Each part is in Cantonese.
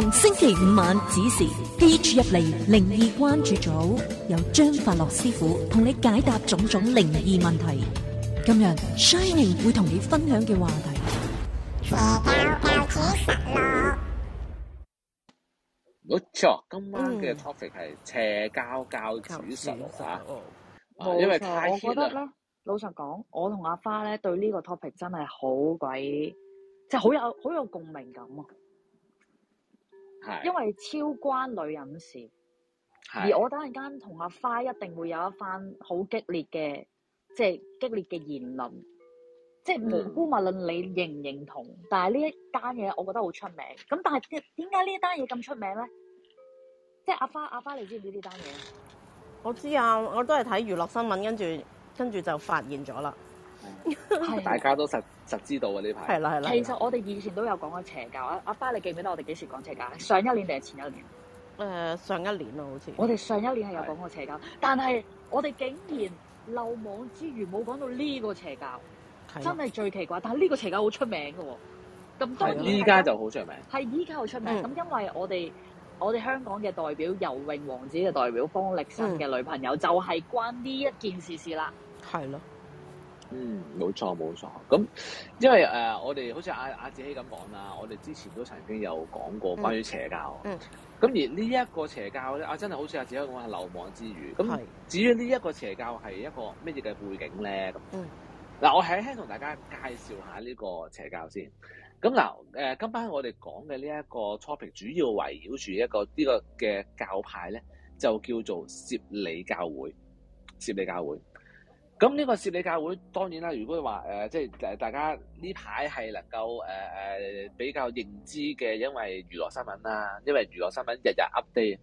同星期五晚子時記住入嚟靈異關注組，由張法樂師父同你解答種種靈異問題。今日 Shinning 會同你分享嘅話題，邪教教主十六，冇錯。今晚嘅 topic 係邪教教主十六吓，因為太熱啦。老實講，我同阿花咧對呢個 topic 真係好鬼，即係好有好有共鳴感啊！因為超關女人事，的而我等陣間同阿花一定會有一番好激烈嘅，即係激烈嘅言論，即係無辜，無論你認唔認同。嗯、但係呢一單嘢，我覺得好出名。咁但係點解呢一單嘢咁出名咧？即係阿花，阿花，你知唔知呢單嘢？我知啊，我都係睇娛樂新聞，跟住跟住就發現咗啦。係大家都識。 實知道啊！呢排係啦係啦，其實我哋以前都有講過邪教，阿阿花你記唔記得我哋幾時講邪教？上一年定係前一年？呃、上一年啊，好似我哋上一年係有講過邪教，的但係我哋竟然漏網之魚冇講到呢個邪教，的真係最奇怪。但係呢個邪教好出名㗎喎，咁當然依家就好出名，係依家好出名。咁的因為我哋我哋香港嘅代表游泳王子嘅代表方力申嘅女朋友、嗯、就係關呢一件事事啦，係咯。嗯，冇錯冇錯。咁，因為誒、呃，我哋好似阿阿紫僖咁講啦，我哋之前都曾經有講過關於邪教。嗯。咁、嗯、而呢一個邪教咧，啊真係好似阿紫僖講係流亡之餘。咁是至於呢一個邪教係一個乜嘢嘅背景咧？咁。嗯。嗱，我輕輕同大家介紹一下呢個邪教先。咁嗱，誒、呃，今晚我哋講嘅呢一個 topic 主要圍繞住一個呢、這個嘅教派咧，就叫做攝理教會。攝理教會。咁呢個攝理教會當然啦，如果話、呃、即係大家呢排係能夠誒、呃、比較認知嘅，因為娛樂新聞啦，因為娛樂新聞日日 update，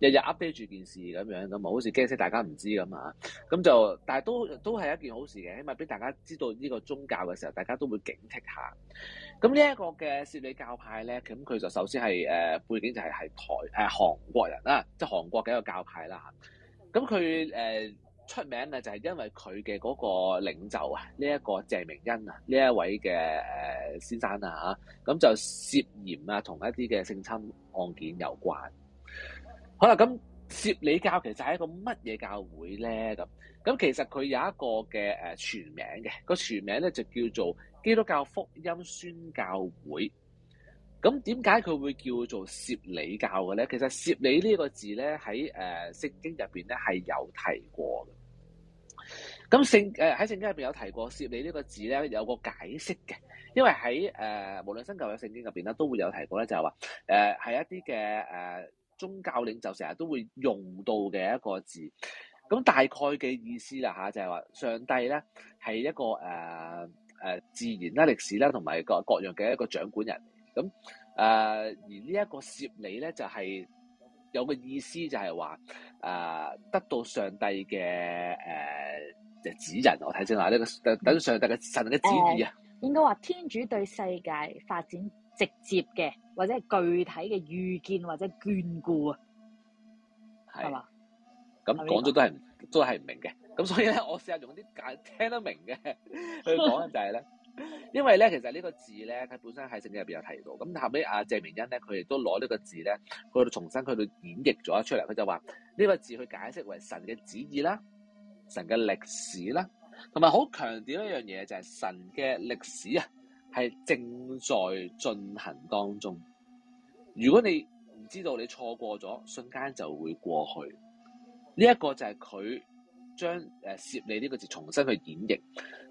日日 update 住件事咁樣，咁啊好似驚死大家唔知咁啊，咁就，但係都都係一件好事嘅，起碼俾大家知道呢個宗教嘅時候，大家都會警惕下。咁呢一個嘅攝理教派咧，咁佢就首先係誒背景就係台誒、啊、韓國人啦，即係韓國嘅一個教派啦咁佢誒。出名咧就係因為佢嘅嗰個領袖啊，呢一個鄭明恩啊，呢一位嘅誒先生啊吓，咁就涉嫌啊同一啲嘅性侵案件有關好了。好啦，咁攝理教其實係一個乜嘢教會咧？咁咁其實佢有一個嘅誒全名嘅，個全名咧就叫做基督教福音宣教會。咁點解佢會叫做攝理教嘅咧？其實攝理呢個字咧喺誒聖經入邊咧係有提過嘅。咁聖誒喺聖經入面有提過，涉理呢個字咧有個解釋嘅，因為喺誒、呃、無論新舊嘅聖經入面咧都會有提過咧，就係話誒係一啲嘅誒宗教領袖成日都會用到嘅一個字，咁大概嘅意思啦嚇、啊、就係、是、話上帝咧係一個誒、呃、自然啦、歷史啦同埋各各樣嘅一個掌管人，咁誒、呃、而呢一個涉理咧就係、是、有個意思就係話誒得到上帝嘅誒。呃就指人，我睇清下呢個等上帝嘅神嘅旨意啊，應該話天主對世界發展直接嘅或者係具體嘅預見或者眷顧啊，係嘛是？咁講咗都係、這個、都係唔明嘅，咁所以咧，我試下用啲解聽得明嘅去講就係、是、咧， 因為咧，其實呢個字咧，佢本身喺聖經入邊有提到，咁後尾阿謝明恩咧，佢亦都攞呢個字咧去到重新佢度演繹咗出嚟，佢就話呢、這個字去解釋為神嘅旨意啦。神嘅歷史啦，同埋好強調一樣嘢，就係、是、神嘅歷史啊，係正在進行當中。如果你唔知道，你錯過咗，瞬間就會過去。呢、這、一個就係佢將誒「攝理」呢個字重新去演繹。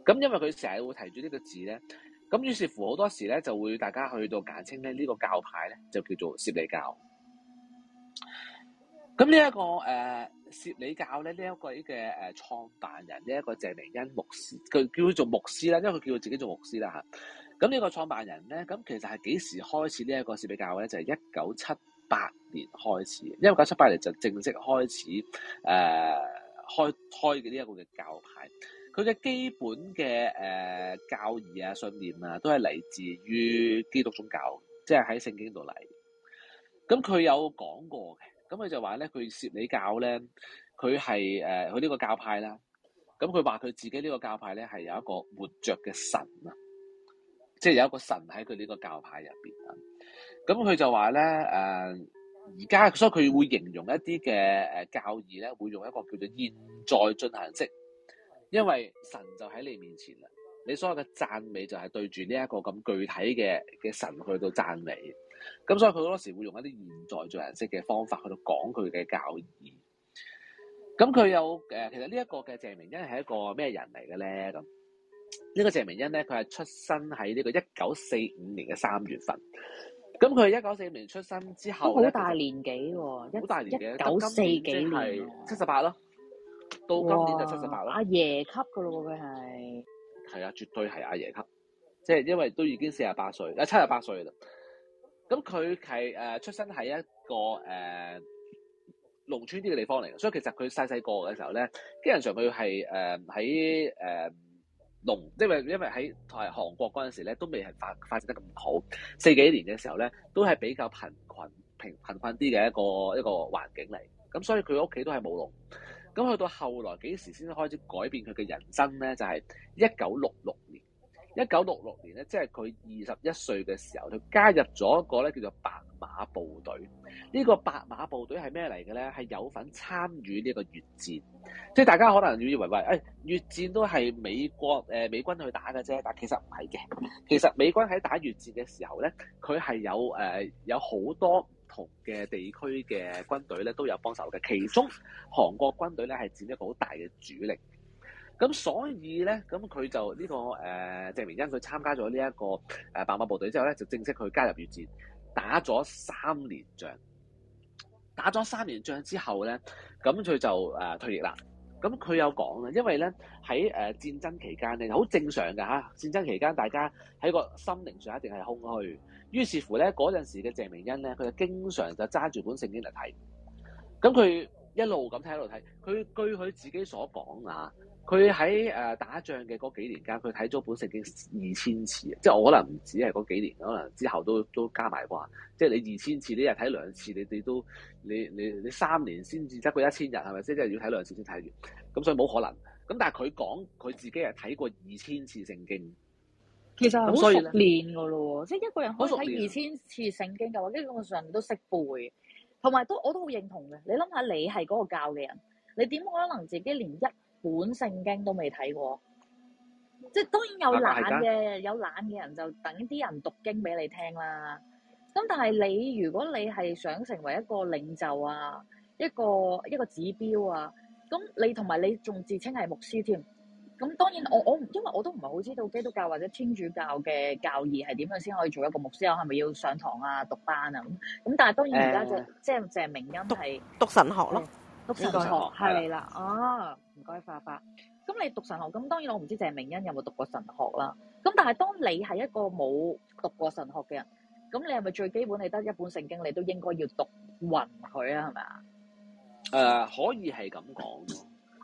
咁因為佢成日會提住呢個字咧，咁於是乎好多時咧就會大家去到簡稱咧呢個教派咧就叫做攝理教。咁呢一個誒。呃攝理教咧呢一、這個嘅誒創辦人呢一、這個鄭明恩牧師，佢叫做牧師啦，因為佢叫自己做牧師啦吓。咁呢個創辦人咧，咁其實係幾時開始呢一個攝理教咧？就係一九七八年開始，一九七八年就正式開始誒、呃、開開嘅呢一個嘅教派。佢嘅基本嘅誒、呃、教義啊、信念啊，都係嚟自於基督宗教，即係喺聖經度嚟。咁佢有講過嘅。咁佢就話咧，佢攝理教咧，佢係誒佢呢個教派啦。咁佢話佢自己呢個教派咧係有一個活著嘅神啊，即係有一個神喺佢呢個教派入面。啊。咁佢就話咧誒，而家所以佢會形容一啲嘅誒教義咧，會用一個叫做現在進行式，因為神就喺你面前啦，你所有嘅讚美就係對住呢一個咁具體嘅嘅神去到讚美。咁所以佢好多時會用一啲現在做人式嘅方法去到講佢嘅教義。咁佢有誒、呃，其實呢一個嘅鄭明析係一個咩人嚟嘅咧？咁呢個鄭明析咧，佢係出生喺呢個一九四五年嘅三月份。咁佢一九四五年出生之後好大年紀喎、啊，好大年紀啊、一九四幾年七十八咯，年到今年就七十八咯。阿爺級噶咯喎，佢係係啊，絕對係阿爺級，即、就、係、是、因為都已經四十八歲，誒七十八歲啦。咁佢係出生喺一個誒、呃、農村啲嘅地方嚟，所以其實佢細細個嘅時候咧，基本上佢係誒喺誒農，因為因為喺台韓國嗰陣時咧，都未係發發展得咁好，四幾年嘅時候咧，都係比較貧困、貧貧困啲嘅一個一個環境嚟，咁所以佢屋企都係冇農。咁去到後來幾時先開始改變佢嘅人生咧？就係一九六六年。一九六六年咧，即係佢二十一歲嘅時候，佢加入咗一個咧叫做白馬部隊。呢個白馬部隊係咩嚟嘅咧？係有份參與呢個越戰。即係大家可能以以為誒越戰都係美國誒美軍去打嘅啫，但其實唔係嘅。其實美軍喺打越戰嘅時候咧，佢係有誒有好多唔同嘅地區嘅軍隊咧都有幫手嘅。其中韓國軍隊咧係佔一個好大嘅主力。咁所以咧，咁佢就呢、呢個誒，謝、呃、明恩佢參加咗呢一個誒白馬部隊之後咧，就正式佢加入越戰，打咗三年仗，打咗三年仗之後咧，咁佢就退役啦。咁佢有講啦，因為咧喺誒戰爭期間咧，好正常㗎。嚇。戰爭期間，大家喺個心靈上一定係空虛，於是乎咧嗰陣時嘅謝明恩咧，佢就經常就揸住本聖經嚟睇。咁佢一路咁睇一路睇，佢據佢自己所講啊。佢喺誒打仗嘅嗰幾年間，佢睇咗本聖經二千次，即係我可能唔止係嗰幾年，可能之後都都加埋啩。即係你二千次，你又睇兩次，你哋都你你你三年先至得過一千日係咪？即係要睇兩次先睇完咁，所以冇可能。咁但係佢講佢自己係睇過二千次聖經，其實好熟練㗎咯喎，即係一個人可以睇二千次聖經嘅話，基本上都識背，同埋都我都好認同嘅。你諗下，你係嗰個教嘅人，你點可能自己連一本聖經都未睇過，即係當然有懶嘅，有懶嘅人就等啲人讀經俾你聽啦。咁但係你如果你係想成為一個領袖啊，一個一個指標啊，咁你同埋你仲自稱係牧師添，咁當然我我因為我都唔係好知道基督教或者天主教嘅教義係點樣先可以做一個牧師啊？我係咪要上堂啊、讀班啊？咁但係當然而家就即係鄭明恩都係讀神學咯。讀神學係啦，哦，唔該，法法。咁你讀神學，咁當然我唔知鄭明恩有冇讀過神學啦。咁但係當你係一個冇讀過神學嘅人，咁你係咪最基本？你得一本聖經，你都應該要讀勻佢啊，係咪啊？誒、呃，可以係咁講咯。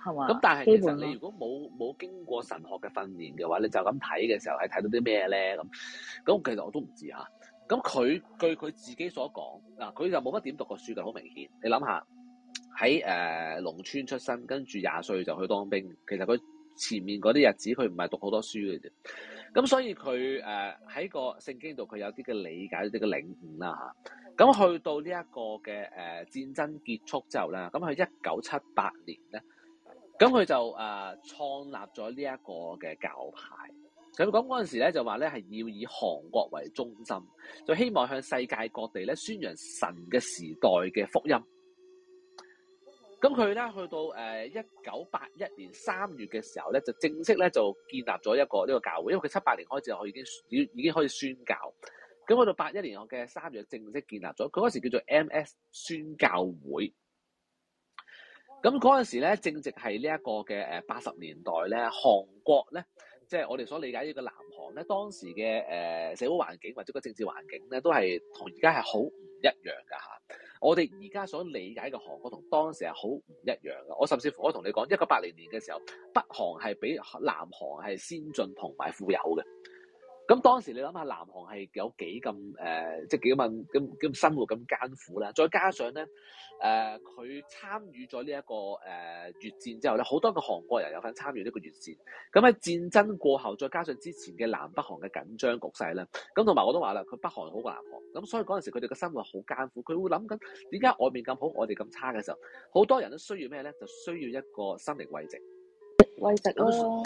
係嘛吧？咁但係其實你如果冇冇經過神學嘅訓練嘅話，你就咁睇嘅時候看，係睇到啲咩咧？咁咁，其實我都唔知吓、啊。咁佢據佢自己所講，嗱，佢就冇乜點讀過書嘅，好明顯。你諗下。喺誒、呃、農村出身，跟住廿歲就去當兵。其實佢前面嗰啲日子，佢唔係讀好多書嘅啫。咁所以佢誒喺個聖經度，佢有啲嘅理解，啲嘅領悟啦咁、啊、去到呢一個嘅誒、呃、戰爭結束之後咧，咁佢一九七八年咧，咁佢就誒、呃、創立咗呢一個嘅教派。咁講嗰陣時咧，就話咧係要以韓國為中心，就希望向世界各地咧宣揚神嘅時代嘅福音。咁佢咧去到誒一九八一年三月嘅時候咧，就正式咧就建立咗一個呢個教會，因為佢七八年開始我已經已已經開始宣教，咁去到八一年我嘅三月正式建立咗，佢嗰時叫做 M.S. 宣教會。咁嗰陣時咧，正值係呢一個嘅誒八十年代咧，韓國咧，即係我哋所理解呢個南韓咧，當時嘅誒社會環境或者個政治環境咧，都係同而家係好唔一樣㗎嚇。我哋而家所理解嘅韓國同當時係好唔一樣嘅。我甚至乎我可以同你講，一九八零年嘅時候，北韓係比南韓係先進同埋富有嘅。咁當時你諗下，南韓係有幾咁誒，即係幾咁咁生活咁艱苦啦。再加上咧，誒、呃、佢參與咗呢一個誒、呃、越戰之後咧，好多個韓國人有份參與呢個越戰。咁喺戰爭過後，再加上之前嘅南北韓嘅緊張局勢咧，咁同埋我都話啦，佢北韓好過南韓。咁所以嗰陣時佢哋嘅生活好艱苦，佢會諗緊點解外面咁好，我哋咁差嘅時候，好多人都需要咩咧？就需要一個心理慰藉，慰藉咯。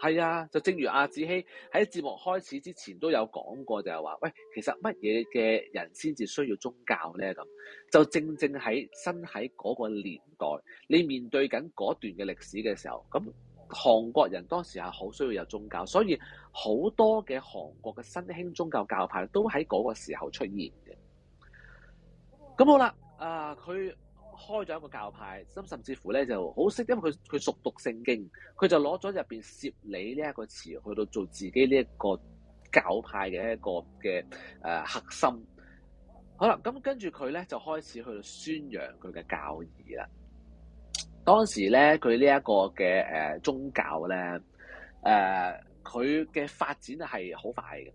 係啊，就正如阿紫僖喺節目開始之前都有講過，就係話，喂，其實乜嘢嘅人先至需要宗教呢？咁就正正喺身喺嗰個年代，你面對緊嗰段嘅歷史嘅時候，咁韓國人當時係好需要有宗教，所以好多嘅韓國嘅新興宗教教派都喺嗰個時候出現嘅。咁好啦，啊佢。他開咗一個教派，咁甚至乎咧就好識，因為佢佢熟讀聖經，佢就攞咗入邊‘攝理’呢一個詞去到做自己呢一個教派嘅一個嘅誒、呃、核心好了。好啦，咁跟住佢咧就開始去宣揚佢嘅教義啦。當時咧佢呢一個嘅誒、呃、宗教咧，誒佢嘅發展係好快嘅。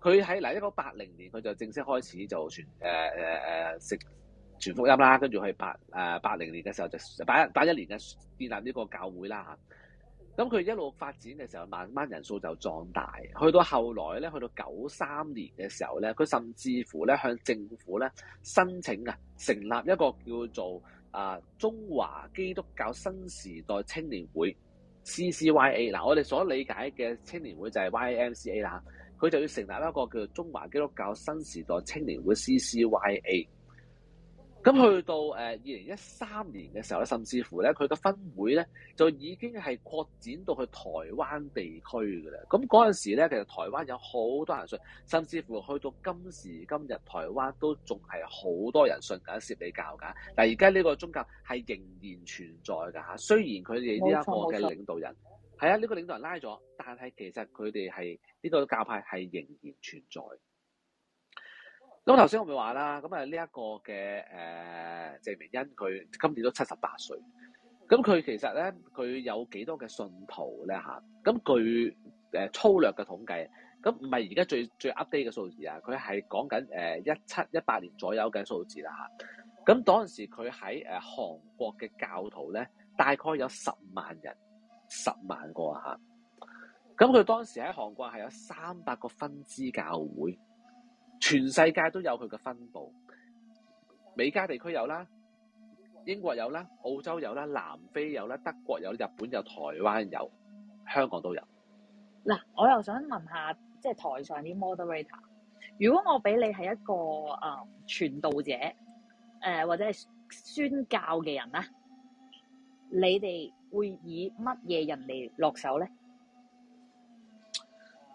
佢喺嗱一九八零年佢就正式開始就傳誒誒誒食。呃呃全福音啦，跟住去八誒八零年嘅時候就八一八一年嘅建立呢個教會啦吓，咁佢一路發展嘅時候，慢慢人數就壯大。去到後來咧，去到九三年嘅時候咧，佢甚至乎咧向政府咧申請啊，成立一個叫做啊中華基督教新時代青年會 CCYA。嗱，我哋所理解嘅青年會就係 YMCA 啦吓，佢就要成立一個叫做中華基督教新時代青年會 CCYA。咁去到誒二零一三年嘅時候咧，甚至乎咧佢個分會咧就已經係擴展到去台灣地區嘅啦。咁嗰陣時咧，其實台灣有好多人信，甚至乎去到今時今日，台灣都仲係好多人信緊攝理教噶。但係而家呢個宗教係仍然存在㗎。嚇，雖然佢哋呢一個嘅領導人係啊，呢、呢個領導人拉咗，但係其實佢哋係呢個教派係仍然存在。咁頭先我咪話啦，咁啊呢一個嘅誒、呃、鄭明恩佢今年都七十八歲，咁佢其實咧佢有幾多嘅信徒咧吓，咁據、呃、粗略嘅統計，咁唔係而家最最 update 嘅數字啊，佢係講緊誒一七一八年左右嘅數字啦吓，咁當時佢喺誒韓國嘅教徒咧，大概有十萬人，十萬個吓，咁佢當時喺韓國係有三百個分支教會。全世界都有佢嘅分布，美加地區有啦，英國有啦，澳洲有啦，南非有啦，德國有，日本有，台灣有，香港都有。嗱，我又想問下，即係台上啲 moderator，如果我俾你係一個誒傳道者，誒或者係宣教嘅人啦，你哋會以乜嘢人嚟落手咧？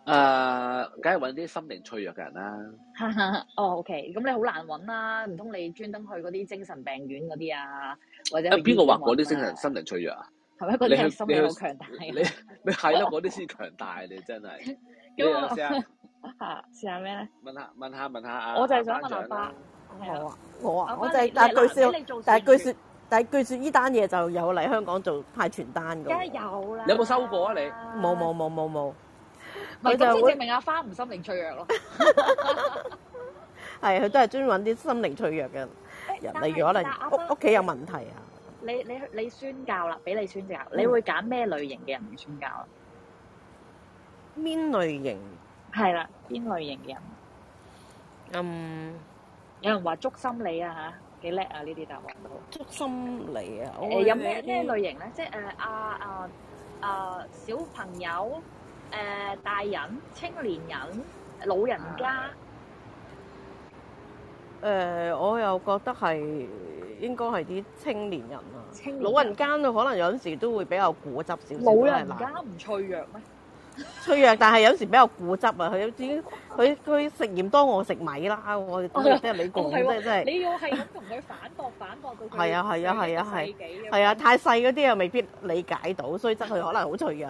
誒，梗係揾啲心靈脆弱嘅人啦。哦，OK，咁你好難揾啦，唔通你專登去嗰啲精神病院嗰啲啊，或者邊個話嗰啲精神心靈脆弱啊？係咪嗰啲人心理好強大？你係咯，嗰啲先強大，你真係。試下咩咧？問下問下問下啊！我就係想問阿爸。我啊，我啊，我就係但係據說，但係據說，但係據說呢單嘢就有嚟香港做派傳單嘅。梗係有啦。有冇收過啊？你冇冇冇冇冇。咪就證明阿花唔心靈脆弱咯，係佢都係專揾啲心靈脆弱嘅人，例如可能屋屋企有問題啊。你你你宣教啦，俾你宣教，你會揀咩類型嘅人嚟宣教啊？邊類型？係啦，邊類型嘅人？嗯，有人話捉心理啊嚇，幾叻啊呢啲答案都。捉心理啊！誒，有咩咩類型咧？即係誒阿阿阿小朋友。誒，uh, 大人、青年人、老人家，誒，uh, 我又覺得係應該係啲青年人啊，青年人老人家可能有陣時都會比較固執少少，老人家唔脆弱咩？脆弱，但係有陣時比較固執啊，佢 有啲。佢佢食鹽多，我食米啦。我即係你講，即係即係。你要係咁同佢反駁，反駁佢。係啊係啊係啊係。係啊，太細嗰啲又未必理解到，所以即係佢可能好脆弱。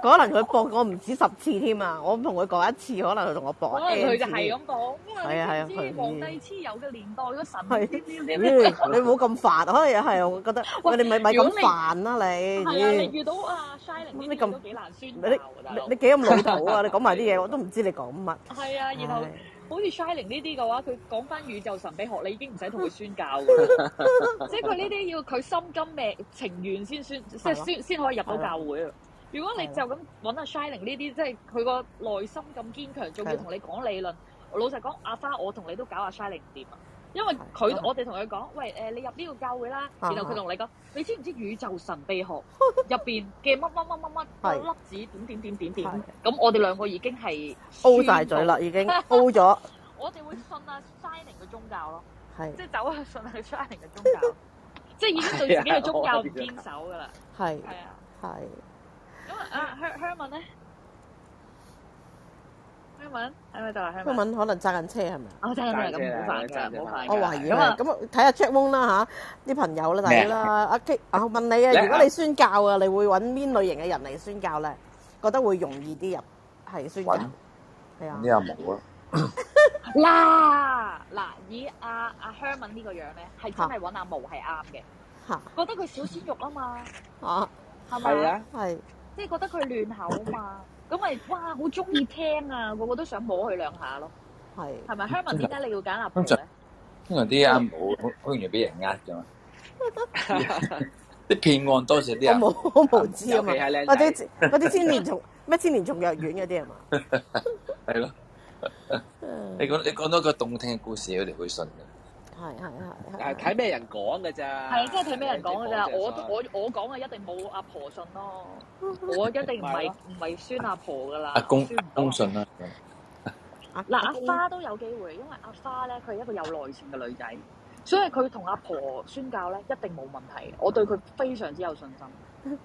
可能佢駁我唔止十次添啊！我同佢講一次，可能佢同我駁。咁佢就係咁講。係啊係啊。知皇帝蚩尤嘅年代個神。係。你你唔好咁煩，可能係我覺得。喂，你咪咪咁煩啦，你。係啊！你遇到阿 Shinning 呢？你咁幾難算頭啊！你你幾咁老土啊！你講埋啲嘢，我都唔知你講乜。係啊，然後對好似 Shining 呢啲嘅話，佢講返宇宙神秘學，你已經唔使同佢宣教㗎啦。 即係佢呢啲要佢心甘命情願宣、啊、先宣即係先先可以入到教會啊。如果你就咁揾阿 Shining 呢啲，啊、即係佢個內心咁堅強，仲要同你講理論。啊、老實講，阿花我同你都搞阿、啊、Shining 唔掂啊。因為佢我哋同佢講，喂，誒，你入呢個教會啦，然後佢同你講，你知唔知宇宙神秘學入邊嘅乜乜乜乜乜嗰粒子點點點點點？咁我哋兩個已經係 O 曬嘴啦，已經 O 咗。我哋會信啊 Shining 嘅宗教咯，係即係走去信啊 Shining 嘅宗教，即係已經對自己嘅宗教唔堅守噶啦，係係啊，係。咁啊，Her Herman 咧。Herman 喺咪就係 Herman？可能揸緊車係咪？我揸緊車，唔好煩，唔好煩。我懷疑啊，咁睇下 check 啦吓，啲朋友啦，大家啦，阿 K，問你啊，如果你宣教啊，你會搵邊類型嘅人嚟宣教咧？覺得會容易啲入係宣教，係啊。呢阿毛咯。嗱嗱，以阿阿 Herman 呢個樣咧，係真係搵阿毛係啱嘅。吓。覺得佢小鮮肉啊嘛。吓。係咪啊？係。即係覺得佢嫩口啊嘛。咁咪哇，好中意聽啊！個個都想摸佢兩下咯，係，係咪。Herman，點解你要揀臘腸咧？通常啲阿冇好好容易俾人呃嘅嘛，啲騙案多謝啲阿冇，好無知啊嘛，或者或者千年蟲咩，千年蟲藥丸嗰啲係嘛？係咯，你講你講多個動聽嘅故事，佢哋會信嘅。係係係係。睇咩人講噶咋？係啊，即係睇咩人講噶咋？我我我講嘅，一定冇阿婆信咯。我一定唔係唔係孫阿婆噶啦。阿公公信啦。嗱，阿花都有機會，因為阿花咧，佢係一個有內情嘅女仔，所以佢同阿婆宣教咧一定冇問題。我對佢非常之有信心。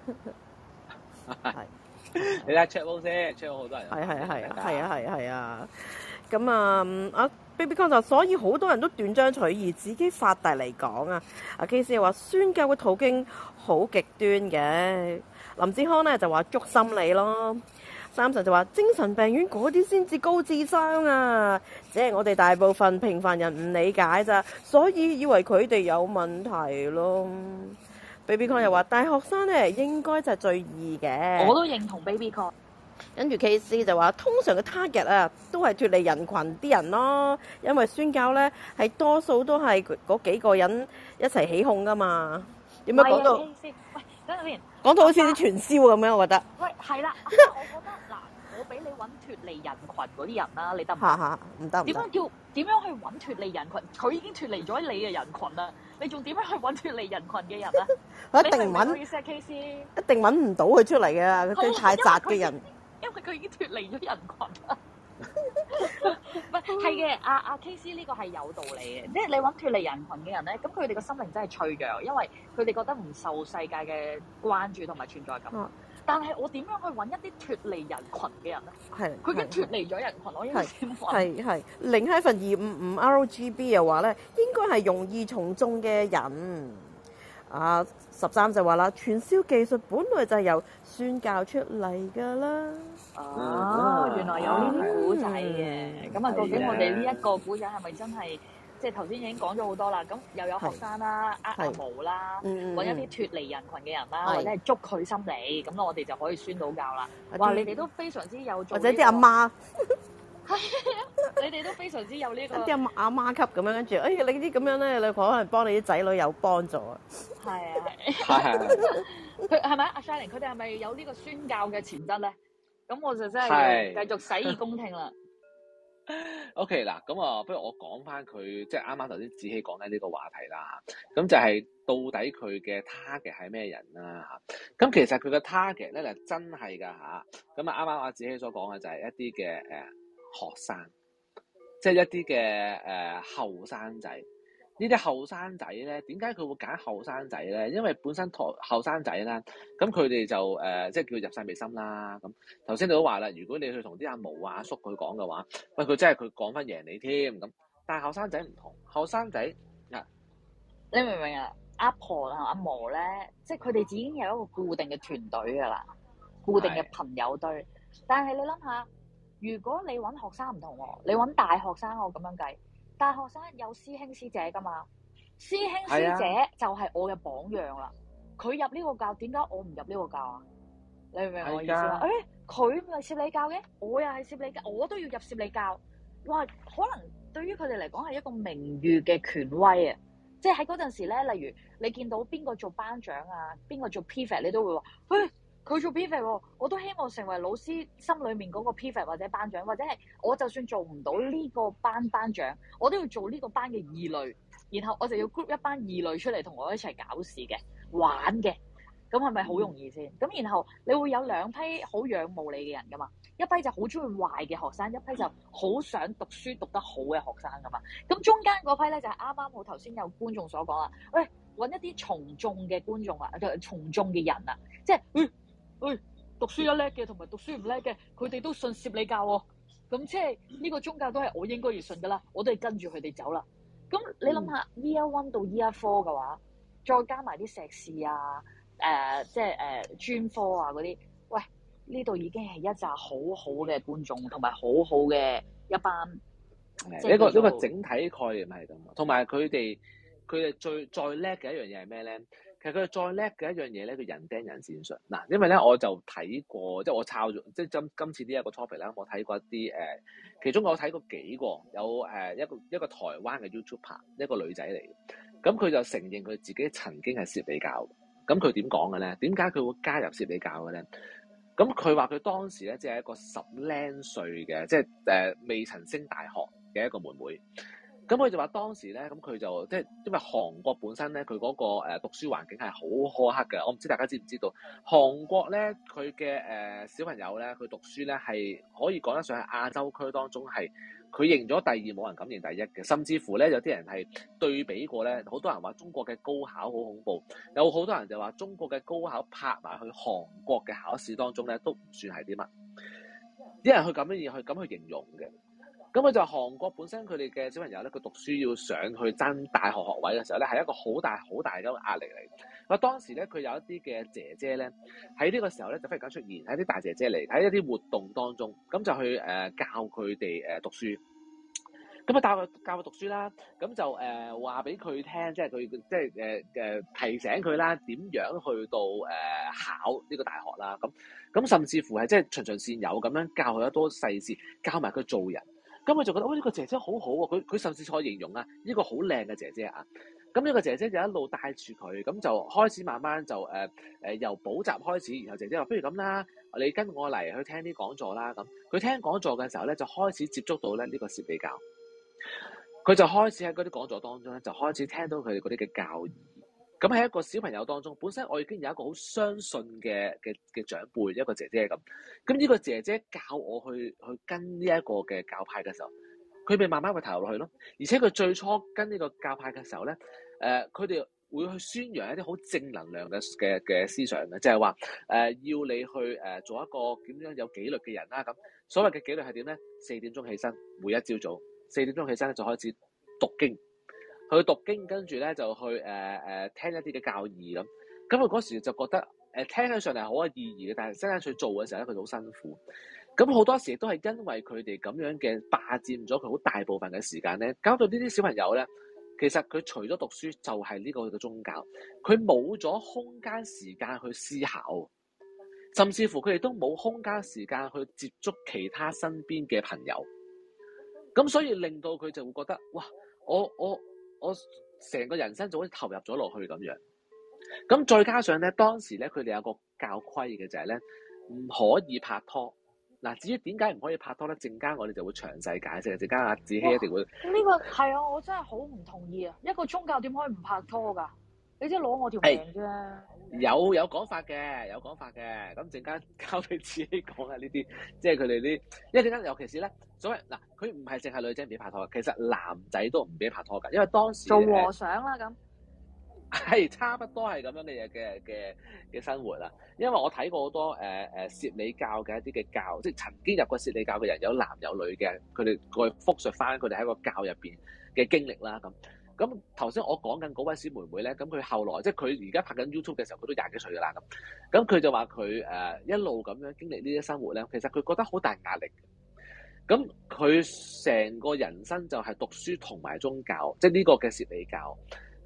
係。你睇 check 波先，check 好多人。係係係係啊係啊係啊。咁啊，我。Babycon 就所以好多人都斷章取義，自己發大嚟講啊！阿 K 師又話宣教嘅途徑好極端嘅，林志康咧就話捉心理咯，三神就話精神病院嗰啲先至高智商啊，只係我哋大部分平凡人唔理解咋，所以以為佢哋有問題咯。Babycon 又話大學生咧應該就係最易嘅，我都認同 Babycon。跟住 KC 就話：通常嘅 target 啊，都係脫離人群啲人囉。因為宣教呢，係多數都係嗰幾個人一齊起哄㗎嘛。點樣講到講到好似啲傳銷咁樣？行我覺得喂係啦， 我覺得嗱，我俾你搵脫離人群嗰啲人啦、啊，你得唔得？嚇嚇唔得。點樣叫點樣去搵脫離人群？佢已經脫離咗你嘅人群啦，你仲點樣去搵脫離人群嘅人呢、啊？ 一定搵，一定搵唔到佢出嚟嘅，佢 太宅嘅人。因為佢已經脫離咗人群啦， 唔係嘅，阿、啊、阿、啊、K C 呢個係有道理嘅，即係你揾脫離人群嘅人咧，咁佢哋個心靈真係脆弱，因為佢哋覺得唔受世界嘅關注同埋存在感。哇但係我點樣去揾一啲脫離人群嘅人咧？係佢是已經脫離咗人群，是我應該點揾？係係，另一份二五五 R G B 嘅話咧，應該係容易從眾嘅人啊。Uh, 十三就話啦，傳銷技術本來就係由宣教出嚟噶啦。哦、啊，啊、原來有呢啲古仔嘅。咁啊、嗯，究竟我哋呢一個古仔係咪真係？是的即係頭先已經講咗好多啦。咁又有學生啦，呃牙的毛啦，揾的一啲脱離人群嘅人啦，是的或者係捉佢心理，咁咯，我哋就可以宣到教啦。哇、啊！你哋都非常之有、這個，或者啲阿媽。 你哋都非常之有呢個啲阿阿媽級咁，哎，樣，跟住誒你啲咁樣咧，女婆可能幫你啲仔女有幫助。係 啊，係係係。佢係咪阿 Shinning 佢哋係咪有呢個宣教嘅潛質咧？咁我就真係繼續洗耳恭聽了是 okay，啦。OK 嗱，咁啊，不如我講翻佢，即係啱啱頭先子熙講緊呢個話題啦。咁就係到底佢嘅 target 係咩人啊？嚇咁其實佢嘅 target 咧係真係噶嚇咁啊。啱啱阿子熙所講嘅就係一啲嘅誒。學生，即係一啲嘅誒後生仔，呃、這些呢啲後生仔咧，點解佢會揀後生仔咧？因為本身托後生仔啦，咁佢哋就誒，即係叫入世未深啦。咁頭先你都話啦，如果你去同啲阿毛、啊、阿叔佢講嘅話，喂，佢真係佢講翻贏你添咁。但係後生仔唔同，後生仔啊，你明唔明啊？阿婆同阿毛咧，即係佢哋已經有一個固定嘅團隊噶啦，固定嘅朋友對。是但係你諗下。如果你揾學生唔同喎，你揾大學生我咁樣計，大學生有師兄師姐噶嘛，師兄師姐就係我嘅榜樣啦。佢的入呢個教，點解我唔入呢個教啊？你明唔明我意思啊？誒的，佢咪、欸、涉你教嘅，我又係攝理教，我都要入攝理教。哇，可能對於佢哋嚟講係一個名譽嘅權威啊，即係喺嗰陣時咧，例如你見到邊個做班長啊，邊個做 prefect 你都會話，誒、欸。佢做 prefect 喎，我都希望成為老師心裏面嗰個 prefect 或者班長，或者係我就算做唔到呢個班班長，我都要做呢個班嘅異類，然後我就要 group 一班異類出嚟同我一齊搞事嘅，玩嘅，咁係咪好容易先？咁、嗯、然後你會有兩批好仰慕你嘅人噶嘛，一批就好中意壞嘅學生，一批就好想讀書讀得好嘅學生噶嘛，咁中間嗰批咧就係啱啱我頭先有觀眾所講啦喂，揾、哎、一啲從眾嘅觀眾啊，從眾嘅人啊，即係嗯。喂，讀書一叻嘅同埋讀書唔叻嘅，佢哋都信攝理教喎。咁即係呢個宗教都係我應該要信噶啦，我都係跟住佢哋走啦。咁你諗下呢 Year One 到 Year Four 嘅話，再加埋啲碩士啊，誒、呃，即係誒、呃、專科啊嗰啲，喂，呢度已經係一紮好好嘅觀眾，同埋好好嘅一班。一個一個整體概念嚟噶，同埋佢哋佢哋最最叻嘅一樣嘢係咩咧？其實佢哋再叻嘅一樣嘢咧，佢人丁人善術嗱，因為咧我就睇過，即係我抄咗，即係今今次呢一個 topic 啦。我睇過一啲誒，其中我睇過幾個有誒一個一個台灣嘅 YouTuber，一個女仔嚟嘅，咁佢就承認佢自己曾經係攝理教。咁佢點講嘅咧？點解佢會加入攝理教嘅咧？咁佢話佢當時咧只係一個十零歲嘅，即係未曾升大學嘅一個妹妹。咁佢就話當時咧，咁佢就即係因為韓國本身咧，佢嗰個誒讀書環境係好苛刻嘅。我唔知大家知唔知道，韓國咧佢嘅誒小朋友咧，佢讀書咧係可以講得上係亞洲區當中係佢認咗第二，冇人敢認第一嘅。甚至乎咧，有啲人係對比過咧，好多人話中國嘅高考好恐怖，有好多人就話中國嘅高考拍埋去韓國嘅考試當中咧，都唔算係啲乜，啲人去咁樣去咁去形容嘅。咁佢就韓國本身佢哋嘅小朋友咧，佢讀書要上去爭大學學位嘅時候咧，係一個好大好大嘅壓力嚟。咁當當時咧佢有一啲嘅姐姐咧，喺呢個時候咧就忽然間出現，喺啲大姐姐嚟喺一啲活動當中，咁就去誒、呃、教佢哋誒讀書。咁啊、呃，教佢教佢讀書啦，咁就誒話俾佢聽，即係佢即係誒、呃、提醒佢啦，點樣去到誒、呃、考呢個大學啦？咁咁甚至乎係即係循循善友咁樣教佢得多世事，教埋佢做人。咁佢就覺得，哇、哦！呢、這個姐姐好好啊，佢佢甚至可以形容啊，呢個好靚嘅姐姐啊。咁呢個姐姐就一路帶住佢，咁就開始慢慢就誒、呃呃、由補習開始，然後姐姐話：不如咁啦，你跟我嚟去聽啲講座啦。咁佢聽講座嘅時候咧，就開始接觸到咧呢、這個攝理教，佢就開始喺嗰啲講座當中咧，就開始聽到佢哋嗰啲嘅教。咁喺一個小朋友當中，本身我已經有一個好相信嘅嘅嘅長輩，一個姐姐咁。咁呢個姐姐教我去去跟呢一個嘅教派嘅時候，佢咪慢慢會投入落去咯。而且佢最初跟呢個教派嘅時候咧，誒佢哋會去宣揚一啲好正能量嘅嘅嘅思想嘅，即係話誒要你去誒做一個點樣有紀律嘅人啦。咁所謂嘅紀律係點咧？四點鐘起身，每一朝早四點鐘起身咧就開始讀經。去讀經，跟住咧就去誒誒、呃、聽一啲嘅教義咁，咁佢嗰時就覺得誒、呃、聽起上嚟好有意義嘅，但係真係去做嘅時候咧，佢好辛苦。咁好多時都係因為佢哋咁樣嘅霸佔咗佢好大部分嘅時間咧，搞到呢啲小朋友咧，其實佢除咗讀書就係呢個嘅宗教，佢冇咗空間時間去思考，甚至乎佢哋都冇空間時間去接觸其他身邊嘅朋友。咁所以令到佢就會覺得，哇，我我。我成個人生就好似投入咗落去咁樣，咁再加上咧，當時咧佢哋有個教規嘅就係咧唔可以拍拖。嗱，至於點解唔可以拍拖咧？陣間我哋就會詳細解釋。陣間阿紫僖一定會。呢個係啊，我真係好唔同意啊！一個宗教點可以唔拍拖㗎？你即係攞我條命啫！有有講法嘅，有講法嘅。咁陣間交俾自己講下呢啲即係佢哋啲，因為陣間，尤其是咧，所謂嗱，佢唔係淨係女仔唔俾拍拖，其實男仔都唔俾拍拖㗎。因為當時做和尚啦、啊，咁係差不多係咁樣嘅嘅嘅嘅生活啦。因為我睇過好多誒誒攝理教嘅一啲嘅教，即、就、係、是、曾經入過攝理教嘅人，有男有女嘅，佢哋佢復述翻佢哋喺個教入邊嘅經歷啦咁。咁頭先我講緊嗰位小妹妹咧，咁佢後來即係佢而家拍緊 YouTube 嘅時候，佢都廿幾歲噶啦咁。咁佢就話佢、呃、一路咁樣經歷呢啲生活咧，其實佢覺得好大壓力。咁佢成個人生就係讀書同埋宗教，即係呢個嘅攝理教。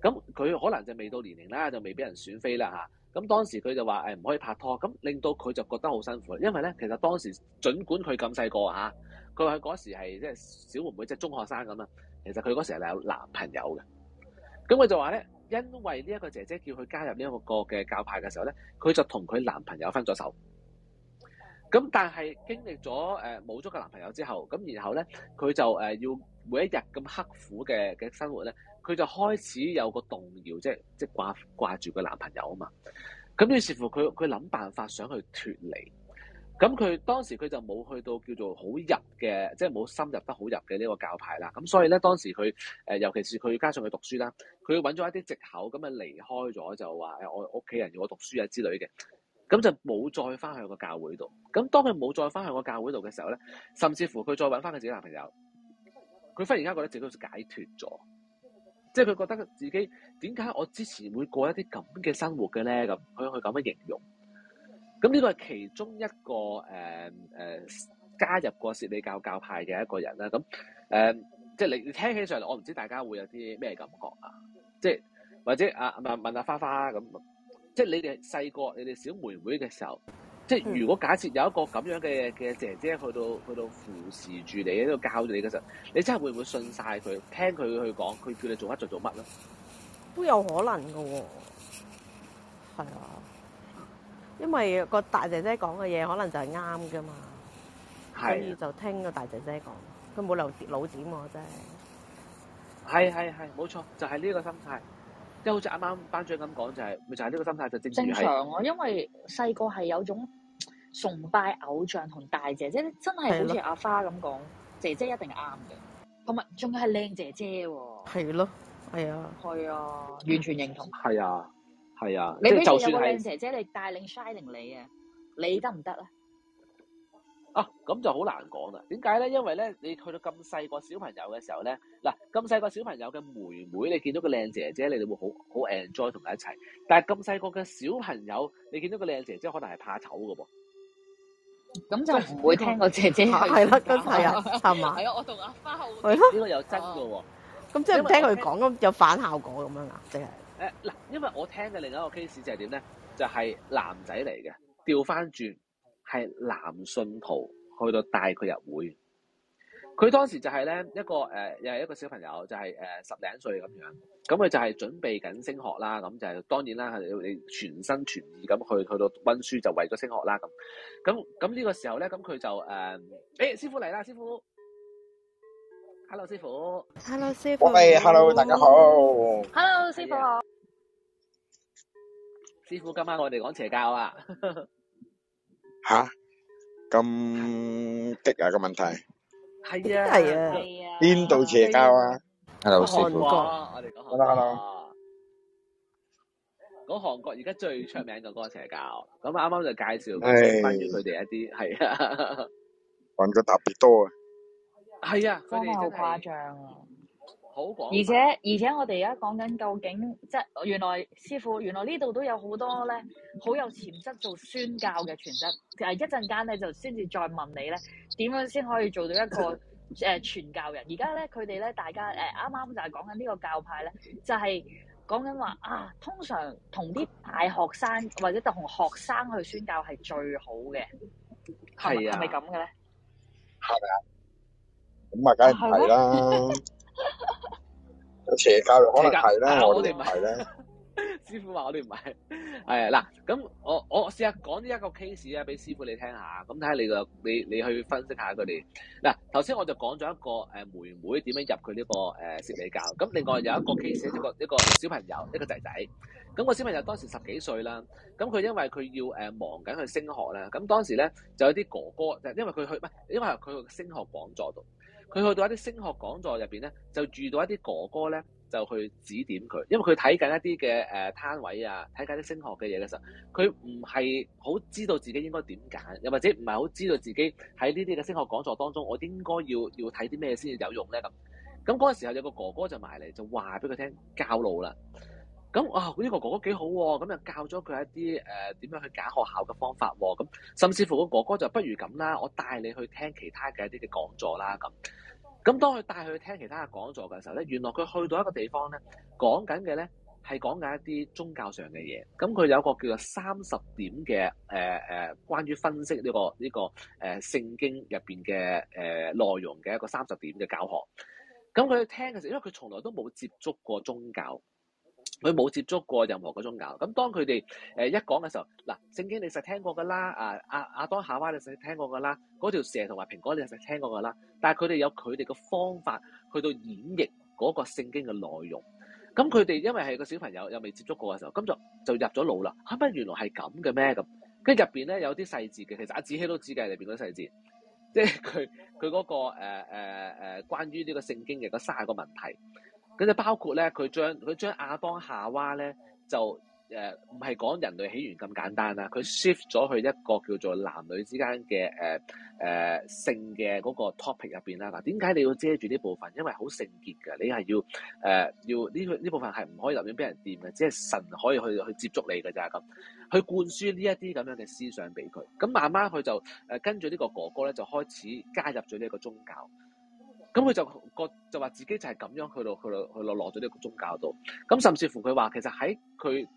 咁佢可能就未到年齡啦，就未俾人選飛啦吓。咁當時佢就話誒唔可以拍拖，咁令到佢就覺得好辛苦，因為咧其實當時儘管佢咁細個吓，佢話佢嗰時係即係小妹妹即係中學生咁啊。其實佢嗰時係有男朋友嘅，咁佢就話咧，因為呢一個姐姐叫佢加入呢一個個嘅教派嘅時候咧，佢就同佢男朋友分咗手。咁但係經歷咗誒冇咗個男朋友之後，咁然後咧佢就誒要、呃、每一日咁刻苦嘅嘅生活咧，佢就開始有個動搖，即係即係掛掛住個男朋友啊嘛。咁於是乎佢佢諗辦法想去脫離。咁佢當時佢就冇去到叫做好入嘅，即係冇深入得好入嘅呢個教派啦。咁所以咧，當時佢誒，尤其是佢加上佢讀書啦，佢揾咗一啲藉口咁啊離開咗，就話誒我屋企人要我讀書啊之類嘅，咁就冇再翻去個教會度。咁當佢冇再翻去個教會度嘅時候咧，甚至乎佢再揾返佢自己男朋友，佢忽然間覺得自己解脫咗，即係佢覺得自己點解我之前會過一啲咁嘅生活嘅咧？咁佢去咁樣形容。咁呢個係其中一個誒誒、嗯嗯、加入過攝理教教派嘅一個人啦，咁誒、嗯、即係你聽聽起上嚟，我唔知大家會有啲咩感覺啊？即係或者啊問問阿花花咁，即係你哋細個，你哋小妹妹嘅時候，即係如果假設有一個咁樣嘅嘅姐姐去到去到服侍住你喺度教住你嘅時候，你真係會唔會信晒佢，聽佢去講，佢叫你做乜就做乜咯？都有可能㗎喎、哦，係啊。因為個大姐姐講嘅嘢可能就係啱㗎嘛，啊、所以就聽個大姐姐講，佢冇留腦點喎，真係。係係係，冇錯，就係呢個心態。即係好似啱啱班長咁講，就係咪就係呢個心態？就正常。正常啊，因為細個係有種崇拜偶像同大姐姐，真係好似阿花咁講，啊、姐姐一定啱嘅，同埋仲係靚姐姐喎。係咯，係啊，係啊，啊啊啊完全認同。係啊。係啊，即係就算係靚姐姐你帶領 Shinning 你啊，你得唔得咧？啊，咁就好難講啦。點解咧？因為咧，你去到咁細個小朋友嘅時候咧，嗱，咁細個小朋友嘅妹妹，你見到個靚姐姐，你哋會好好 enjoy 同佢一齊。但係咁細個嘅小朋友，你見到個靚姐姐，可能係怕醜㗎噃。咁就唔會聽個姐姐係咯，都係啊，係嘛？係啊，我同阿花後係咯，呢個又真噶喎。咁即係聽佢講咁有反效果咁樣啊？即係。誒嗱，因為我聽嘅另一個 case 就係點咧，就係、是、男仔嚟嘅，調翻轉係男信徒去到帶佢入會。佢當時就係咧一個誒、呃，又係一個小朋友，就係、是、誒、呃、十零歲咁樣，咁佢就係準備緊升學啦，咁就當然啦，佢你全心全意咁去去到温書就為咗升學啦咁，咁咁呢個時候咧，咁佢就誒，誒、呃欸、師傅嚟啦，師傅。hello 師傅，hello 師傅，喂，hello，大家好，hello 師傅好，師傅今晚我哋講邪教啊，吓咁激啊個問題，係啊，係啊，邊度邪教啊？hello 師傅，我哋講韓國，講韓國而家最出名嘅個邪教，咁啱啱就介紹翻住佢哋一啲，係啊，韓國特別多啊。係啊，真係好誇張啊！好講，而且而且我哋而家講緊究竟，即係原來師傅原來呢度都有好多咧，好有潛質做宣教嘅傳教，誒一陣間咧就先至再問你咧，點樣先可以做到一個誒傳、 呃、教人？而家咧佢哋咧，大家誒啱啱就係講緊呢個教派咧，就係講緊話啊，通常同啲大學生或者同學生去宣教係最好嘅，係啊，係咪咁嘅咧？係啊。咁啊，梗係唔係啦。有邪教可能係啦，我哋唔係咧。師傅話我哋唔係，係，嗱咁我我試下講呢一個 case 啊，俾師傅你聽下，咁睇下你個你你去分析下佢哋嗱。頭先我就講咗一個誒妹妹點樣入佢呢個誒攝理教咁，另外有一個 case，一個一個小朋友，一個仔仔，咁個小朋友當時十幾歲啦，咁佢因為佢要誒忙緊去升學咧，咁當時咧就有啲哥哥，就因為佢去唔係因為佢去升學講座度。佢去到一啲升學講座入邊，咧，就遇到一啲哥哥咧，就去指點佢，因為佢睇緊一啲嘅誒攤位啊，睇緊啲升學嘅嘢嘅時候，佢唔係好知道自己應該點揀，又或者唔係好知道自己喺呢啲嘅升學講座當中，我應該要要睇啲咩先至有用咧咁。咁嗰個時候有個哥哥就埋嚟，就話俾佢聽教路啦。咁啊，呢、這個哥哥幾好喎、啊！咁又教咗佢一啲誒點樣去揀學校嘅方法喎、啊。咁甚至乎個哥哥就不如咁啦，我帶你去聽其他嘅一啲嘅講座啦。咁咁當佢帶佢去聽其他嘅講座嘅時候咧，原來佢去到一個地方咧，講緊嘅咧係講緊一啲宗教上嘅嘢。咁佢有個個叫做三十點嘅誒誒，關於分析呢、這個呢、這個誒、呃、聖經入面嘅誒、呃、內容嘅一個三十點嘅教學。咁佢聽嘅時候，因為佢從來都冇接觸過宗教。佢冇接觸過任何嗰種教。咁當佢哋誒一講嘅時候，嗱，聖經你實聽過噶啦，啊阿阿當夏娃你實聽過噶啦，嗰條蛇同埋蘋果你實聽過噶啦，但係佢哋有佢哋嘅方法去到演繹嗰個聖經嘅內容，咁佢哋因為係個小朋友又未接觸過嘅時候，咁就就入咗腦啦，嚇，乜原來係咁嘅咩？咁，跟住入面咧有啲細節嘅，其實阿紫僖都指計入面嗰啲細節，即係佢佢嗰個誒誒誒關於呢個聖經嘅嗰卅個問題。咁就包括咧，佢將佢將亞當夏娃咧就誒唔係講人類起源咁簡單啦，佢 shift 咗去一個叫做男女之間嘅誒誒性嘅嗰個 topic 入面啦。嗱，點解你要遮住呢部分？因為好聖潔嘅，你係要誒、呃、要呢呢部分係唔可以留點俾人掂嘅，只係神可以去去接觸你嘅咋咁，去灌輸呢一啲咁樣嘅思想俾佢。咁慢慢佢就、呃、跟住呢個哥哥咧，就開始加入咗呢一個宗教。咁佢就覺就話自己就係咁樣去到去到去到落咗呢個宗教度，咁甚至乎佢話其實喺佢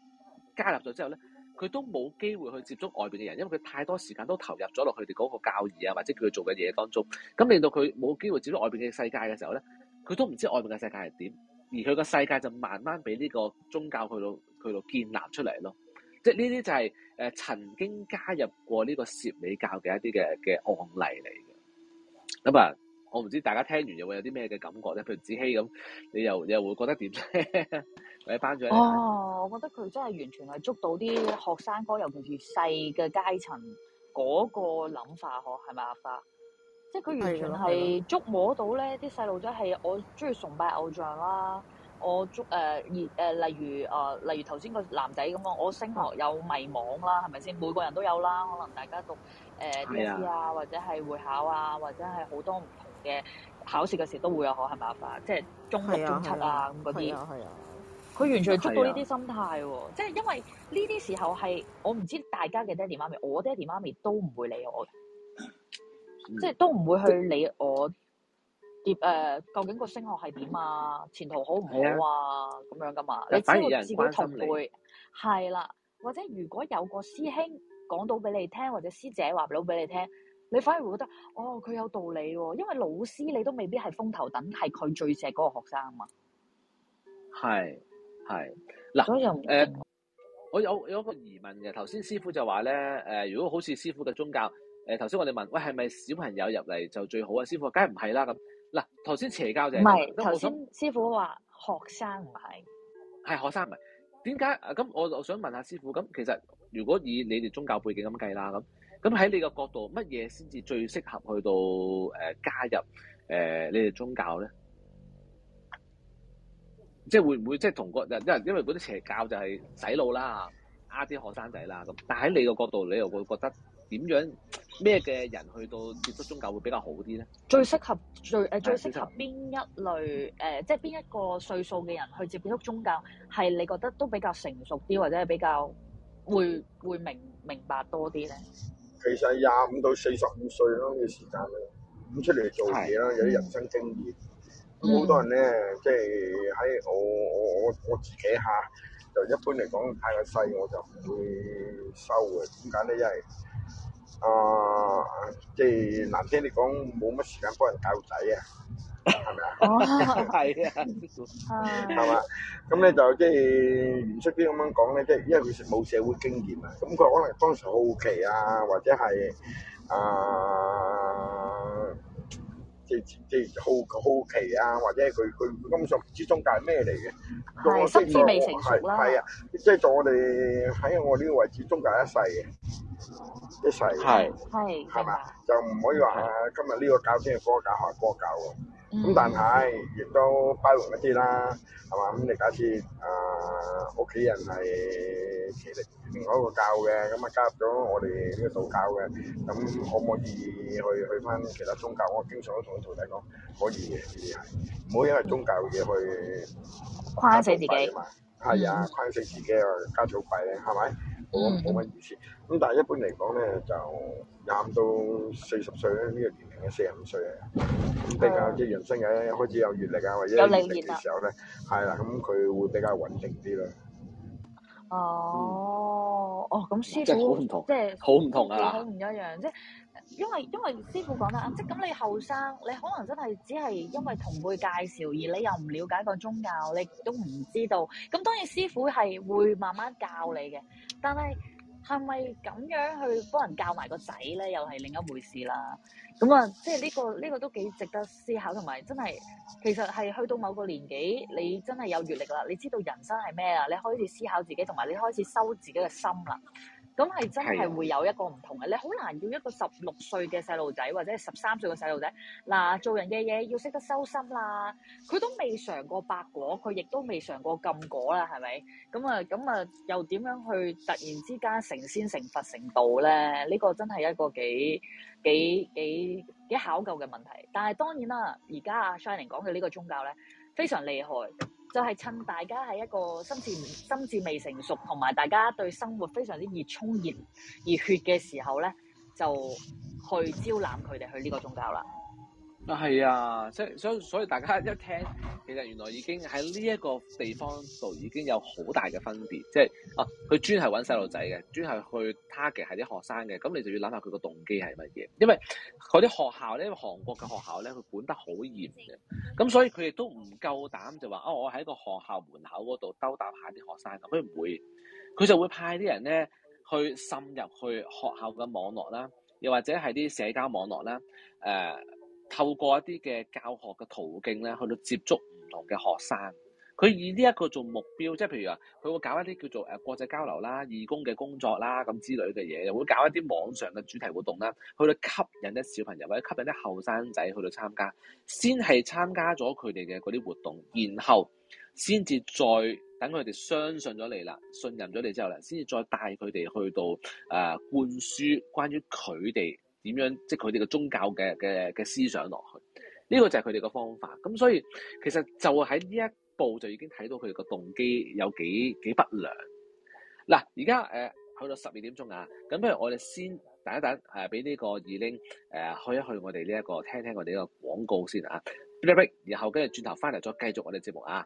加入咗之後咧，佢都冇機會去接觸外邊嘅人，因為佢太多時間都投入咗落佢哋嗰個教義啊，或者佢做嘅嘢當中，咁令到佢冇機會接觸外邊嘅世界嘅時候咧，佢都唔知外邊嘅世界係點，而佢個世界就慢慢俾呢個宗教去到去到建立出嚟咯，即係呢啲就係、是、誒、呃、曾經加入過呢個涉美教嘅一啲嘅嘅案例嚟嘅，咁啊。我唔知大家聽完又會有啲咩嘅感覺咧？譬如紫僖咁，你又你又會覺得點咧？或 者班長？哦，是我覺得佢真係完全係捉到啲學生哥，尤其是細嘅階層嗰個諗法，嗬，係咪阿花？即係佢完全係捉摸到咧，啲細路仔係我中意崇拜偶像啦，我捉誒熱例如誒，例如頭先個男仔咁講，我升學有迷惘啦，係咪先？嗯、每個人都有啦，可能大家讀誒中、呃、的試啊，或者係會考啊，或者係好多唔同。嘅考試嘅時都會有可憐辦法，即係中六、中七啊咁嗰啲，佢、啊啊啊啊、完全捉到呢啲心態喎。即係、啊、因為呢啲時候係我唔知大家嘅爹哋媽咪，我爹哋媽咪都唔會理我，嗯、即係都唔會去理我啲、嗯、究竟個升學係點啊，嗯、前途好唔好啊咁、嗯、樣噶嘛。你只要自己同輩，係啦，或者如果有個師兄講到俾你聽，或者師姐話到俾你聽。你反而會覺得，哦，佢有道理喎，哦，因為老師你都未必係風頭躉，係佢最錫嗰個學生啊嘛。係係。嗱，所以，誒，我有有一個疑問嘅，頭先師傅就話咧，誒、呃，如果好似師傅嘅宗教，誒、呃，頭先我哋問，喂，係咪小朋友入嚟就最好啊？師傅，梗係唔係啦咁？嗱，頭先邪教就係。唔係，頭先師傅話學生唔係。係學生唔係，點解啊？咁我我想問下師傅，咁其實如果以你哋宗教背景咁計啦，咁。咁喺你嘅角度，乜嘢先至最適合去到誒、呃、加入誒、呃、你哋宗教咧？即係會唔會即係同個人因因為嗰啲邪教就係洗腦啦，呃啲學生仔啦咁。但喺你嘅角度，你又會覺得點樣咩嘅人去到接觸宗教會比較好啲咧、呃？最適合最誒最適合邊一類誒、呃，即係邊一個歲數嘅人去接觸宗教，係你覺得都比較成熟啲，或者係比較會會明明白多啲咧？其實廿五到四十五歲咯，啲時間咯，咁出嚟做嘢啦，有啲人生經驗，好多人咧，即係喺我我我我自己嚇，就一般嚟講太細我就唔會收嘅，點解咧？因為啊，即係難聽啲講冇乜時間幫人教仔啊。係咪啊？係啊，係嘛？咁咧就即係，唔識啲咁樣講咧，即係因為佢冇社會經驗啊，咁佢可能當時好奇啊，或者係啊，即即好好奇啊，或者佢佢根本上唔知中介咩嚟嘅，係新鮮未成熟係啊，即係做我哋喺我呢個位置中介一世嘅一世係係係嘛，就唔可以話今日呢個教先係科教，下個教喎。咁但係亦都包容一啲啦，係嘛？咁、嗯、你假設啊，屋、呃、企人係其實另外一個教嘅，咁啊加入咗我哋呢個道教嘅，咁可唔可以去去返其他宗教？我經常都同啲徒弟講，可以嘅，唔好因為宗教嘅嘢去框死自己，係啊，框死自己而、啊、加少貴咧，係咪？冇乜意思，咁、嗯、但係一般嚟講咧，就廿五到四十歲咧，呢個年齡咧，四十五歲啊，咁比較即係人生有、嗯、開始有閱歷啊，或者有歷練嘅時候咧，係啦，咁佢會比較穩定啲咯。哦，嗯、哦，哦，咁師父好唔同，即係好唔同噶啦。好唔一樣，即係是。因為因為師傅講得啊，即係咁你後生，你可能真係只係因為同輩介紹，而你又唔了解個宗教，你都唔知道。咁當然師傅係會慢慢教你嘅，但係係咪咁樣去幫人教埋個仔咧，又係另一回事啦。咁啊，即係呢個呢個都幾值得思考，同埋真係其實係去到某個年紀，你真係有閱歷啦，你知道人生係咩啦？你開始思考自己，同埋你開始收自己嘅心啦。咁係真係會有一個唔同嘅，你好難要一個十六歲嘅細路仔或者係十三歲嘅細路仔，嗱，做人嘅嘢要識得收心啦，佢都未嘗過百果，佢亦都未嘗過禁果啦，係咪？咁啊咁啊，又點樣去突然之間成仙成佛成道咧？呢個真係一個幾幾幾幾考究嘅問題。但係當然啦，而家阿 Shinning 講嘅呢個宗教咧，非常厲害。就係趁大家喺一個心智、心智未成熟，同埋大家對生活非常之熱衷、熱熱血嘅時候咧，就去招攬佢哋去呢個宗教啦。啊，係啊，即係所以所以大家一聽，其實原來已經喺呢一個地方度已經有好大嘅分別，即、就、係、是、啊，佢專係揾細路仔嘅，專係去 target 係啲學生嘅，咁你就要諗下佢個動機係乜嘢？因為嗰啲學校咧，韓國嘅學校咧，佢管得好嚴嘅，咁所以佢亦都唔夠膽就話啊、哦，我喺個學校門口嗰度兜搭下啲學生啊，佢唔會，佢就會派啲人咧去滲入去學校嘅網絡啦，又或者係啲社交網絡啦，誒、呃。透過一啲嘅教學嘅途徑咧，去到接觸唔同嘅學生，佢以呢一個做目標，即係譬如話，佢會搞一啲叫做誒國際交流啦、義工嘅工作啦咁之類嘅嘢，又會搞一啲網上嘅主題活動啦，去到吸引啲小朋友或者吸引啲後生仔去到參加，先係參加咗佢哋嘅嗰啲活動，然後先至再等佢哋相信咗你啦，信任咗你之後啦，先至再帶佢哋去到誒、呃、灌輸關於佢哋。點樣即係佢哋嘅宗教嘅嘅嘅思想落去？呢個就係佢哋嘅方法。咁所以其實就喺呢一步就已經睇到佢哋嘅動機有幾幾不良。嗱，而家誒去到十二點鐘啊，咁不如我哋先等一等，誒俾呢個耳鈴誒去一去我哋呢一個聽聽我哋呢個廣告先啊，然後跟住轉頭翻嚟再繼續我哋節目啊。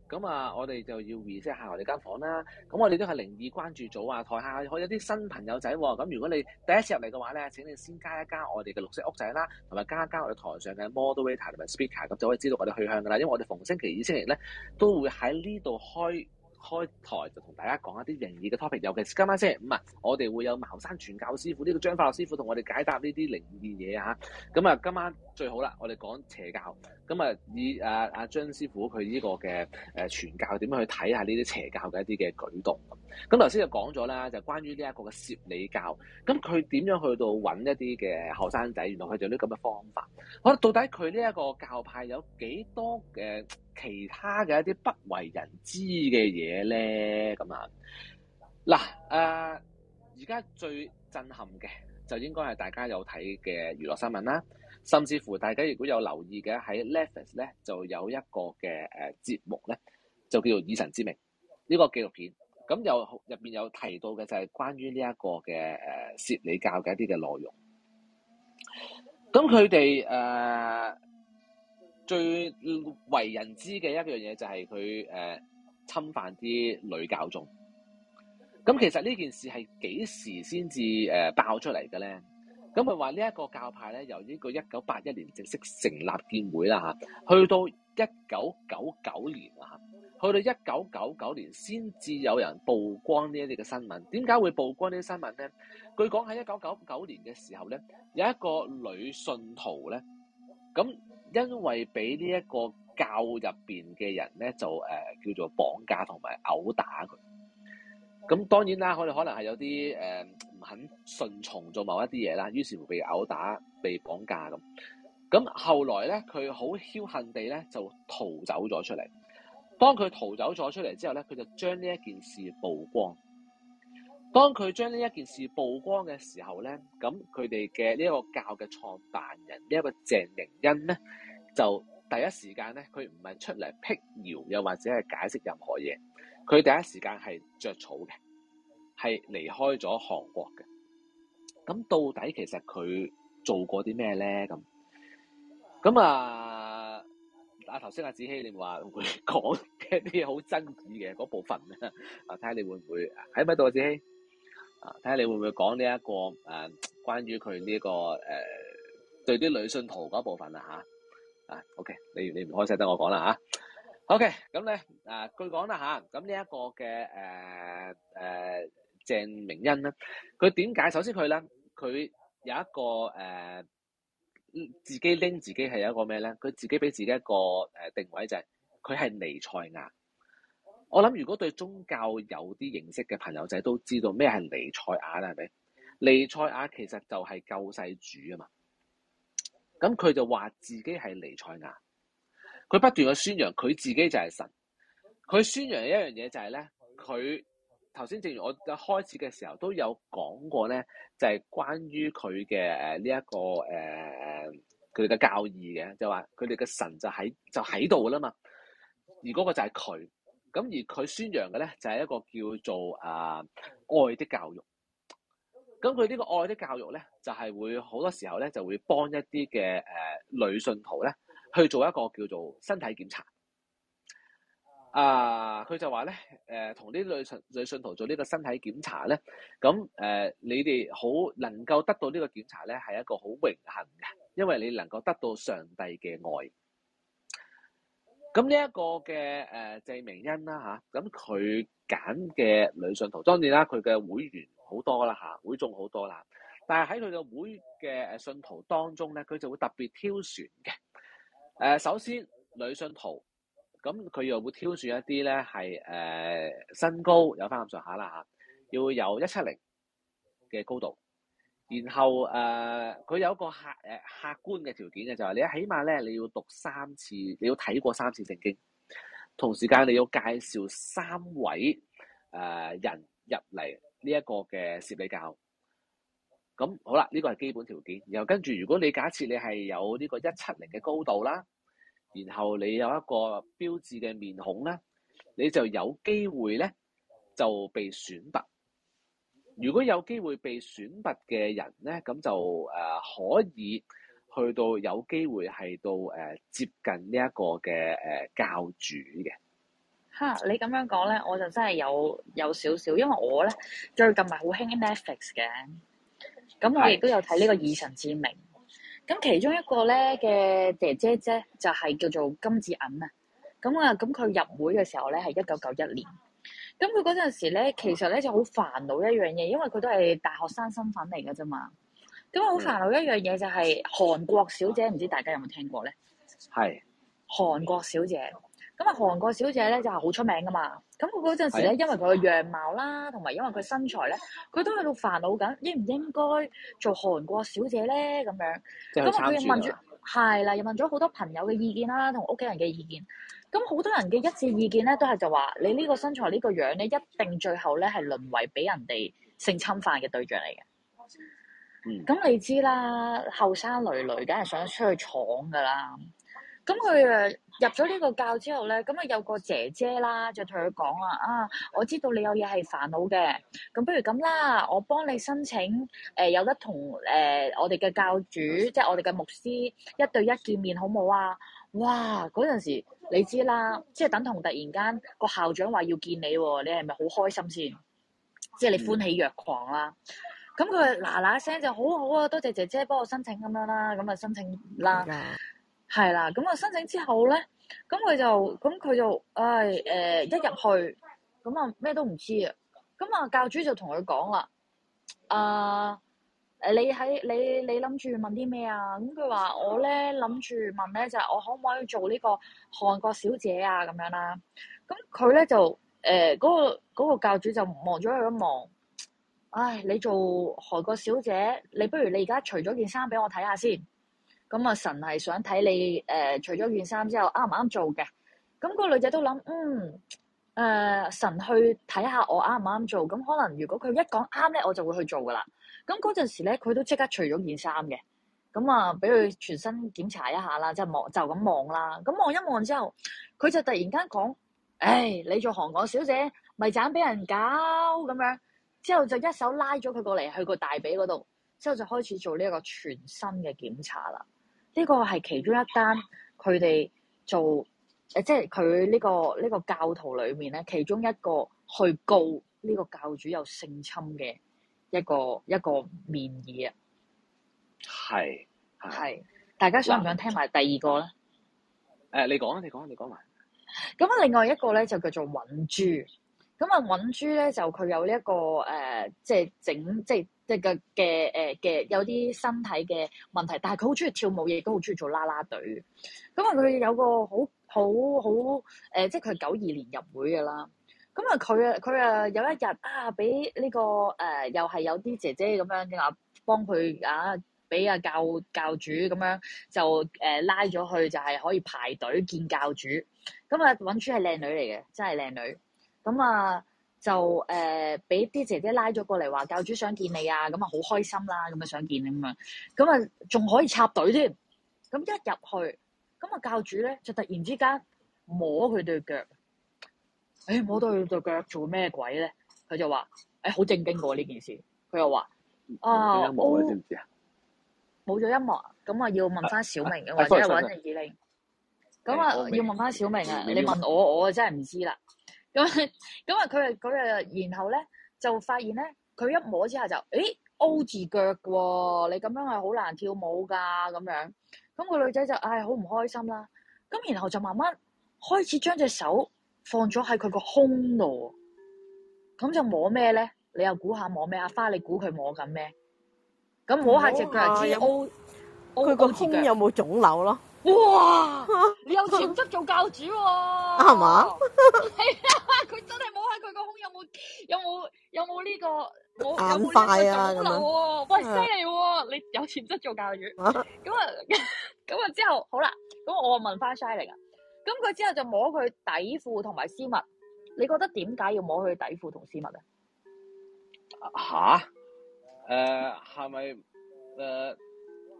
咁啊，我哋就要 reset 下我哋間房啦。咁我哋都係靈異關注組啊，台下可以有啲新朋友仔喎、喔。咁如果你第一次入嚟嘅話咧，請你先加一加我哋嘅綠色屋仔啦，同埋加一加我哋台上嘅 moderator 同埋 speaker，咁就可以知道我哋去向噶啦。因為我哋逢星期二星期咧都會喺呢度開開台，就同大家講一啲靈異嘅 topic。尤其今晚星期五啊，我哋會有茅山傳教師傅呢、這個張法樂師傅同我哋解答呢啲靈異嘢嚇、啊。咁啊，今晚最好啦，我哋講邪教。咁、嗯、啊，以阿阿張師傅佢呢個嘅誒、呃、傳教點樣去睇下呢啲邪教嘅一啲嘅舉動咁。咁頭先就講咗啦，就是，關於呢一個嘅攝理教，咁佢點樣去到揾一啲嘅學生仔？原來佢有啲咁嘅方法。好，到底佢呢一個教派有幾多嘅其他嘅一啲不為人知嘅嘢咧？咁啊，嗱、呃，誒而家最震撼嘅就應該係大家有睇嘅娛樂新聞啦。甚至乎，大家如果有留意嘅喺 Netflix 咧，就有一個嘅誒節目咧，就叫做《以神之名》呢、這個紀錄片。咁又入邊有提到嘅就係關於呢一個嘅誒攝理教嘅一啲嘅內容。咁佢哋誒最為人知嘅一樣嘢就係佢誒侵犯啲女教眾，咁其實呢件事係幾時先至誒爆出嚟嘅咧？咁咪話呢一個教派咧，由呢個一九八一年正式成立建會啦嚇，去到一九九九年啊，去到一九九九年先至有人曝光呢一啲嘅新聞。點解會曝光呢啲新聞咧？據講喺一九九九年嘅時候咧，有一個女信徒咧，咁因為俾呢一個教入面嘅人咧，就、呃、叫做綁架同埋毆打佢。咁當然啦，佢哋可能係有啲誒唔肯順從做某一啲嘢啦，於是乎被毆打、被綁架咁。咁後來咧，佢好憤恨地咧就逃走咗出嚟。當佢逃走咗出嚟之後咧，佢就將呢一件事曝光。當佢將呢一件事曝光嘅時候咧，咁佢哋嘅呢一個教嘅創辦人呢一個鄭榮恩咧，就第一時間咧，佢唔係出嚟辟謠，又或者係解釋任何嘢。佢第一時間係着草嘅，係離開咗韓國嘅。咁到底其實佢做過啲咩咧？咁咁啊，阿頭先阿紫僖，你話會唔會講一啲嘢好爭議嘅嗰部分咧？啊，睇下你會唔會喺唔喺度啊，紫僖？啊，睇下你會唔會講呢一個誒、啊，關於佢呢、這個誒、啊，對啲女信徒嗰部分啊吓啊，OK，你你唔開聲等我講啦吓。啊 OK，咁咧，啊，據講啦嚇，咁呢一個嘅誒誒鄭明恩，咧，佢點解？首先佢咧，佢有一個誒、呃、自己拎自己係有一個咩咧？佢自己俾自己一個誒定位就係佢係尼賽亞。我諗如果對宗教有啲認識嘅朋友仔都知道咩係尼賽亞啦，係咪？尼賽亞其實就係救世主啊嘛。咁佢就話自己係尼賽亞。佢不斷嘅宣揚，佢自己就係神。佢宣揚的一樣嘢就係、是、咧，佢頭先正如我開始嘅時候都有講過咧，就係、是、關於佢嘅誒呢一個誒佢嘅教義嘅，就話佢哋嘅神就喺就喺度啦嘛。而嗰個就係佢咁，而佢宣揚嘅咧就係、是、一個叫做啊、呃、愛的教育。咁佢呢個愛的教育咧，就係、是、會好多時候咧就會幫一啲嘅誒女信徒咧。去做一個叫做身體檢查，啊！佢就話咧，誒，同啲女信女信徒做呢個身體檢查咧，咁誒，你哋好能夠得到呢個檢查咧，係一個好榮幸嘅，因為你能夠得到上帝嘅愛。咁呢一個嘅誒謝明恩啦嚇，咁佢揀嘅女信徒，當然啦，佢嘅會員好多啦嚇，會眾好多啦，但係喺佢嘅會嘅誒信徒當中咧，佢就會特別挑選嘅。誒，首先女信徒，咁佢又會挑選一啲咧係誒身高有返咁上下啦吓，要有一七零嘅高度，然後誒佢、呃、有一個客誒、呃、客觀嘅條件嘅就係、是、你起碼咧你要讀三次，你要睇過三次聖經，同時間你要介紹三位誒、呃、人入嚟呢一個嘅攝理教。咁好啦，呢、這個係基本條件。然後跟住，如果你假設你係有呢個一七零嘅高度啦，然後你有一個標誌嘅面孔咧，你就有機會咧就被選拔。如果有機會被選拔嘅人咧，咁就誒、呃、可以去到有機會係到誒、呃、接近呢一個嘅誒、呃、教主嘅吓。你咁樣講咧，我就真係有有少少，因為我咧最近咪好興 Netflix 嘅。咁我亦都有睇呢、這個以神之名，咁其中一個咧嘅姐姐姐就係、是、叫做金志銀啊，咁啊咁佢入會嘅時候咧係一九九一年，咁佢嗰陣時咧其實咧就好煩惱一樣嘢，因為佢都係大學生身份嚟㗎啫嘛，咁啊好煩惱一樣嘢就係、是、韓國小姐，唔知大家有冇聽過咧？係的韓國小姐，咁啊韓國小姐咧就係好出名㗎嘛。咁佢嗰陣時咧，因為佢嘅樣貌啦，同埋、啊、因為佢身材咧，佢都喺度煩惱緊，應唔應該做韓國小姐咧咁樣？咁佢又問咗，係啦，又問咗好多朋友嘅意見啦，同屋企人嘅意見。咁好多人嘅一致意見咧，都係就話：你呢個身材呢、呢個樣，呢，一定最後咧係淪為俾人哋性侵犯嘅對象嚟嘅。咁、嗯、你知啦，後生女女梗係想出去闖噶啦。咁佢入咗呢個教之後咧，咁啊有個姐姐啦，就同佢講啊，啊，我知道你有嘢係煩惱嘅，咁不如咁啦，我幫你申請誒有得同誒我哋嘅教主，即係我哋嘅牧師一對一見面，好唔好啊？哇！嗰陣時你知啦，即係等同突然間個校長話要見你喎，你係咪好開心先？即係你歡喜若狂啦！咁佢嗱嗱聲就好好啊，多謝姐姐幫我申請咁樣啦，咁啊申請啦。謝謝。係啦，咁啊申請之後咧，咁佢就咁佢就唉、哎呃、一入去咁啊咩都唔知啊，咁啊教主就同佢講啦，啊誒你喺你你諗住問啲咩啊？咁佢話我咧諗住問咧就係、係、我可唔可以做呢個韓國小姐啊咁樣啦、啊，咁佢咧就嗰、呃嗰個嗰、嗰個、教主就望咗佢一望，唉、哎、你做韓國小姐，你不如你而家除咗件衫俾我睇下先。咁啊，神係想睇你誒，除咗件衫之後啱唔啱做嘅。咁、那個女仔都諗，嗯，誒、呃，神去睇下我啱唔啱做。咁可能如果佢一講啱咧，我就會去做噶啦。咁嗰陣時咧，佢都即刻除咗件衫嘅。咁啊，俾佢全身檢查一下啦，即、就是、望就咁望啦。咁望一望之後，佢就突然間講：唉、哎，你做韓國小姐，咪盞俾人搞咁樣。之後就一手拉咗佢過嚟去個大髀嗰度，之後就開始做呢一個全身嘅檢查啦。呢個係其中一單佢哋做誒，即係佢呢個呢、呢個教徒裏面咧，其中一個去告呢個教主有性侵嘅一個一個面議啊。係。係。大家想唔想聽埋第二個咧？誒，你講啊，你講，你講埋。咁啊，另外一個咧就叫做允珠。咁啊，允珠咧就佢有呢、呢、一個誒、呃，即係整即係。即嘅嘅誒嘅有啲身體嘅問題，但係佢好中意跳舞，亦都好中意做啦啦隊。咁啊，佢有個好好好誒，即係佢九二年入會嘅啦。咁啊，佢啊佢啊有一日啊，俾呢個誒又係有啲姐姐咁樣嘅話，幫佢啊俾啊教教主咁樣就誒、呃、拉咗去，就係、是、可以排隊見教主。咁啊，尹珠係靚女嚟嘅，真係靚女。咁啊～就誒俾啲姐姐拉咗過嚟，話教主想見你啊，咁啊好開心啦，咁啊想見你咁樣，咁啊仲可以插隊添，咁一入去，咁啊教主咧就突然之間摸佢對腳，誒摸到佢對腳做咩鬼咧？佢就話誒好正經嘅喎呢件事，佢又話，哦，冇咗知唔知啊？冇咗音樂咁啊要問翻小明啊，或者揾鄭指令。咁啊要問翻小明啊，你問我我真係唔知啦。咁咁啊！佢啊佢然後咧就發現咧，佢一摸之下就，誒，O 字，哦、腳㗎喎，你咁樣係好難跳舞噶咁樣。咁個女仔就唉，好、哎、唔開心啦。咁然後就慢慢開始將隻手放咗喺佢個胸度。咁就摸咩咧？你又估下摸咩？阿、啊、花，你估佢摸緊咩？咁摸下腳隻腳係 O，佢個胸有冇腫瘤咯？哇！你有潛質做教主喎，係嘛？係啊，佢是嗎 真係摸下佢，這個胸有冇有冇有冇呢個硬塊啊咁？犀利喎！啊、 你有潛質做教主，咁啊咁啊之後好啦，咁我問翻 Shinning 啊，咁佢之後就摸佢底褲同埋絲襪，你覺得點解要摸佢底褲同絲襪咧？吓、啊？誒，係咪誒？Uh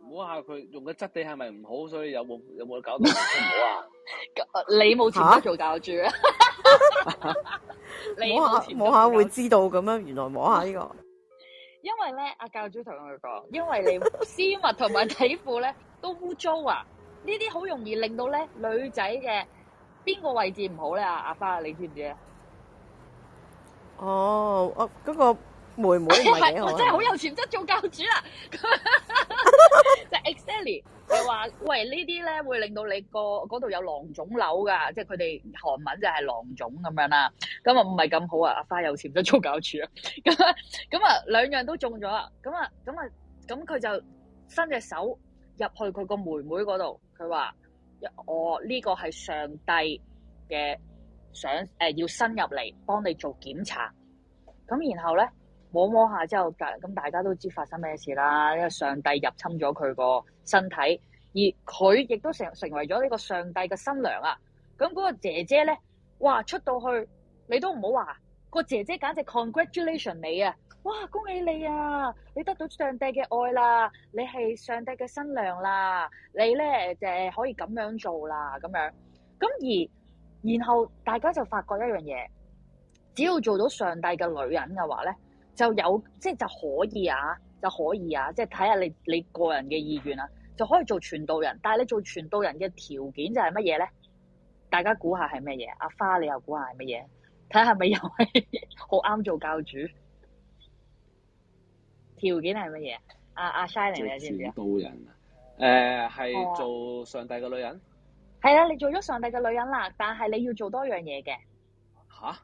摸下佢用嘅質地係咪唔好，所以有冇有冇搞到唔好啊？你冇錢做教主啊？摸下摸下會知道咁樣，原來摸下呢個。 因為咧，阿教主同佢講，因為你絲襪同埋底褲咧都污糟啊，呢啲好容易令到咧女仔嘅邊個位置唔好咧啊！阿花，你知唔知啊？哦，啊，嗰、嗰個。妹妹係我、哎、呀真係好有潛質，即係做教主啦。即係 e x c e l y 佢話喂，這些呢啲咧會令到你個嗰度有狼腫瘤噶，即係佢哋韓文就係狼腫咁樣啦。咁啊唔係咁好啊，阿花有潛質即係做教主啦。咁咁啊兩樣都中咗啦。咁啊咁啊咁佢就伸隻手入去佢個妹妹嗰度，佢話我呢個係上帝嘅想，誒、呃、要伸入嚟幫你做檢查。咁然後咧。摸摸下之後，咁大家都知發生咩事啦！因為上帝入侵咗佢個身體，而佢亦都成成為咗呢個上帝嘅新娘啊！咁嗰個姐姐呢？哇出到去，你都唔好話個姐姐，簡直 congratulation 你啊！哇，恭喜你啊！你得到上帝嘅愛啦，你係上帝嘅新娘啦，你呢就可以咁樣做啦咁樣咁而然後大家就發覺一樣嘢，只要做到上帝嘅女人嘅話呢。就有即係就可以啊，就可以啊，即係睇下你你個人嘅意願啊，就可以做傳道人。但係你做傳道人嘅條件就係乜嘢咧？大家估下係乜嘢？阿花你，你又估下係乜嘢？睇下係咪又係好啱做教主？ 條件係乜嘢？阿阿 Shining，你知唔知？做傳道人啊？誒係、嗯呃、做上帝嘅女人。係啊、哦，你做咗上帝嘅女人啦，但係你要做多樣嘢嘅。嚇？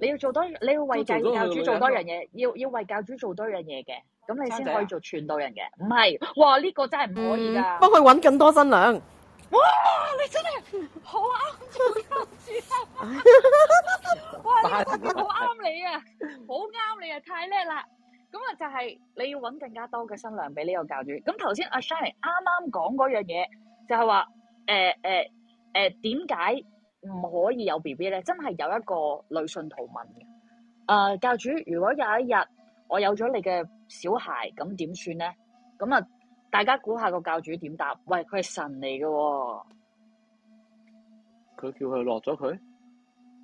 你要做多，你要為教主做多樣嘢，要要為教主做多樣嘢嘅，咁你先可以做傳道人嘅。唔係，哇！呢個真係唔可以㗎，幫佢揾更多新娘。哇！你真係好啱做教主啊， 哇！呢個係好啱你啊，好啱你啊，太叻啦！咁啊就係你要揾更加多嘅新娘俾呢個教主。咁頭先阿 Shinning 啱啱講嗰樣嘢，就係話誒誒誒點解？呃呃呃唔可以有 B B 咧，真係有一個女信徒問嘅，誒、呃、教主，如果有一日我有咗你嘅小孩，咁點算咧？咁啊，大家估下個教主點答？喂，佢係神嚟嘅喎，佢叫佢落咗佢。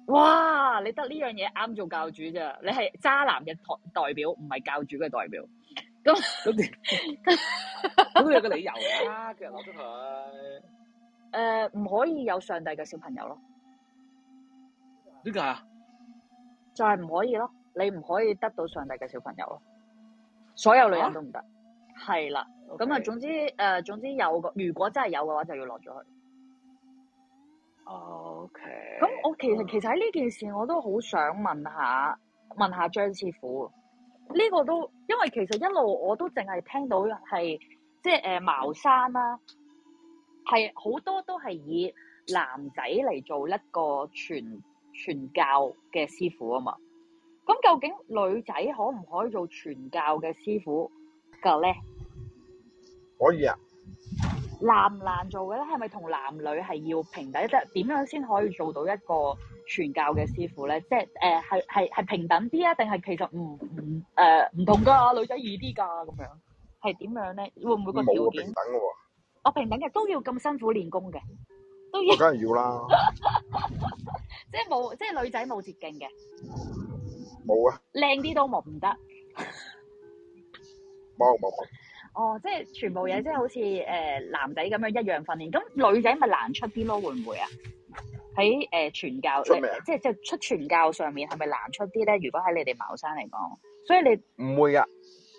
哇！你得呢樣嘢啱做教主咋？你係渣男嘅代代表，唔係教主嘅代表。咁咁咁都有個理由啦，啊，叫佢落咗佢。誒、呃，唔可以有上帝嘅小朋友咯。點解啊？就係唔可以咯，你唔可以得到上帝嘅小朋友咯。所有女人都唔得，係啦。咁啊，了 Okay. 總之誒、呃，總之有個，如果真係有嘅話，就要落咗佢。OK。咁我其實其實喺呢件事我都好想問下問下張師傅呢、呢個都因為其實一路我都淨係聽到係即係誒茅山啦、啊，係好多都係以男仔嚟做一個傳。傳教嘅師傅啊嘛，咁究竟女仔可唔可以做傳教嘅師傅噶咧？可以啊。難唔難做嘅咧？係咪同男女係要平等啫？即係點樣先可以做到一個傳教嘅師傅咧？即係誒，係係係平等啲啊？定係其實唔唔誒唔同噶？女仔易啲噶咁樣？係點樣咧？會唔會個條件冇，平等喎。我、哦、平等嘅，都要咁辛苦練功嘅，都要，當然要啦。梗係要啦。即係冇，即係女仔冇捷徑嘅，冇啊！靚啲都冇唔得，冇冇冇。哦，即係全部嘢即係好似誒、呃、男仔咁樣一樣訓練，咁女仔咪難出啲咯？會唔會啊？喺誒、呃、傳教，即係即係出傳教上面係咪難出啲咧？如果喺你哋茅山嚟講，所以你唔會啊，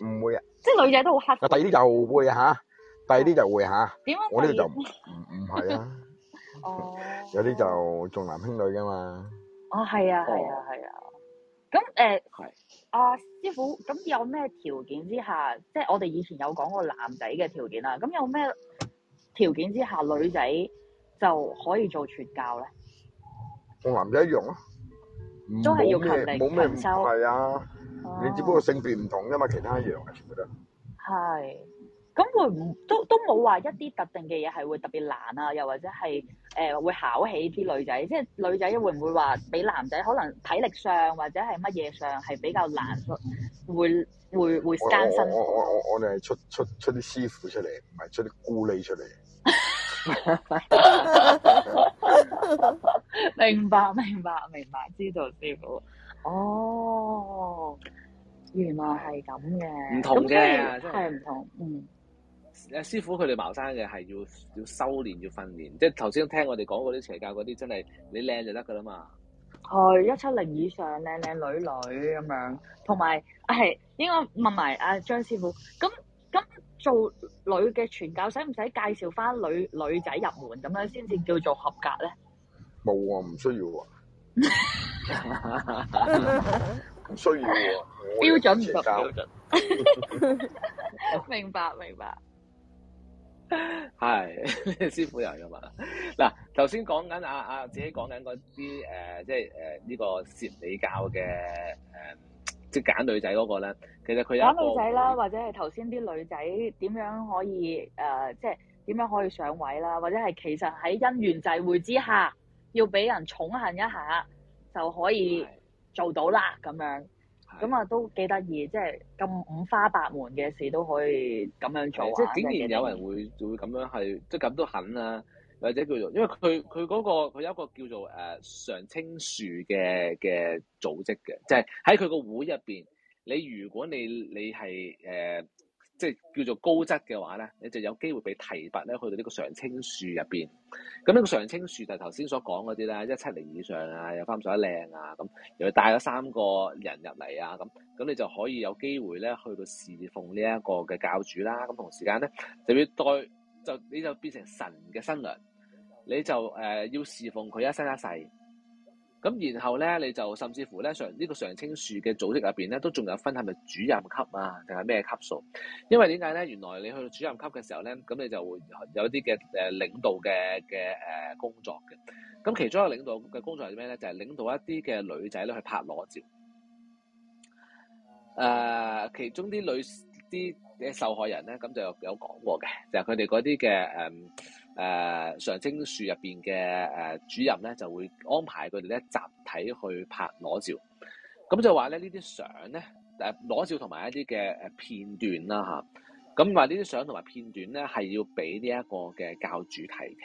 唔會啊，即係女仔都好黑。第啲就會嚇，第啲就會嚇。點啊？我呢度就唔唔係啊。哦，oh. 有啲就重男輕女噶嘛。哦，係啊，係啊，係、oh. 啊。咁誒、啊，阿、呃是啊、師傅，咁有咩條件之下，即、就、係、是、我哋以前有講過男仔嘅條件啊。咁有咩條件之下，女仔就可以做傳教咧？同男仔一樣都係要求咩冇咩唔收，係修啊。Oh. 你只不過性別唔同啫嘛，其他一樣嘅全部都係。咁會唔都都冇話一啲特定嘅嘢係會特別難啊？又或者係誒、呃、會考起啲女仔，即係女仔會唔會話畀男仔可能體力上或者係乜嘢上係比較難出、嗯會？會會會艱辛。我我我哋係出出出啲師傅出嚟，唔係出啲孤儡出嚟。明白明白明白，知道師傅。哦，原來係咁嘅。唔同嘅係唔同，嗯。阿師傅佢哋茅山嘅係要要修練要訓練，即係頭先聽我哋講嗰啲邪教嗰啲真係你靚就得㗎啦嘛。係一七零以上靚靚女女咁樣，同埋係應該問埋阿、啊、張師傅，咁咁做女嘅傳教使唔使介紹返女女仔入門咁樣先至叫做合格咧？冇啊，唔需要啊，唔 需要啊，標準唔合格。明白明白。係、 哎、師傅又係咁話嗱，頭先講緊啊啊，自己講緊嗰啲誒，即係誒呢個攝理教嘅，誒，即係揀女仔嗰個咧。其實佢有揀女仔啦，或者係頭先啲女仔點樣可以誒，即係點樣可以上位啦，或者係其實喺姻緣際會之下要俾人寵幸一下就可以做到啦，咁樣。咁啊，都幾得意，即係咁五花八門嘅事都可以咁樣做啊！即係竟然有人會會咁樣去，即係咁都肯啊！或者叫做，因為佢佢嗰個佢有一個叫做誒常青樹嘅嘅組織嘅，就係喺佢個會入面。你如果你你係誒。呃即係叫做高質嘅話咧，你就有機會畀提拔咧去到呢個常青樹入邊。咁呢個常青樹就頭先所講嗰啲啦，一七零以上啊，有三十一靚啊，咁又帶咗三個人入嚟啊，咁咁你就可以有機會咧去到侍奉呢一個嘅教主啦。咁同時間咧就要代就你就變成神嘅新娘，你就誒、呃、要侍奉佢一生一世。咁然後咧，你就甚至乎咧，常呢個常青樹嘅組織入邊咧，都仲有分係咪主任級啊，定係咩級數？因為點解咧？原來你去到主任級嘅時候咧，咁你就會有啲嘅誒領導嘅嘅誒工作嘅。咁其中一個領導嘅工作係咩咧？就係領導一啲嘅女仔咧去拍裸照。誒，其中啲女啲嘅受害人咧，咁就有有講過嘅，就係佢哋嗰啲嘅誒。誒、呃、常青樹入邊嘅誒主任咧，就會安排佢哋咧集體去拍裸照，咁就話咧呢啲相咧誒裸照同埋、呃、一啲嘅誒片段啦嚇，咁話呢啲相同埋片段咧係要俾呢一個嘅教主睇嘅，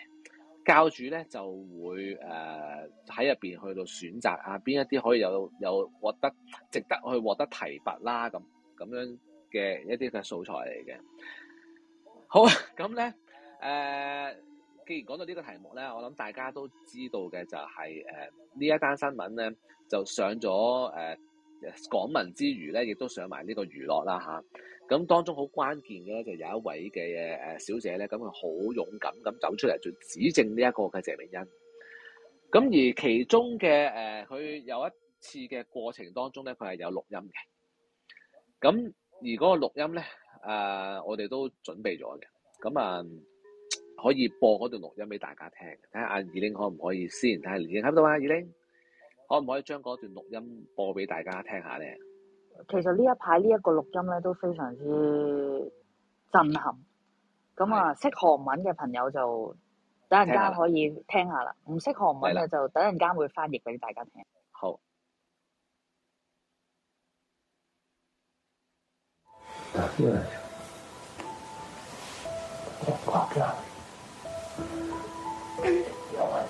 教主咧就會誒喺入邊去到選擇啊邊一啲可以有有獲得值得去獲得提拔啦咁咁樣嘅一啲嘅素材嚟嘅，好啊咁咧。誒、呃，既然講到呢個題目咧，我諗大家都知道嘅就係誒呢一單新聞咧，就上咗誒、呃、港聞之餘咧，亦都上埋呢個娛樂啦嚇。咁、啊、當中好關鍵嘅咧，就有一位嘅誒、呃、小姐咧，咁佢好勇敢咁走出嚟就指證呢一個嘅謝美欣。咁而其中嘅誒，佢、呃、有一次嘅過程當中咧，佢係有錄音嘅。咁而嗰個錄音咧，誒、呃、我哋都準備咗嘅。咁啊～可以播嗰段錄音俾大家聽，睇下阿二玲可唔可以先？睇下二玲睇唔喺度啊？二玲，可唔可以將嗰段錄音播俾大家聽下咧？其實呢一排呢一個錄音咧都非常之震撼，咁啊是的 識韓文嘅朋友就等陣間可以聽下啦。唔識韓文嘅就等陣間會翻譯俾大家聽。好。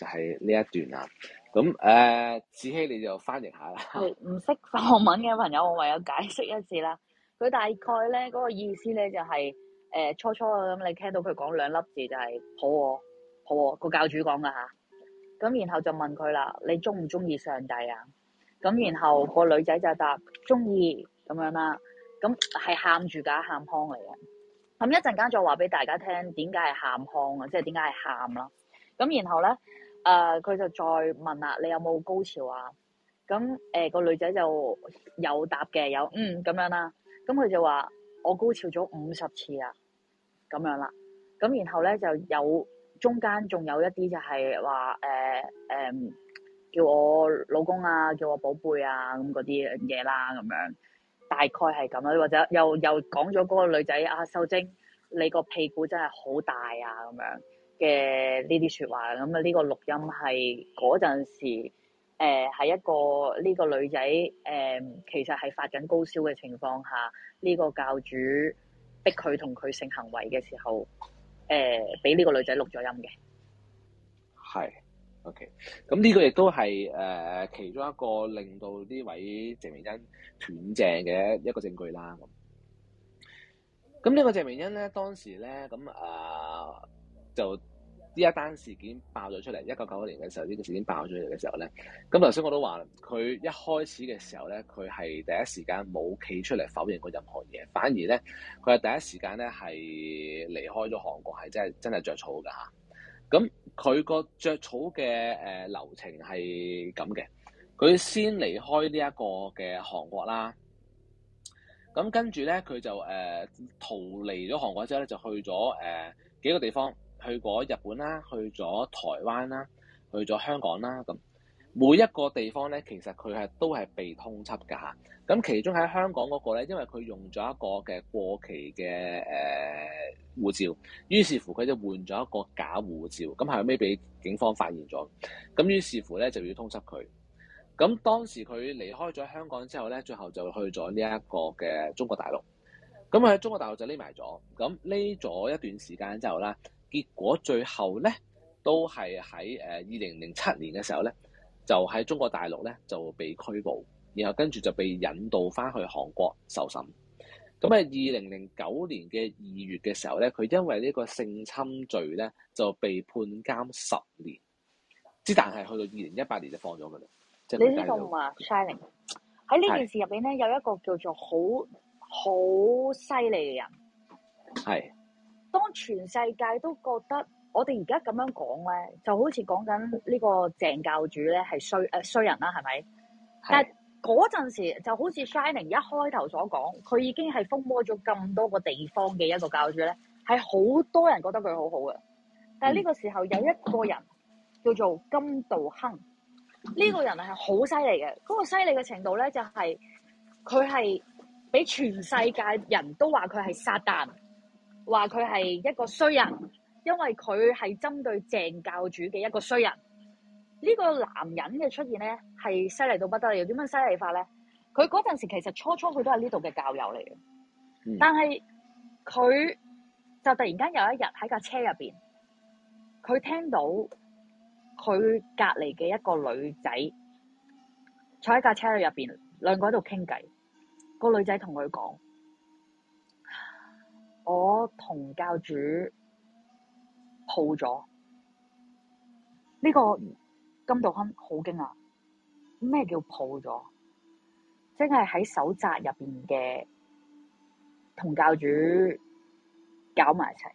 就係呢一段啦、啊。咁、嗯、誒，紫、呃、僖你就翻譯一下啦。唔識法文嘅朋友，我唯有解釋一次啦。佢大概咧嗰、那個意思咧就係、是、誒、呃、初初咁，你聽到佢講兩粒字就係、是、好」寶寶。寶寶「好」寶寶。好個教主講嘅吓。咁然後就問佢啦：你中唔中意上帝啊？咁然後個女仔就答中意咁樣啦。咁係喊住㗎，喊腔嚟嘅。咁一陣間再話俾大家聽點解係喊腔啊，即係點解係喊啦。咁然後咧。啊！佢、呃、就再問啦，你有冇高潮啊？咁個、呃、女仔就有答嘅，有嗯咁樣啦、啊。咁佢就話我高潮咗五十次啊，咁樣啦、啊。咁然後咧就有中間仲有一啲就係話、呃呃、叫我老公啊，叫我寶貝啊咁嗰啲嘢啦咁樣。大概係咁樣，或者又又講咗嗰個女仔啊秀晶，你個屁股真係好大啊咁樣。嘅呢啲說話，咁啊呢個錄音係嗰陣時，誒、呃、一個呢、呢個女仔，誒、呃、其實係發緊高燒嘅情況下，呢、呢個教主逼佢同佢性行為嘅時候，誒俾呢個女仔錄咗音嘅。係，OK，咁呢個亦都係誒其中一個令到呢位謝明欣斷正嘅一個證據啦。咁，咁呢個謝明欣咧當時咧咁啊。呃就呢一單事件爆咗出嚟，一九九一年嘅時候，呢個事件爆咗出嚟嘅時候咧，咁頭先我都話，佢一開始嘅時候咧，佢係第一時間冇企出嚟否認過任何嘢，反而咧，佢係第一時間咧係離開咗韓國，係真係真係著草㗎嚇。咁佢個着草嘅誒流程係咁嘅，佢先離開呢一個嘅韓國啦。咁跟住咧，佢就誒、呃、逃離咗韓國之後咧，就去咗誒、呃、幾個地方。去過日本啦，去咗台灣啦，去咗香港啦。咁每一個地方咧，其實佢係都係被通緝㗎嚇。咁其中喺香港嗰個咧，因為佢用咗一個嘅過期嘅誒護照，於是乎佢就換咗一個假護照。咁後尾俾警方發現咗，咁於是乎咧就要通緝佢。咁當時佢離開咗香港之後咧，最後就去咗呢一個嘅中國大陸。咁佢喺中國大陸就匿埋咗，咁匿咗一段時間之後咧。結果最後咧，都係喺二零零七年嘅時候咧，就喺中國大陸咧就被拘捕，然後跟住就被引渡翻去韓國受審。咁誒，二零零九年嘅二月嘅時候咧，佢因為呢個性侵罪咧就被判監十年，之但係去到二零一八年就放咗佢啦。你知道嘛，Shinning 喺呢件事入邊咧係有一個叫做好好犀利嘅人，係。當全世界都覺得我哋而家咁樣講咧，就好似講緊呢個鄭教主咧係衰誒衰人啦，係咪？是的 但係嗰陣時候就好似 Shining 一開頭所講，佢已經係風魔咗咁多個地方嘅一個教主咧，係好多人覺得佢好好嘅。但係呢個時候有一個人叫做金道亨，呢、這個人係好犀利嘅。嗰、那個犀利嘅程度咧就係佢係俾全世界人都話佢係撒旦。話佢係一個衰人，因為佢係針對鄭教主嘅一個衰人。呢個男人嘅出現咧，係犀利到不得了。點樣犀利法咧？佢嗰陣時其實初初佢都係呢度嘅教友嚟嘅，嗯、但係佢就突然間有一日喺架車入邊，佢聽到佢隔籬嘅一個女仔坐喺架車入邊，兩個喺度傾偈。個女仔同佢講。我同教主抱咗呢個金道亨，好驚訝，咩叫抱咗？即係喺手札入邊嘅同教主搞埋一齊，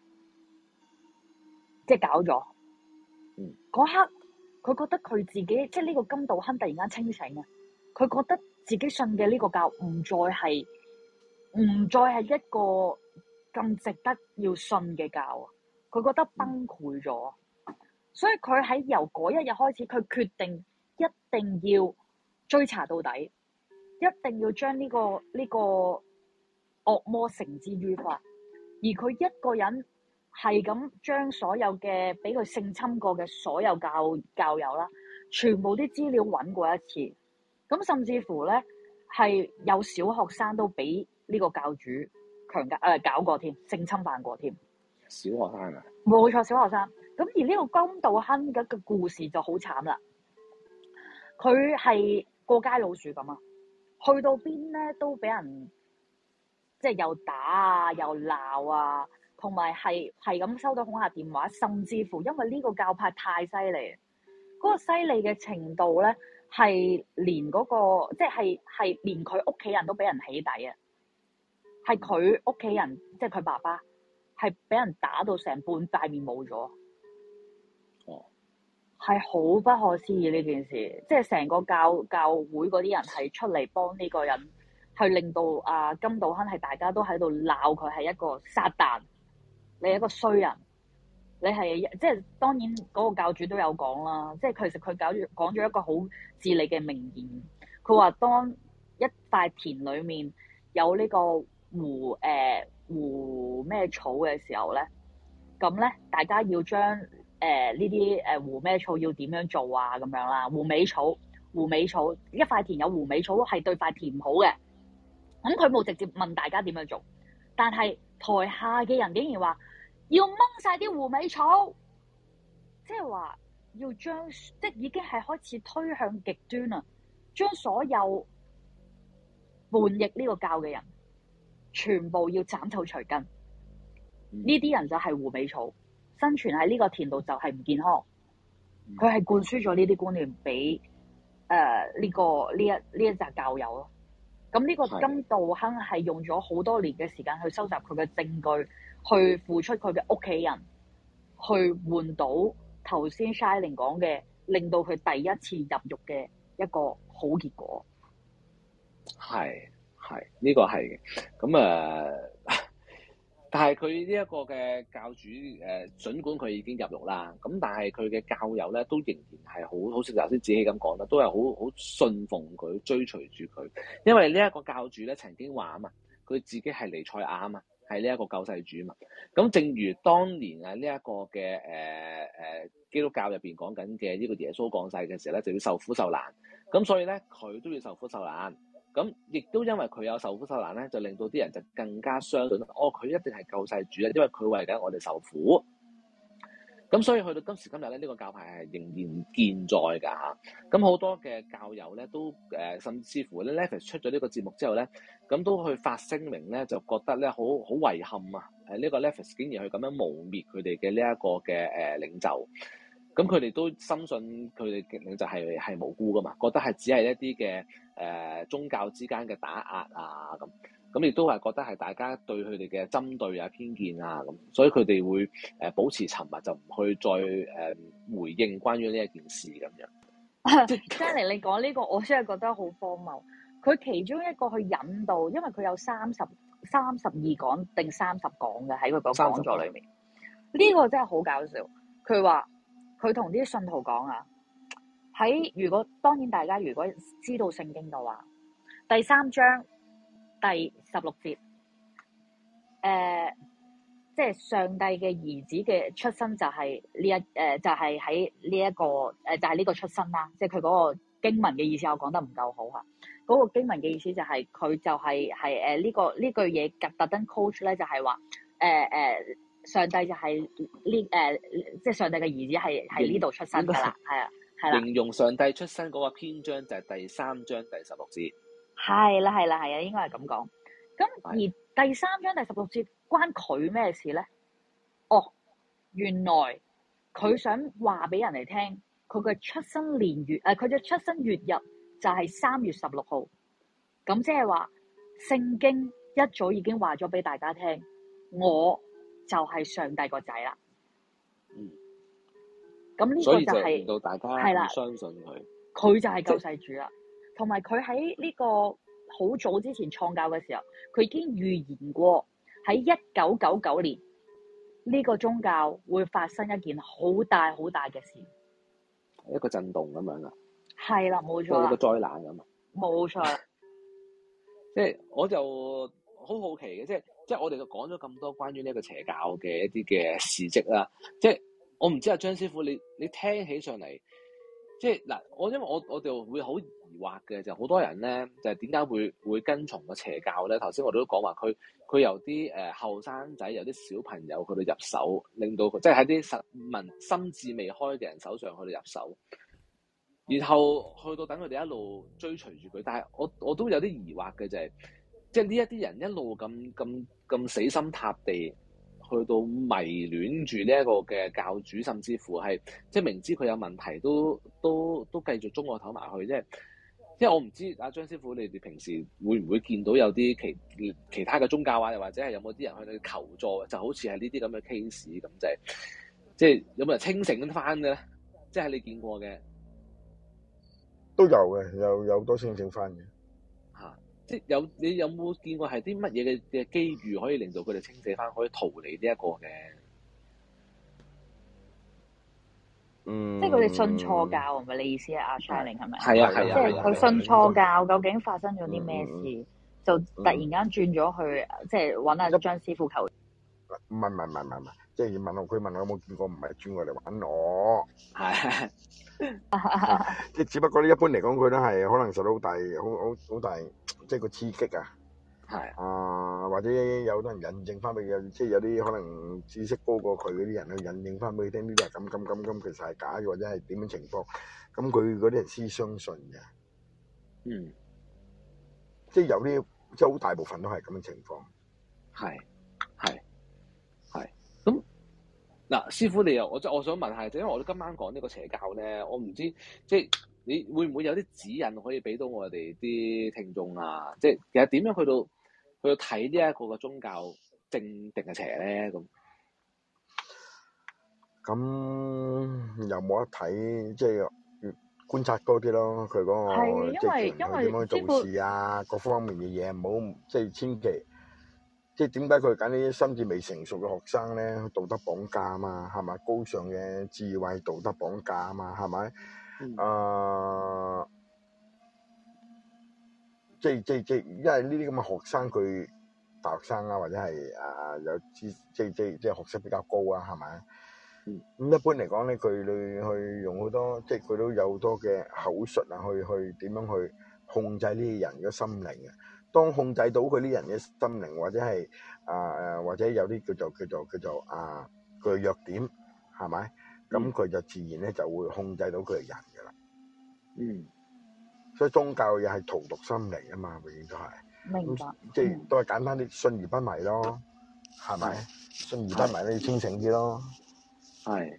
即係搞咗嗰刻，佢覺得佢自己即係呢個金道亨突然間清醒啊！佢覺得自己信嘅呢個教唔再係唔再係一個。咁值得要信嘅教，佢覺得崩潰咗，所以佢喺由嗰一日開始，佢決定一定要追查到底，一定要將呢個呢個惡魔繩之於法。而佢一個人係咁將所有嘅俾佢性侵過嘅所有教教友啦，全部啲資料揾過一次，咁甚至乎咧係有小學生都俾呢個教主。強姦誒，搞過添，性侵犯過添。小學生啊？冇錯，小學生。咁而呢個金道亨嘅故事就好慘啦。佢係過街老鼠咁啊，去到邊咧都俾人即係又打啊，又鬧啊，同埋係係咁收到恐嚇電話，甚至乎因為呢個教派太犀利啊，嗰個犀利嘅程度咧係連嗰個即係係連佢屋企人都俾人起底啊。係佢屋企人，即係佢爸爸，係俾人打到成半塊面冇咗。係好不可思議呢件事，即係成個教教會嗰啲人係出嚟幫呢個人，係令到啊金道亨係大家都喺度鬧佢係一個撒旦，你係一個衰人，你係即係當然嗰個教主都有講啦。即係其實佢搞住講咗一個好哲理嘅名言，佢話當一塊田裡面有呢個。胡誒、呃、胡咩草嘅時候咧，咁咧大家要將誒呢啲誒胡咩草要點樣做啊？咁樣啦，胡尾草，胡尾草一塊田有胡尾草係對塊田唔好嘅。咁佢冇直接問大家點樣做，但係台下嘅人竟然話要掹曬啲胡尾草，即係話要將即係已經係開始推向極端啊！將所有叛逆呢個教嘅人。嗯全部要斬草除，除根，呢啲、嗯、人就係狐尾草，生存喺呢個田度就係唔健康。佢係、嗯、灌輸咗呢啲觀念俾誒呢個呢一呢一集教友咯。咁呢個金道亨係用咗好多年嘅時間去收集佢嘅證據，去付出佢嘅屋企人，嗯、去換到頭先 Shinning 講嘅，令到佢第一次入獄嘅一個好結果。係。係呢、這個係，咁誒、呃，但係佢呢一個嘅教主誒，盡、呃、管佢已經入獄啦，咁但係佢嘅教友咧都仍然係好好似頭先紫僖咁講啦，都係好好信奉佢，追隨住佢。因為呢一個教主咧曾經話啊嘛，佢自己係彌賽亞嘛，係呢一個救世主嘛。咁正如當年啊呢一個嘅誒誒基督教入邊講緊嘅呢個耶穌降世嘅時候咧，就要受苦受難，咁所以咧佢都要受苦受難。咁亦都因為佢有受苦受難咧，就令到啲人就更加相信，哦，佢一定係救世主啊！因為佢為緊我哋受苦。咁所以去到今時今日咧，呢個教派係仍然健在㗎嚇。咁好多嘅教友咧都誒，甚至乎咧，Levis 出咗呢個節目之後咧，咁都去發聲明咧，就覺得咧好好遺憾啊！誒，呢個 Levis 竟然去咁樣誣蔑佢哋嘅呢一個嘅誒領袖。咁佢哋都深信佢哋就係係無辜噶嘛，覺得係只係一啲嘅、呃、宗教之間嘅打壓啊。咁咁亦都係覺得係大家對佢哋嘅針對啊、偏見啊咁，所以佢哋會、呃、保持沉默，就唔去再、呃、回應關於呢一件事咁樣。即係，你講呢個我真係覺得好荒謬。佢其中一個去引導，因為佢有三十、三十二講定三十講嘅喺佢個講座裏面。呢個，個真係好搞笑。佢話，佢同啲信徒講啊，喺如果當然大家如果知道聖經嘅話，第三章第十六節，誒、呃，即、就、係、是、上帝嘅兒子嘅出、呃，就是呃就是、出身，就係呢一誒就係喺呢一個誒就係呢個出身啦，即係佢嗰個經文嘅意思我講得唔夠好吓，嗰、那個經文嘅意思就係、是、佢就係係誒呢個呢句嘢特特登 coach 咧就係話誒誒。呃呃上帝就係呢誒，即係上帝嘅兒子係係呢度出生噶啦，係啊，係啦。是形容上帝出生嗰個篇章就係第三章第十六節，係啦係啦係啊，應該係咁講。咁的而第三章第十六節關佢咩事咧？哦，原來佢想話俾人哋聽，佢嘅出生年月誒，佢嘅出生月日就係三月十六號。咁即係話聖經一早已經話咗俾大家聽，我。就係上帝個仔啦。嗯。咁呢個就係，係啦，令到大家相信佢。佢的就係救世主啦。同埋佢喺呢個好早之前創教嘅時候，佢已經預言過喺一九九九年呢、這個宗教會發生一件好大好大嘅事。一個震動咁樣啦。係啦，冇錯啦。一個災難咁。冇錯。即係 我就好好奇嘅，即係。即係我哋就講咗咁多關於呢個邪教嘅一啲嘅事跡啦，即係我唔知啊，張師傅你你聽起上嚟，即係嗱，我因為我我就會好疑惑嘅就是，好多人咧就係點解會會跟從個邪教咧？頭先我哋都講話佢佢由啲誒後生仔，由、呃、啲小朋友佢哋入手，令到佢即係喺啲實民心智未開嘅人手上去到入手，然後去到等佢哋一路追隨住佢，但係我我都有啲疑惑嘅就係、是。即係呢一啲人一路咁咁咁死心塌地，去到迷戀住呢一個嘅教主，甚至乎係即係明知佢有問題都，都都都繼續中我唞埋去。即係即係我唔知阿張師傅，你哋平時會唔會見到有啲其其他嘅宗教啊，又或者係有冇啲人去求助，就好似係呢啲咁嘅 case 咁，就係即係有冇人清醒得翻嘅咧？即係你見過嘅都有嘅，有有多清醒翻嘅。有你有冇見過係啲乜嘢嘅嘅機遇可以令到佢哋清洗翻，可以逃離呢一個嘅？嗯，即係佢哋信錯教係咪？你意思係阿 s 玲 i 係咪？係啊係啊，即係佢信錯教，究竟發生咗啲咩事？嗯、就突然間轉咗去，即係揾阿張師傅求。唔係唔係唔係唔係，即係要問我，佢問我有冇見過，唔係轉過嚟玩我，係，即係只不過咧，一般嚟講，佢都係可能受到好大，好好好大，即係個刺激啊，係，啊或者有啲人引證翻俾佢，即係有啲可能知識高過佢嗰啲人去引證翻俾佢聽，呢啲係咁咁咁咁，其實係假嘅，或者係點樣情況，咁佢嗰啲人先相信嘅，嗯，即係有啲，即係好大部分都係咁嘅情況，係。嗱，師傅你又我即係我想問下，就因為我哋今晚講呢個邪教咧，我唔知即係你會唔會有啲指引可以俾到我哋啲聽眾啊？即係其實點樣去到去到睇呢一個個宗教正定嘅邪咧？咁咁、嗯、又冇得睇，即係觀察多啲咯。佢嗰個即係佢點樣做事啊，傅各方面嘅嘢唔好，即係千祈。即係點解佢揀呢啲心智未成熟嘅學生咧？道德綁架嘛，係咪高尚嘅智慧道德綁架嘛，係咪？啊、嗯 uh,！即係即係即係，因為呢啲咁嘅學生，佢大學生啊，或者係啊有知即即即係學識比較高啊，係咪？咁、嗯、一般嚟講咧，佢去去用好多，即係佢都有好多嘅口述啊，去去點樣去控制呢啲人嘅心靈啊！當控制到佢啲人嘅心靈，或者係啊誒，或者有啲叫做叫做叫做啊佢嘅弱點，係咪？咁佢就自然咧就會控制到佢嘅人嘅啦。嗯，所以宗教又係荼毒心理啊嘛，永遠都係。明白。即係、就是、都係簡單啲，信而不迷咯，係咪、嗯？信而不迷，你要清醒啲咯。係。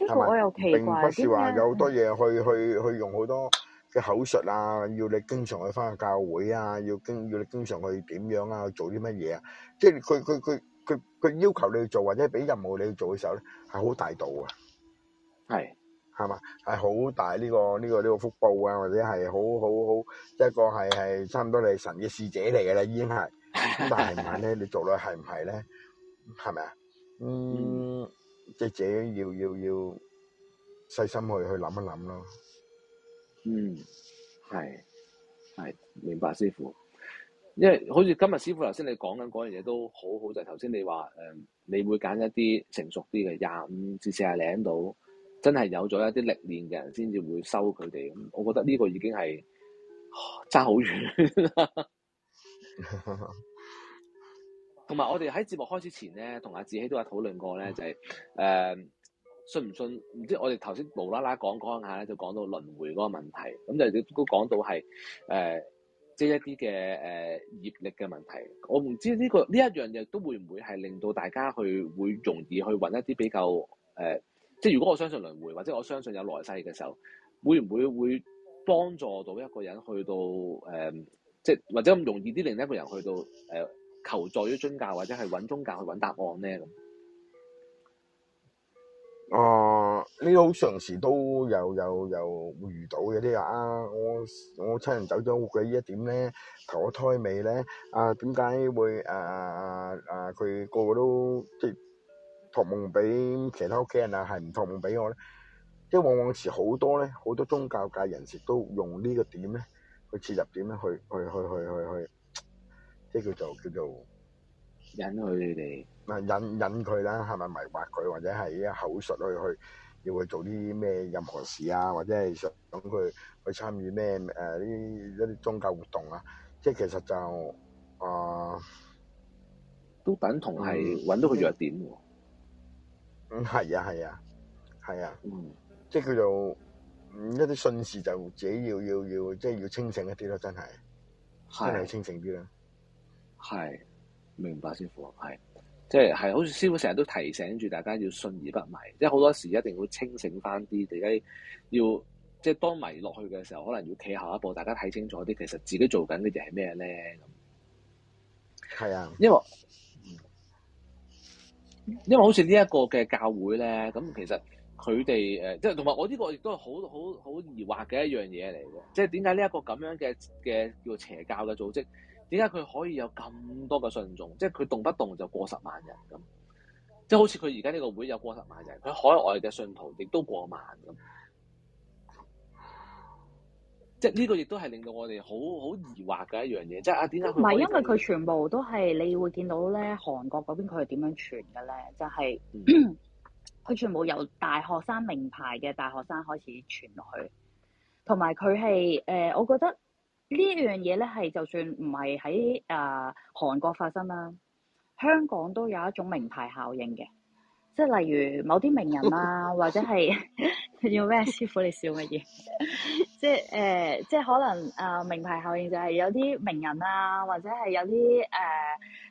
呢個我又奇怪。並不是話有好多嘢去去去用好多。嘅口述啊，要你經常去翻去教會啊，要經要你經常去點樣啊，做啲乜嘢啊？即係佢佢佢佢佢要求你去做或者俾任務你去做嘅時候咧，係好大度啊，係係嘛，係好大呢個呢個呢個福報啊，或者係好好好一個係係差唔多你神嘅使者嚟嘅啦，已經係。咁但係話咧，你做落係唔係咧？係咪啊？嗯，即係自己要要要細心去去諗一諗咯。嗯，係，係明白，師傅。因為好似今日師傅頭先你講緊嗰樣嘢都好好，就係頭先你話誒、嗯，你會揀一啲成熟啲嘅廿五至四十零度，真係有咗一啲歷練嘅人先至會收佢哋。我覺得呢個已經係爭好遠，同埋 我哋喺節目開始前咧，同阿紫僖都有討論過咧，就係、是、誒。嗯信唔信？唔知我哋頭先無啦啦講講下咧，就講到輪迴嗰個問題，咁就都講到係誒，即係一啲嘅誒業力嘅問題。我唔知呢個呢一樣嘢都會唔會係令到大家去會容易去揾一啲比較誒，即係如果我相信輪迴，或者我相信有來世嘅時候，會唔會會幫助到一個人去到誒，即係或者咁容易啲令一個人去到誒、呃、求助於宗教或者係揾宗教去揾答案咧咁？啊！呢好常時都有有有會遇到嘅啲啊，我我親人走咗，佢呢一點咧，投咗胎未咧？啊，點解會啊啊啊！佢個個都即係託夢俾其他屋企人啊，係唔託夢俾我咧？即係往往時好多咧，好多宗教界人士都用呢個點咧去切入點咧，去去去去去去，即係叫做叫做。引佢哋，咪引引佢啦，係咪迷惑佢，或者係口述去去要佢做啲咩任何事啊，或者係想等佢去參與咩誒啲一啲宗教活動啊？即係其實就啊，呃、都等同係搵到佢弱點喎、啊。嗯，係啊，係啊，係啊。嗯，即係叫做一啲信事，就自己要要要，即係要清醒一啲咯，真係是真係清醒啲啦。係。明白先，師傅係，即係係，好似師傅成日都提醒住大家要信而不迷，即係好多時一定要清醒翻啲自己，大家要即係、就是、當迷落去嘅時候，可能要企下一步，大家睇清楚啲，其實自己做緊嘅嘢係咩咧？咁係啊，因，因為因為好似呢一個嘅教會咧，咁其實佢哋誒，即係同埋我呢個亦都係好好好疑惑嘅一、就是、一樣嘢嚟嘅，即係點解呢一個咁樣嘅嘅叫邪教嘅組織？點解佢可以有咁多嘅信眾？即係佢動不動就過十萬人咁，即係好似佢而家呢個會有過十萬人，佢海外嘅信徒亦都過萬咁。即係呢個亦都係令到我哋好好疑惑嘅一樣嘢。即係啊，點解？唔係，因為佢全部都係你會見到咧？韓國嗰邊佢係點樣傳嘅咧？就係、是、佢全部由大學生名牌嘅大學生開始傳落去，同埋佢係誒，我覺得。這呢一樣嘢咧，係就算唔係喺誒韓國發生啦，香港都有一種名牌效應嘅，即係例如某啲名人啊，或者係要咩師傅，你笑乜嘢？即係誒、呃，即係可能誒、呃、名牌效應就係有啲名人啊，或者係有啲誒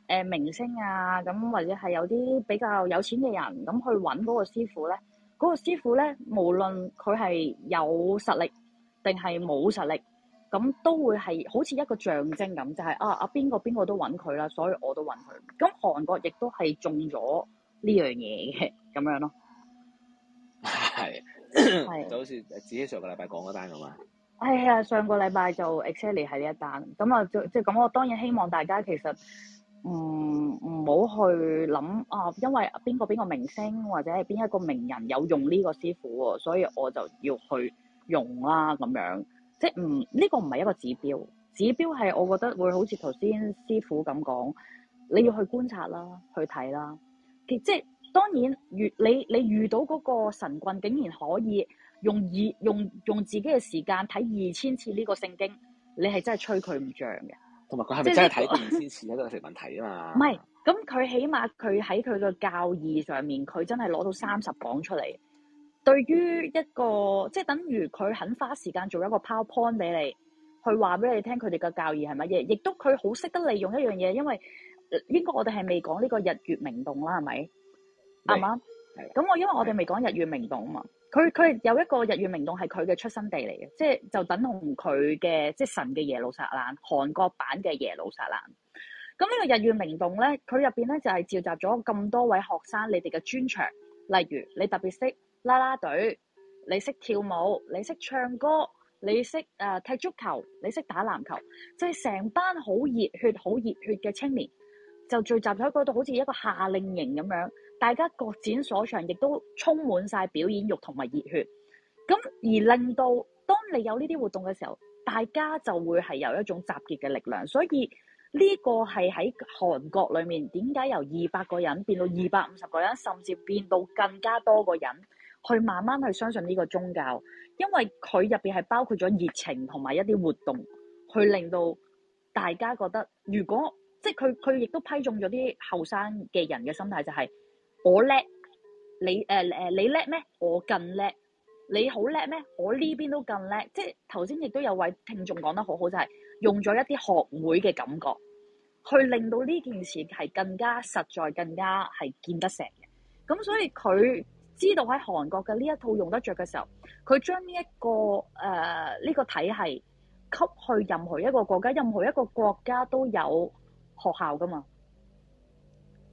誒明星啊，咁或者係有啲比較有錢嘅人咁去揾嗰個師傅咧，嗰、嗰個師傅咧，無論佢係有實力定係冇實力。咁都會係好似一個象徵咁，就係、是、啊啊邊個邊個都揾佢啦，所以我都揾佢。咁韓國亦都係中咗呢樣嘢嘅咁樣咯。係，就好似紫僖上個禮拜講嗰單咁啊。係啊，上個禮拜就 exactly 係呢一單。咁啊，即即咁，我當然希望大家其實唔唔好去諗啊，因為邊個邊個明星或者係邊一個名人有用呢個師傅喎，所以我就要去用啦、啊、咁樣。即係唔呢個唔係一個指標，指標係我覺得會好似頭先師傅咁講，你要去觀察啦，去睇啦。即係當然，遇你你遇到嗰個神棍，竟然可以用二用用自己嘅時間睇二千次呢個聖經，你係真係吹佢唔脹嘅。同埋佢係咪真係睇二千次一都係問題啊嘛？唔係，咁佢起碼佢喺佢個教義上面，佢真係攞到三十講出嚟。對於一個即係等於佢肯花時間做一個 PowerPoint 俾你，去話俾你聽佢哋嘅教義係乜嘢，亦都佢好識得利用一樣嘢，因為應該我哋係未講呢個日月明洞啦，係咪啱啱？咁我因為我哋未講日月明洞啊嘛，佢佢有一個日月明洞係佢嘅出生地嚟嘅，即係就等同佢嘅即係神嘅耶路撒冷，韓國版嘅耶路撒冷。咁呢個日月明洞咧，佢入邊咧就係召集咗咁多位學生，你哋嘅專長，例如你特別識。啦啦隊，你識跳舞，你識唱歌，你識誒、呃、踢足球，你識打籃球，就係、是、成班好熱血、好熱血嘅青年，就聚集喺嗰度，好似一個夏令營咁樣，大家各展所長，亦都充滿晒表演慾同埋熱血。咁而令到，當你有呢啲活動嘅時候，大家就會係有一種集結嘅力量。所以呢個係喺韓國裏面，點解由二百個人變到二百五十個人，甚至變到更加多個人？去慢慢去相信呢個宗教，因為佢入邊係包括咗熱情同埋一啲活動，去令到大家覺得，如果即係佢佢亦都批中咗啲後生嘅人嘅心態、就是，就係我叻，你誒誒、呃、你叻咩？我更叻，你好叻咩？我呢邊都更叻。即係頭先亦都有位聽眾講得好好，就係、是、用咗一啲學會嘅感覺，去令到呢件事係更加實在、更加係見得成嘅。咁所以佢。知道喺韓國嘅呢一套用得着嘅時候，佢將呢一個誒呢、呃呢個體系吸去任何一個國家，任何一個國家都有學校噶嘛。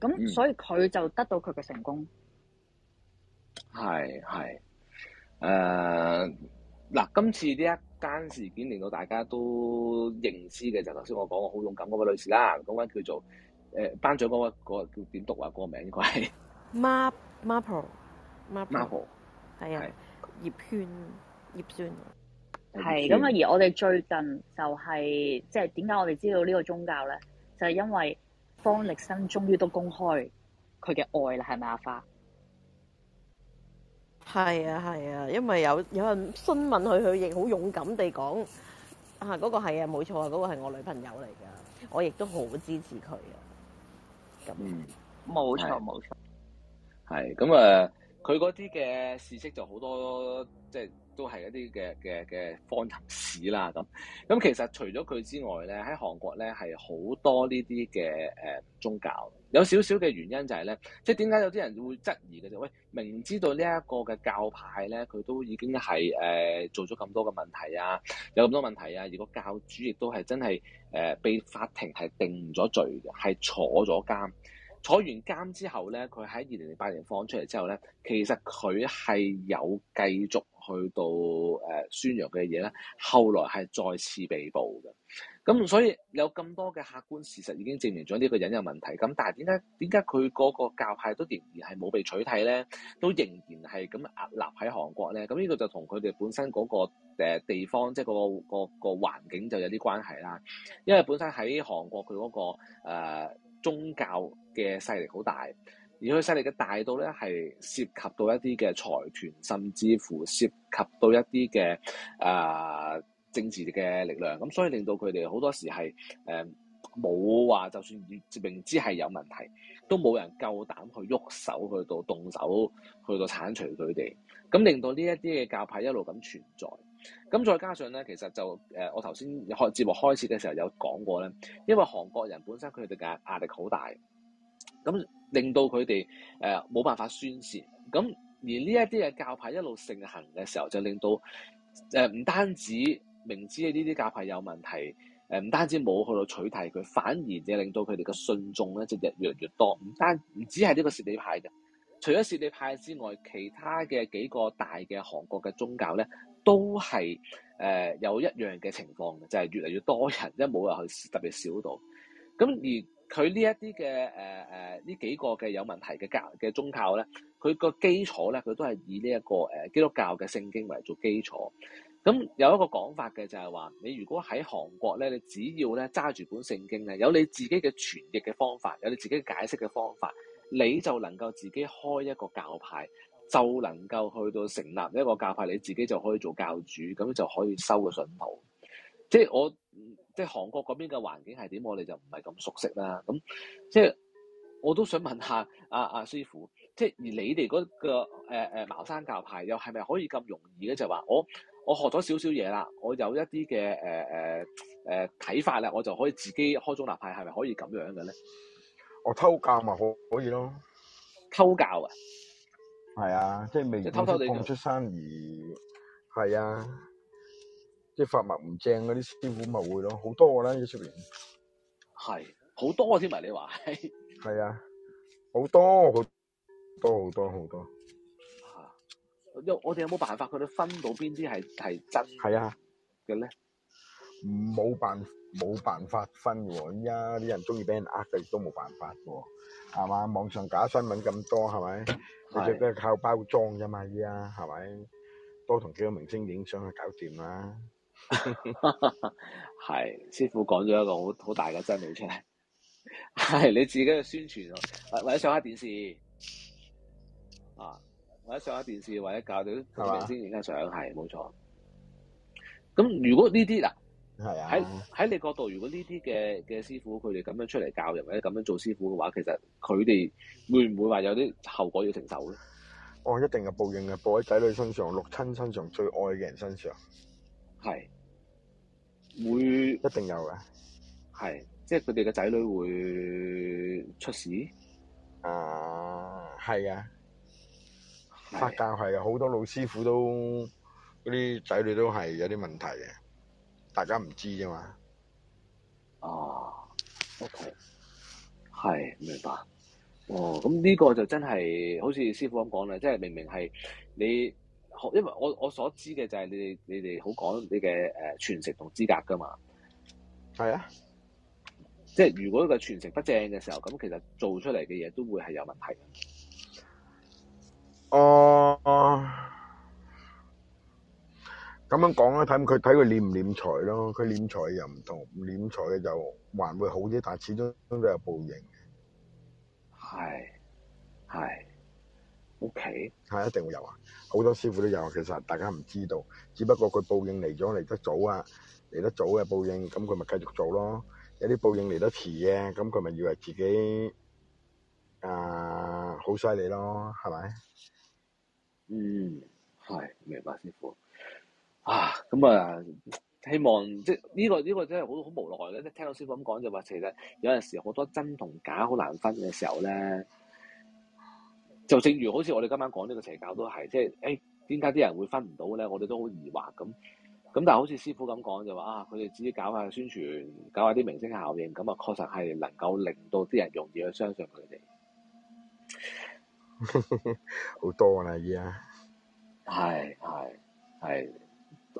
咁所以佢就得到佢嘅成功。係係誒嗱，今次呢一單事件令到大家都認知嘅，就頭先我講嘅好勇敢嗰位女士啦，嗰位叫做誒、呃、班長嗰、嗰個嗰個，叫點讀啊？嗰、嗰個名應該係 Mar Marple。媽婆，係浩啊，葉軒是，葉酸。係咁啊！而我哋最近就係即係點解我哋知道呢個宗教咧？就係、是、因為方力申終於都公開佢嘅愛啦，係咪啊花？係啊係啊，因為有有人詢問佢，佢亦好勇敢地講啊，嗰、那個係啊，冇錯啊，嗰、那個係我女朋友嚟㗎，我亦都好支持佢、嗯、啊。咁，冇錯冇錯，係咁啊！呃佢嗰啲嘅事蹟就好多，即係都係一啲嘅嘅嘅方談史啦咁。咁其實除咗佢之外咧，喺韓國咧係好多呢啲嘅誒宗教。有少少嘅原因就係、是、咧，即係點解有啲人會質疑嘅就：哎「喂，明知道呢一個嘅教派咧，佢都已經係誒、呃、做咗咁多嘅問題啊，有咁多問題啊！如果教主亦都係真係誒被法庭係定咗罪嘅，係坐咗監。坐完監之後咧，佢喺二零零八年放出嚟之後咧，其實佢係有繼續去到誒宣揚嘅嘢咧。後來係再次被捕嘅，咁所以有咁多嘅客觀事實已經證明咗呢個人有問題。咁但係點解點解佢嗰個教派都仍然係冇被取締咧？都仍然係咁屹立喺韓國咧？咁呢個就同佢哋本身嗰個地方，即係個個個環境就有啲關係啦。因為本身喺韓國佢嗰個誒宗教嘅勢力好大，而佢勢力嘅大到咧，係涉及到一啲嘅財團，甚至乎涉及到一啲嘅誒政治嘅力量。咁所以令到佢哋好多時係誒冇話，就算以明知係有問題都冇人夠膽，去喐手，手，去到動手去到鏟除佢哋。咁令到呢一啲嘅教派一路咁存在。咁再加上咧，其實就誒，我頭先開節目開始嘅時候有講過咧，因為韓國人本身佢哋嘅壓力好大，咁令到佢哋誒冇辦法宣泄，咁而呢一啲嘅教派一路盛行嘅時候，就令到誒唔、呃、單止明知呢啲教派有問題，誒、呃、唔單止冇去到取締佢，反而就令到佢哋嘅信眾咧，就日越嚟越多，唔單唔止係呢個攝理派嘅，除咗攝理派之外，其他嘅幾個大嘅韓國嘅宗教咧。都係誒、呃、有一樣嘅情況嘅，就係、係、越嚟越多人，即係冇人去特別少到。咁而佢呢一啲嘅誒誒呢幾個嘅有問題嘅教嘅宗教咧，佢、這個基礎咧，佢都係以呢一個誒基督教嘅聖經為做基礎。咁有一個講法嘅就係話，你如果喺韓國咧，你只要咧揸住本聖經咧，有你自己嘅傳譯嘅方法，有你自己解釋嘅方法，你就能夠自己開一個教派，就能夠去到成立一個教派，你自己就可以做教主，咁就可以收個信徒。即係我，即係韓國嗰邊嘅環境係點，我哋就唔係咁熟悉啦。咁即係我都想問下阿阿、啊啊、師傅，即係而你哋嗰、那個誒、呃、茅山教派又係咪可以咁容易嘅？就話我我學咗少少嘢啦，我有一啲嘅誒誒誒睇法啦，我就可以自己開宗立派，係咪可以咁樣嘅咧？我偷教咪可以咯？偷教啊？係啊，即係未點都供唔出生意，係啊，即係法脈唔正嗰啲師傅咪會咯，好多啦啲出邊，係好多添埋你話，係啊，好多好多好多好多，嚇多！因我哋有冇辦法佢都分到邊啲係係真係啊嘅咧？冇辦冇辦法分喎，依家啲人中意俾人呃嘅，亦都冇辦法喎，係嘛？網上假新聞咁多，係咪？你都係靠包裝啫嘛，依家係咪？多同幾個明星影相去搞掂啦。係 師傅講咗一個好好大嘅真理出嚟，係你自己嘅宣傳，為或者上下電視啊，或者上下電視，或者搞到明星影下相，係冇吧錯。咁如果呢啲嗱？係啊，喺喺你角度，如果呢啲嘅嘅師傅佢哋咁樣出嚟教人或者咁樣做師傅嘅話，其實佢哋會唔會話有啲後果要承受咧？哦，一定有報應嘅，報喺仔女身上、六親身上、最愛嘅人身上。係會一定有嘅。係，即係佢哋嘅仔女會出事。啊、呃，係啊。法教係好多老師傅都嗰啲仔女都係有啲問題嘅。大家唔知啫嘛。哦、啊，OK，係明白。哦，咁呢個就真係好似師傅咁講啦，即係明明係你，因為我我所知嘅就係你哋你哋好講你嘅誒傳承同資格噶嘛。係啊。即係如果個傳承不正嘅時候，咁其實做出嚟嘅嘢都會係有問題。哦、呃。咁樣講啦，睇佢睇佢斂唔斂財咯。佢斂財又唔同，唔斂財嘅就還會好啲，但係始終都有報應。係係，OK，係一定會有啊！好多師傅都有，其實大家唔知道，只不過佢報應嚟咗嚟得早啊，嚟得早嘅報應，咁佢咪繼續做咯。有啲報應嚟得遲嘅，咁佢咪以為自己啊好犀利咯，係咪？嗯，係明白，師傅。啊，咁、嗯、啊，希望即係呢、這個呢、這個真係好好無奈嘅，即係聽到師傅咁講就話，其實有陣時好多真同假好難分嘅時候咧，就正如好似我哋今晚講呢個邪教都係，即係誒點解啲人會分唔到咧？我哋都好疑惑咁。咁但係好似師傅咁講就話啊，佢哋自己搞下宣傳，搞下啲明星效應，咁啊確實係能夠令到啲人容易去相信佢哋。好 多啊，而家。啊，係係係。哎哎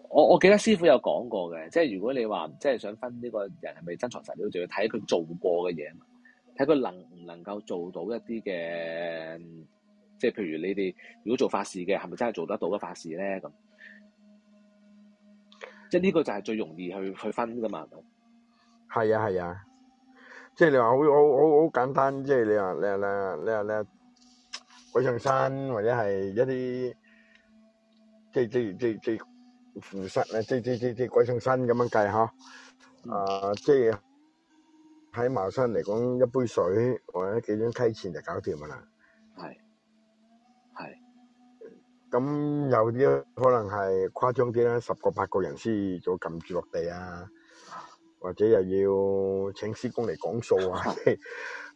我我記得師傅有講過嘅，即係如果你話即係想分呢個人係咪真材實料，就要睇佢做過嘅嘢，睇佢能唔能夠做到一啲嘅，即係譬如你哋如果做法事嘅，係咪真係做得到嘅法事咧？咁，即係呢個就係最容易去去分噶嘛？係啊係啊，即係你話好好好簡單，即係你話你話你話你話鬼上山，或者係一啲即係即即負失咧，即即即即鬼上身咁樣計嗬，啊，即喺茅山嚟講，一杯水或者幾張溪錢就搞掂噶啦。係係，咁有啲可能係誇張啲啦，十個八個人先就撳住落地啊，或者又要請師公嚟講數啊，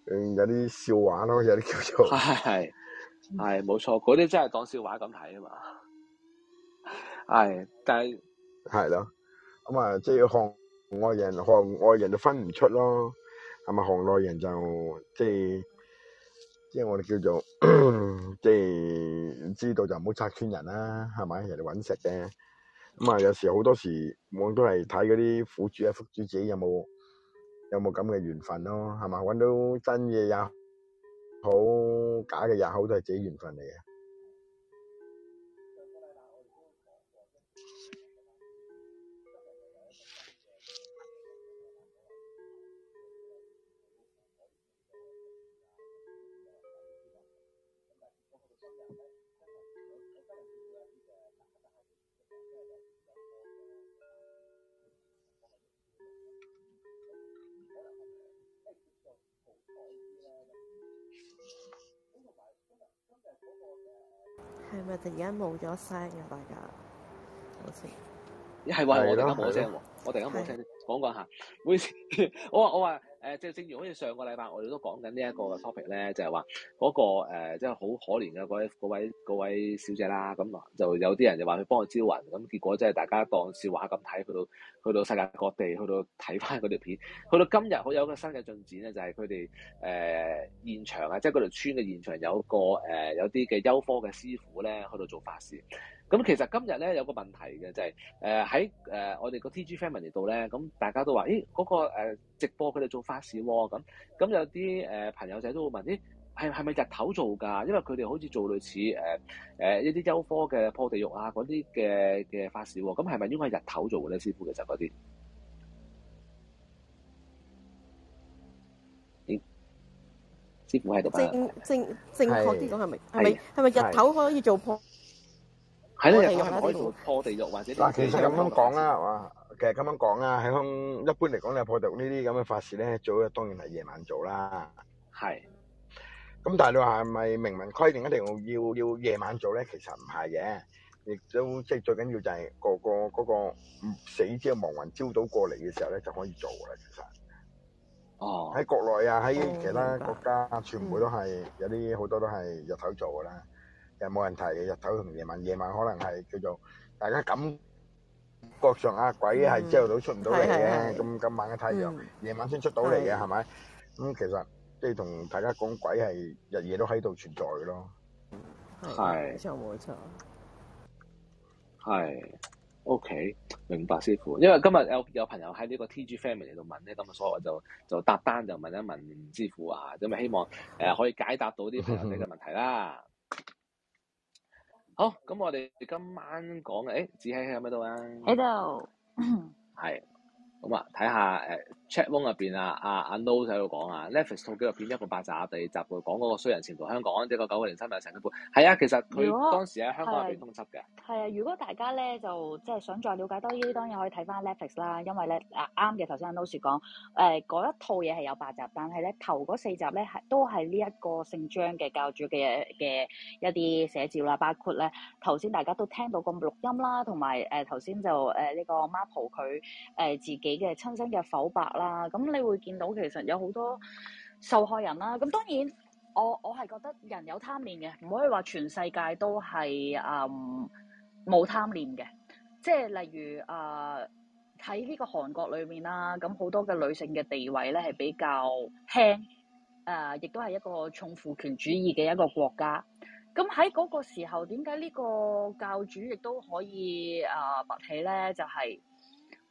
有啲笑話咯，有啲叫做。係係，冇錯，嗰啲真係講笑話咁睇啊嘛。係，但係係咯，咁啊、嗯，即係行外人，行外人就分唔出咯，係咪行內人就即係即係我哋叫做即係知道就唔好拆穿人啦，係咪？人哋揾食嘅，咁啊，有時好多時我都係睇嗰啲苦主啊、福主自己有冇有冇咁嘅緣分咯，係嘛？揾到真嘢也好，假嘅也好，都係自己緣分嚟嘅。突然間冇咗聲啊，大家，我先，係話我哋而家冇聲，我突然間冇聲，講過下，唔的好意思，我話我話。誒，即係正如好似上個禮拜，我哋都講緊呢一個 topic 咧，那個，就係話嗰個誒，即係好可憐嘅嗰位，嗰位，嗰位小姐啦。咁就有啲人就話佢幫佢招魂，咁結果即係大家當笑話咁睇，去到去到世界各地，去到睇翻嗰條片，去到今日好有個新嘅進展咧，就係佢哋誒現場啊，即係嗰條村嘅現場有個誒，呃、有啲嘅幽科嘅師傅咧，去到做法事。咁其實今日咧有個問題嘅就係誒喺誒我哋個 TG Family 度咧，咁大家都話：咦、欸、嗰、那個直播佢哋做法事喎，咁咁有啲誒朋友仔都會問：咦係係咪日頭做㗎？因為佢哋好似做類似誒誒一啲休科嘅破地獄啊嗰啲嘅嘅法事喎，咁係咪應該係日頭做嘅咧？師傅其實嗰啲，師傅喺度正正正確啲講係咪係咪係咪日頭可以做破？喺入面可能破地獄，或者啲嗱，其實咁樣講啊，其實咁樣講啊，喺一般嚟講咧，破地獄呢啲咁嘅法事咧，做啊當然係夜晚做啦。係。咁但係你話係咪明文規定一定要要夜晚做咧？其實唔係嘅，亦都即係最緊要就係個個嗰個死者亡魂朝早過嚟嘅時候咧，就可以做啦。其實。哦。喺國內啊，喺其他國家全部都係有啲好多都係日頭做噶啦。冇人提嘅。日頭同夜晚，夜晚可能係叫做大家感覺上啊鬼係朝頭早出唔到嚟嘅。咁今、嗯嗯、晚嘅太陽，夜晚先出到嚟嘅，係咪是是？咁、嗯、其實即係同大家講鬼係日夜都喺度存在嘅咯。係。冇錯冇錯。係。O K，明白師傅。因為今日有有朋友喺呢個 T G Family 嚟度問咧，咁所以我就就搭單就問一問師傅啊，咁咪希望誒可以解答到啲朋友哋嘅問題啦。 好，咁我哋今晚講嘅，誒、欸，紫僖喺唔喺度啊？喺度，係 Hello.。咁啊，睇下誒 Chat Room 入邊啊，阿、啊、阿 Anno 喺度講啊，Netflix 套紀錄片一個八集，第二集佢講個衰人潛逃香港，一、這個九個零三百成一半。係啊，其實佢當時喺香港入邊通緝嘅。係啊，如果大家咧就即係、就是、想再了解多啲，當然可以睇翻 Netflix 啦，因為咧啊啱嘅頭先阿 Anno 講誒嗰一套嘢係有八集，但係咧頭嗰四集咧係都係呢一個姓張嘅教主嘅嘅一啲寫照啦，包括咧頭先大家都聽到個錄音啦，同埋誒頭先就誒呢、呃這個 Marple 佢誒自己，嘅親身嘅剖白啦，咁你會見到其實有好多受害人啦。咁當然我，我我係覺得人有貪念嘅，唔可以話全世界都係誒冇貪念嘅。即係例如誒喺呢個韓國裏面啦，咁好多嘅女性嘅地位咧係比較輕誒，亦都係一個重父權主義嘅一個國家。咁喺嗰個時候，點解呢個教主亦都可以誒拔、呃、起咧？就係、是。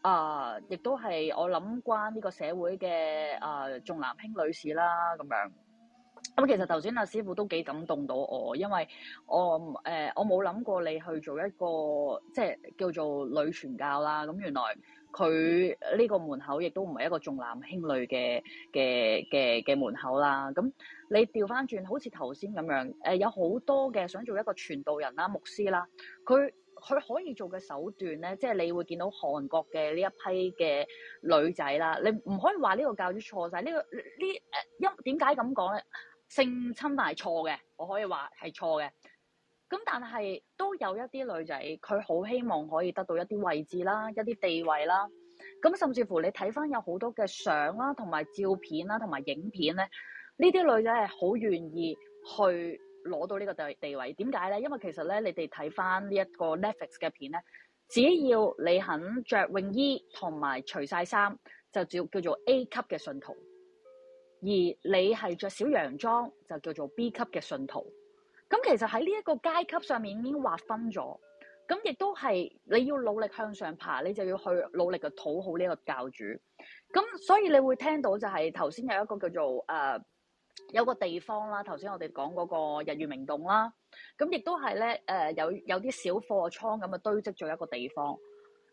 啊！亦都係我諗關呢個社會嘅啊重男輕女事啦，咁樣。咁、啊、其實頭先阿師父都幾感動到我，因為我誒、呃、我冇諗過你去做一個即係叫做女傳教啦。咁、啊、原來佢呢個門口亦都唔係一個重男輕女嘅嘅嘅嘅門口啦。咁、啊、你調翻轉，好似頭先咁樣誒、啊，有好多嘅想做一個傳道人啦、牧師啦，佢。佢可以做嘅手段咧，即係你會見到韓國嘅呢一批嘅女仔啦。你唔可以話呢個教主錯晒，呢個呢誒，一點解咁講咧？性侵係錯嘅，我可以話係錯嘅。咁但係都有一啲女仔，佢好希望可以得到一啲位置啦、一啲地位啦。咁甚至乎你睇翻有好多嘅相啦、同埋照片啦、同埋影片咧，呢啲女仔係好願意去。攞到呢個地地位，點解咧？因為其實咧，你哋睇翻呢一個 Netflix 嘅片咧，只要你肯着泳衣同埋除晒衫，就叫叫做 A 級嘅信徒；而你係着小洋裝，就叫做 B 級嘅信徒。咁其實喺呢一個階級上面已經劃分咗。咁亦都係你要努力向上爬，你就要去努力嘅討好呢一個教主。咁所以你會聽到就係頭先有一個叫做誒、呃有個地方啦，頭先我哋講嗰個日月明洞啦，咁亦都係咧，誒、呃、有有啲小貨倉咁嘅堆積咗一個地方，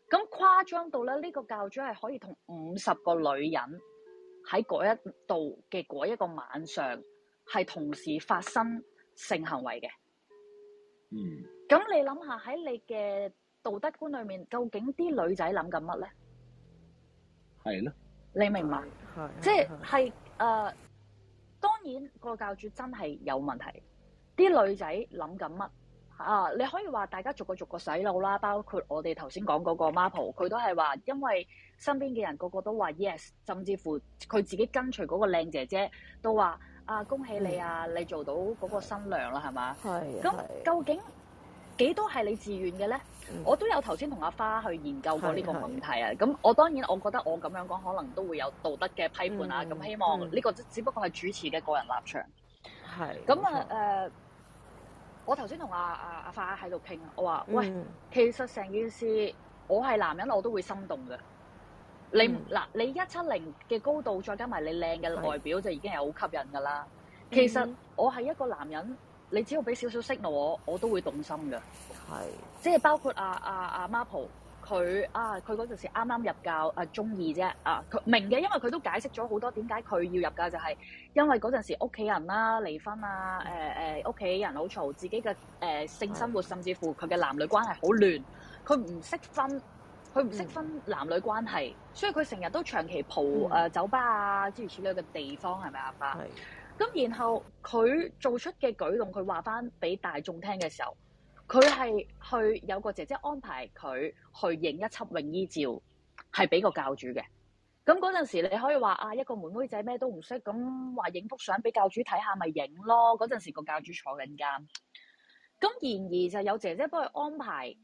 咁誇張到咧，呢、呢個教主係可以同五十個女人喺嗰一度嘅嗰一個晚上係同時發生性行為嘅，嗯，咁你諗下喺你嘅道德觀裏面，究竟啲女仔諗緊乜咧？係咯的，你明嘛？係，是即係誒。當然，個教主真係有問題。啲女仔諗緊乜啊？你可以話大家逐個逐個洗腦啦，包括我哋頭先講嗰個 Marple，佢都係話因為身邊嘅人個個都話 yes，甚至乎佢自己跟隨嗰個靚姐姐都話啊恭喜你啊，嗯，你做到嗰個新娘啦，係嘛？係。咁究竟，幾多係你自願嘅咧？嗯、我都有頭先同阿花去研究過呢個問題啊。咁我當然我覺得我咁樣講可能都會有道德嘅批判啊。咁、嗯、希望呢個只不過係主持嘅個人立場。係、嗯。咁啊誒，我頭先同阿阿阿花喺度傾啊，我話、嗯、喂，其實成件事我係男人，我都會心動㗎。你嗱、嗯，你一七零嘅高度，再加埋你靚嘅外表，是就已經係好吸引噶啦。嗯、其實我係一個男人。你只要俾少少識我，我都會動心嘅。係是，即係包括阿阿阿媽婆，佢啊，佢嗰陣時啱啱入教，啊中意啫，啊佢明嘅，因為佢都解釋咗好多點解佢要入教，就係、是、因為嗰陣時屋企人啦、啊、離婚啊，誒誒屋企人好嘈，自己嘅誒、呃、性生活，是甚至乎佢嘅男女關係好亂，佢唔識分，佢唔識分男女關係，嗯、所以佢成日都長期蒲誒、嗯啊、酒吧啊諸如此類嘅地方，係咪阿爸？咁然後佢做出嘅舉動，佢話翻俾大眾聽嘅時候，佢係去有個姐姐安排佢去影一輯泳衣照，係俾個教主嘅。咁嗰陣時你可以話啊，一個妹妹仔咩都唔識，咁話影幅相俾教主睇下，咪影咯。嗰陣時個教主坐緊監。咁然而就有姐姐幫佢安排。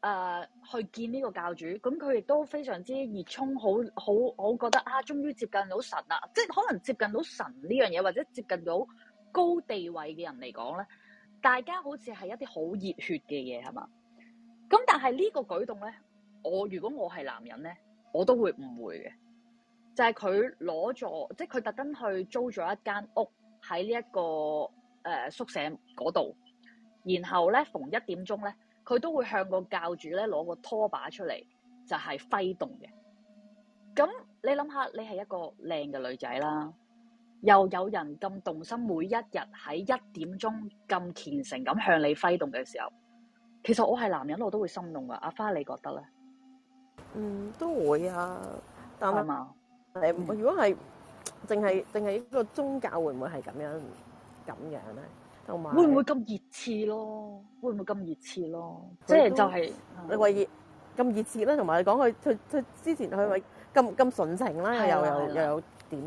誒，uh, 去見呢個教主，咁佢亦都非常之熱衷，好好，我覺得啊，終於接近到神啦，即係可能接近到神呢樣嘢，或者接近到高地位嘅人嚟講咧，大家好似係一啲好熱血嘅嘢，係嘛？咁但係呢個舉動咧，我如果我係男人咧，我都會誤會嘅，就係佢攞咗，即係佢特登去租咗一間屋喺呢一個誒、呃、宿舍嗰度，然後咧逢一點鐘咧。佢都會向個教主咧攞個拖把出嚟，就係揮動嘅。咁你諗下，你係一個靚嘅女仔啦，又有人咁動心，每一日喺一點鐘咁虔誠咁向你揮動嘅時候，其實我係男人我都會心動㗎。阿花，你覺得咧？嗯，都會啊，但係誒，吧如果係淨係淨係呢個宗教會唔會係咁樣咁樣咧？同埋會唔會咁熱切咯？會唔會咁熱切咯？即係就係、是嗯、是你話熱咁熱切啦，同埋你講佢佢佢之前佢咪咁咁純情啦，又又又有點，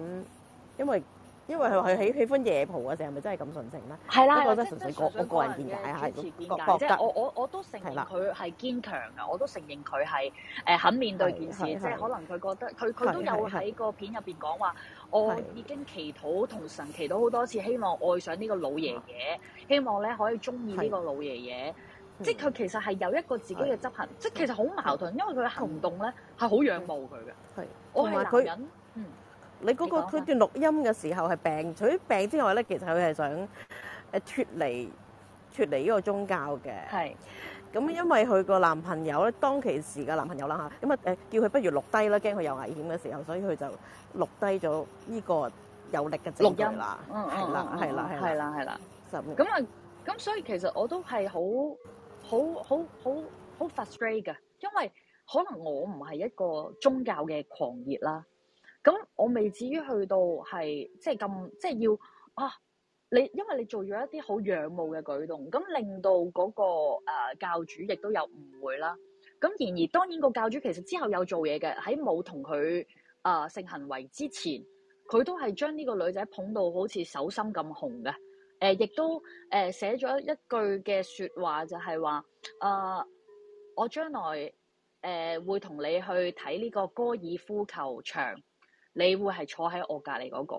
因為。因為佢佢喜喜歡夜蒲嗰時係咪真係咁純情咧？係啦，我覺得純粹個我個人見解係係覺覺得，我我我都承認佢係堅強噶，我都承認佢係誒肯面對件事，即係可能佢覺得佢佢都有喺個片入邊講話，我已經祈禱同神祈禱好多次，希望愛上呢個老爺爺，希望咧可以中意呢個老爺爺，即係佢其實係有一個自己嘅執行，即係其實好矛盾，因為佢嘅行動咧係好仰慕佢嘅，我係男人，嗯。你嗰個佢段錄音嘅時候係病，除咗病之外咧，其實佢係想誒脱離脱離呢個宗教嘅。係，咁因為佢個男朋友咧，當其時嘅男朋友啦嚇，咁啊誒叫佢不如錄低啦，驚佢有危險嘅時候，所以佢就錄低咗呢個有力嘅錄音啦。嗯嗯，係啦係啦係啦係啦。咁啊咁，所以其實我都係好好好好好 frustrate 㗎，因為可能我唔係一個宗教嘅狂熱啦。咁我未至於去到係即係咁，即係要啊你，因為你做咗一啲好仰慕嘅舉動，咁令到嗰個誒教主亦都有誤會啦。咁然而當然個教主其實之後有做嘢嘅，喺冇同佢啊性行為之前，佢都係將呢個女仔捧到好似手心咁紅嘅。誒，亦都誒寫咗一句嘅說話，就係話啊，我將來誒會同你去睇呢個高爾夫球場。你會係坐喺我隔離嗰個，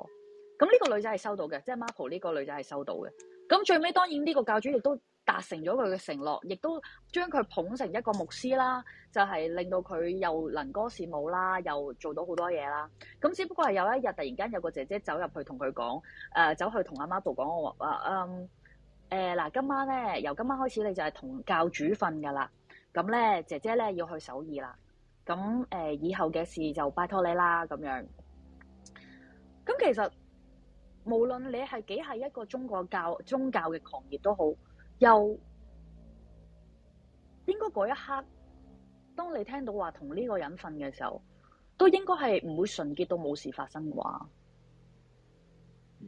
咁呢個女仔係收到嘅，即係媽婆呢個女仔係收到嘅。咁最尾當然呢個教主亦都達成咗佢嘅承諾，亦都將佢捧成一個牧師啦，就係、是、令到佢又能歌善舞啦，又做到好多嘢啦。咁只不過係有一日突然間有個姐姐走入去同佢講，誒、呃、走去同阿媽婆講，我話嗯誒嗱、呃，今晚咧由今晚開始你就係同教主瞓噶啦，咁咧姐姐咧要去首爾啦，咁誒、呃、以後嘅事就拜託你啦，咁樣。咁其實無論你係幾係一個中國教宗教嘅狂熱都好，又應該嗰一刻，當你聽到話同呢個人瞓嘅時候，都應該係唔會純潔到冇事發生嘅話，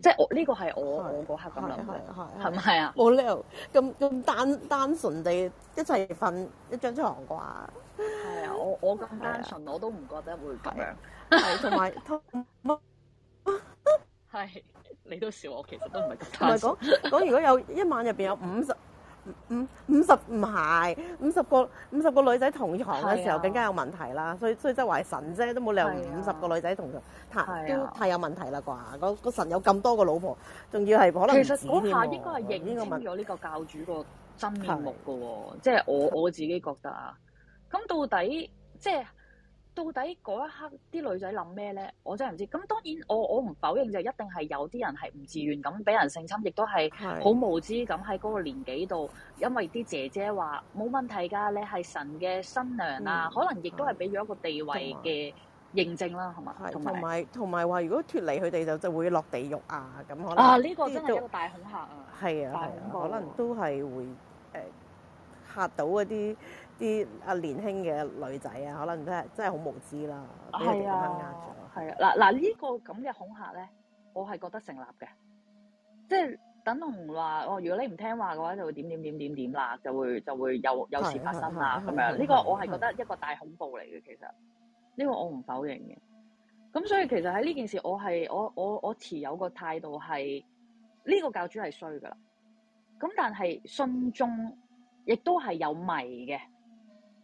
即係我呢、這個係我是我嗰刻嘅諗法，係咪啊？冇理由咁咁單單純地一齊瞓一張床啩？係啊，我我咁單純，我，純、啊、我都唔覺得會咁樣係同埋係， 你都笑我，其實都唔係咁差唔係講講，如果有一晚入邊有五十五五十唔係五十個五十個女仔同床嘅時候，更加有問題啦、啊。所以所以即係話係神啫，都冇理由五十個女仔同床，太、啊、都太有問題啦啩。個、啊、神有咁多個老婆，仲要係可能。其實嗰下應該係認清咗有呢個個教主個真面目噶喎，是的即係我我自己覺得啊。咁的到底即係。到底嗰一刻啲女仔諗咩咧？我真係唔知。咁當然，我我唔否認就一定係有啲人係唔自願咁俾人性侵，亦都係好無知咁喺嗰個年紀度，因為啲姐姐話冇問題㗎，你係神嘅新娘啊，可能亦都係俾咗一個地位嘅認證啦，係咪？同埋同埋話如果脱離佢哋就就會落地獄啊咁可能啊呢個真係一個大恐嚇啊！係啊，可能都係會誒嚇到一啲。啲阿年輕嘅女仔啊，可能真係真係好無知啦，俾人呃咗。係啊，嗱嗱呢個咁嘅恐嚇咧，我係覺得成立嘅，即係等同話哦，如果你唔聽話嘅話，就會點點點點點啦，就會就會有有事發生啦咁樣。呢個我係覺得一個大恐怖嚟嘅，其實呢個我唔否認嘅。咁所以其實喺呢件事，我係我我我持有個態度係呢個教主係衰噶啦，咁但係信中亦都係有迷嘅。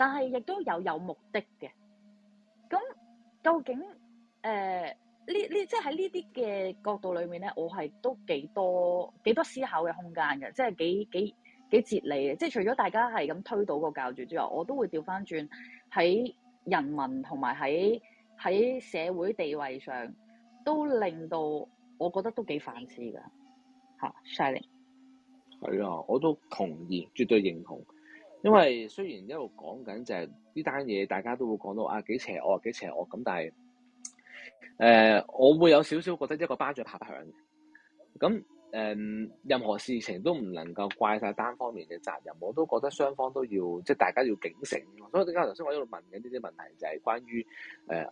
但係亦都有有目的嘅，咁究竟誒呢呢即係喺呢啲嘅角度裏面咧，我係都幾多幾多思考嘅空間嘅，即係幾幾幾哲理嘅。即係除咗大家係咁推倒個教主之外，我都會調翻轉喺人民同埋喺喺社會地位上，都令到我覺得都幾反思㗎。吓，Shinning？係啊，我都同意，絕對認同。因為雖然一路講緊就係呢單嘢，大家都會講到啊幾邪惡幾邪惡咁，但係、呃、我會有少少覺得一個巴掌拍響咁、呃、任何事情都唔能夠怪晒單方面嘅責任，我都覺得雙方都要即係大家要警醒。所以啱頭先我一路問緊呢啲問題就，就係關於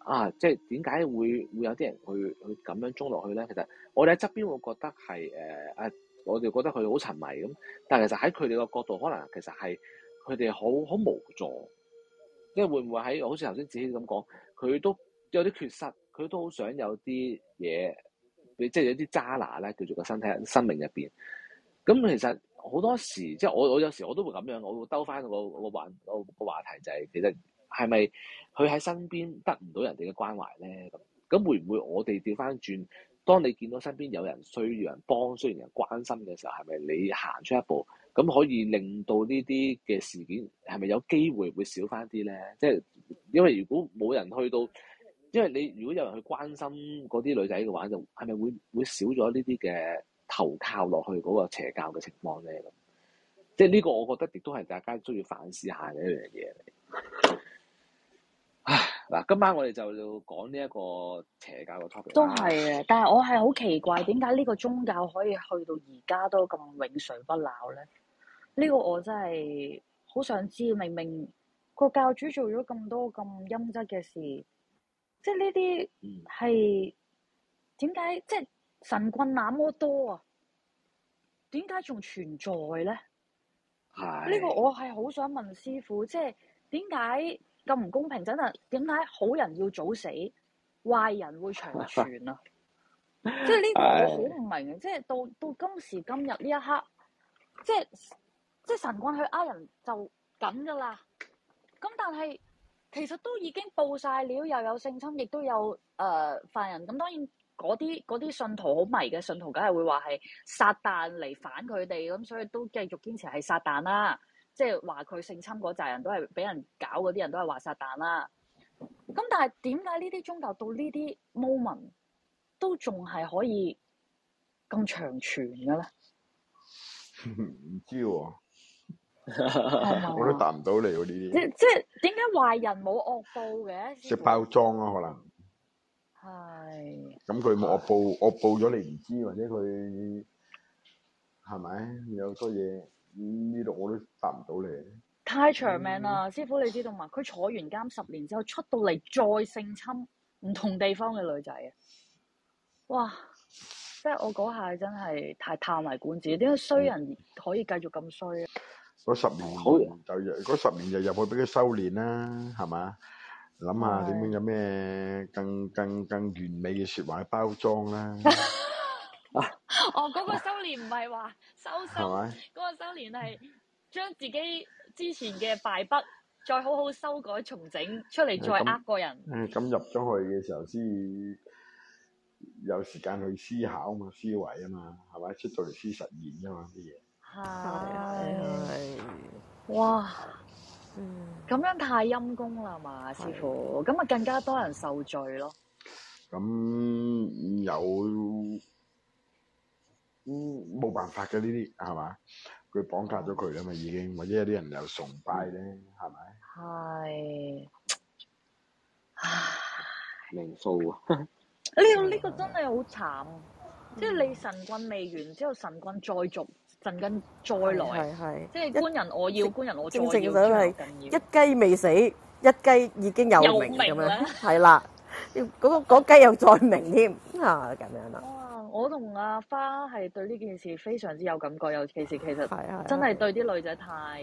啊，即係點解會會有啲人去去咁樣衝落去咧？其實我哋喺側邊會覺得係啊、呃，我哋覺得佢好沉迷咁，但其實喺佢哋個角度，可能其實係。佢哋好好無助，即係會唔會喺好似頭先紫僖咁講，佢都有啲缺失，佢都好想有啲嘢，即係有啲渣拿咧，叫做個身體、生命入邊。咁其實好多時，即係我我有時我都會咁樣，我會兜翻個個話個話題就係，其實係咪佢喺身邊得唔到人哋嘅關懷咧？咁咁會唔會我哋調翻轉？當你見到身邊有人需要人幫、需要人關心嘅時候，係咪你行出一步？咁可以令到呢啲嘅事件係咪有機會會少翻啲咧？即係，因為如果冇人去到，因為你如果有人去關心嗰啲女仔嘅話，就係咪會會少咗呢啲嘅投靠落去嗰個邪教嘅情況咧？即係呢個我覺得亦都係大家都要反思下嘅一樣嘢嚟。唉，嗱，今晚我哋就要講呢一個邪教嘅 topic。都係啊，但係我係好奇怪點解呢個宗教可以去到而家都咁永垂不朽咧？呢個我真係好想知，明明個教主做咗咁多咁陰質嘅事，即係呢啲係點解？即係神棍那麼多啊？點解仲存在咧？呢是個我係好想問師傅，即係點解咁唔公平？真係點解好人要早死，壞人會長存啊？ 即係呢個我好唔明啊， 即係到到今時今日呢一刻，即係。即係神棍去呃人就咁㗎啦，咁但係其實都已經報晒料，又有性侵，亦都有誒、呃、犯人。咁當然嗰啲嗰啲信徒好迷嘅信徒，梗係會話係撒旦嚟反佢哋，咁所以都繼續堅持係撒旦啦、啊。即係話佢性侵嗰扎人都係俾人搞嗰啲人都係話撒旦啦、啊。咁但係點解呢啲宗教到呢啲 moment 都仲係可以咁長存嘅咧？唔知喎、啊。我都答唔到你喎呢啲。即即點解壞人冇惡報嘅？食包裝啊，可能。係是。咁佢冇惡報，惡報咗你唔知，或者佢係咪有好多嘢？呢、嗯、度我都答唔到你。太長命啦，嗯、師傅你知道嘛？佢坐完監十年之後出到嚟，再性侵唔同地方嘅女仔啊！哇！即我嗰下真係太歎為觀止，點解衰人可以繼續咁衰啊？嗯十年就十年就入去俾佢修練啦，係嘛？諗下點樣有咩更更更完美嘅説話包裝啦。 哦，嗰、嗰個修練唔係話修，身吧，嗰個修練係將自己之前嘅敗筆再好好修改重整出嚟，再呃個人。咁入咗去嘅時候先有時間去思考嘛，思維啊嘛，係咪？出到嚟先實驗啫嘛，啲嘢。係，哇，咁是樣太陰功啦嘛，是師傅，咁啊更加多人受罪咯。咁有，嗯，冇辦法嘅呢啲係嘛？佢綁架咗佢啊嘛，嗯、已經，或者有啲人又崇拜咧，係咪？係，唉，命數啊！呢、 呢個呢、呢個真係好慘。即係你神棍未完，之後神棍再續，神棍再來。係係。即係官人我要，是官人我再要。正正嘅一雞未死，一雞已經有名咁、啊、樣。係啦， 嗰、那、雞、個、又再明添嚇咁樣啦、啊。哇！我同阿花係對呢件事非常之有感覺，case, 其是是是尤其是其實真係對啲女仔太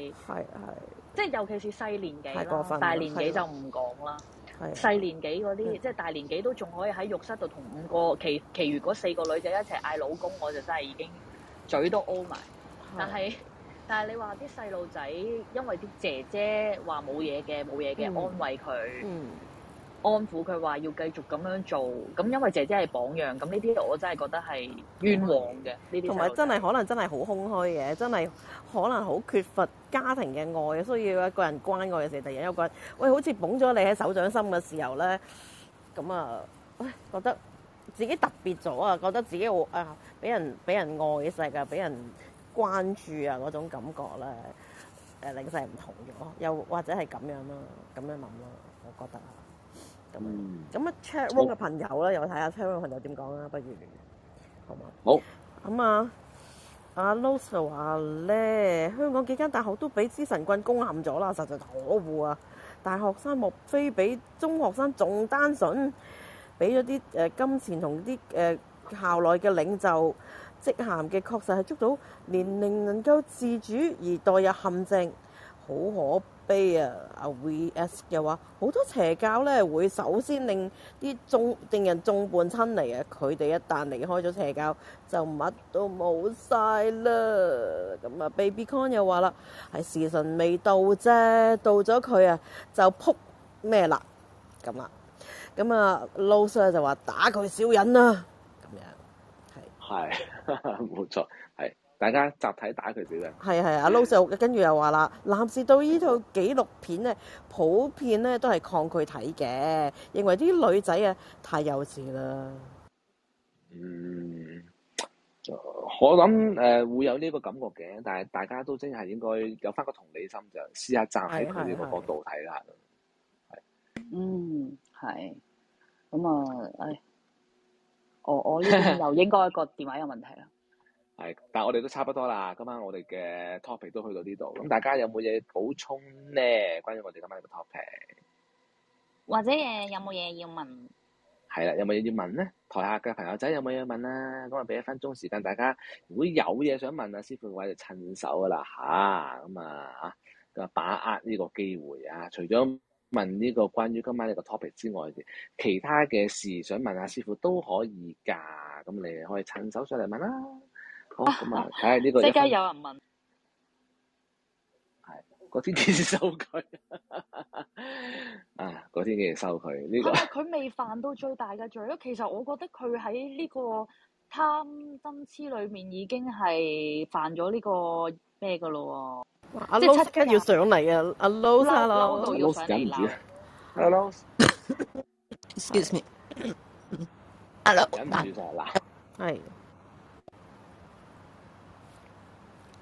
即係尤其是細年紀大年紀就唔講啦。細是年紀嗰啲，是即係大年紀都仲可以喺浴室度同五個其其餘嗰四個女仔一齊嗌老公，我就真係已經嘴都 O 埋的。但係但係你話啲細路仔，因為啲姐姐話冇嘢嘅冇嘢嘅安慰佢，嗯、安撫佢話要繼續咁樣做，咁因為姐姐係榜樣，咁呢啲我真係覺得係冤枉嘅。呢啲同埋真係可能真係好空虛嘅，真係。可能好缺乏家庭嘅愛，需要一個人關愛嘅時候，突然有一個人，喂，好似捧咗你喺手掌心嘅時候咧，咁啊，覺得自己特別咗啊，覺得自己好啊，俾人俾人愛嘅世界，俾人關注啊嗰種感覺咧，誒、呃，靈勢唔同咗，又或者係咁樣咯、啊，咁樣諗咯、啊，我覺得啊，咁咁啊，chat room 嘅好朋友咧，又睇下 chat room 嘅朋友點講啦，不如，好嘛？好。咁啊。阿 Low r 話咧，香港幾間大學都俾資神棍攻陷咗啦，實在可惡啊！大學生莫非比中學生仲單純？俾咗啲誒金錢同啲誒校內嘅領袖職銜嘅，確實係捉到年齡能夠自主而代入陷阱，好可悲啊！阿 V S 又話好多邪教咧，會首先令啲眾令人眾叛親離啊！佢哋一旦離開咗邪教，就乜都冇晒啦。咁啊，Babycon 又話啦，係時辰未到啫，到咗佢啊，就撲咩啦咁啦。咁啊，Loser 就話打佢小人啊，咁樣係係冇錯。大家集體打佢表嘅，係啊係啊！阿老師又跟住又話啦，的男士對呢套紀錄片咧，普遍咧都係抗拒睇嘅，認為啲女仔啊太幼稚啦。嗯，我諗誒會有呢個感覺嘅，但係大家都真係應該有返個同理心，就試下站喺佢呢個角度睇啦。係，嗯係。咁啊，唉，我我呢邊又應該個電話有問題啦。 係，但係我哋都差不多啦。今晚我哋嘅 topic 都去到呢度，咁大家有冇嘢補充咧？關於我哋今晚個 topic，或者、呃、有冇嘢要問？係啦，有冇嘢要問咧？台下嘅朋友仔有冇嘢問啦，咁啊，俾一分鐘時間大家。如果有嘢想問啊，師傅嘅話就趁手噶啦吓，咁啊啊，啊，啊把握呢個機會啊。除咗問呢個關於今晚呢個 topic 之外，其他嘅事想問啊師傅都可以㗎。咁你可以趁手上嚟問啦、啊。咁、哦哎這個、啊，睇下呢，即刻有人問，係，幾時收佢，啊，幾時收佢，呢個，佢未犯到最大嘅罪咯。其實我覺得佢喺呢個貪嗔痴裏面已經係犯咗呢個咩嘅咯。啊、即七、啊、要上嚟啊，阿 Low 沙 Low，阿 Low 要上嚟啦，阿 Low，excuse me，阿 Low 就係啦，係。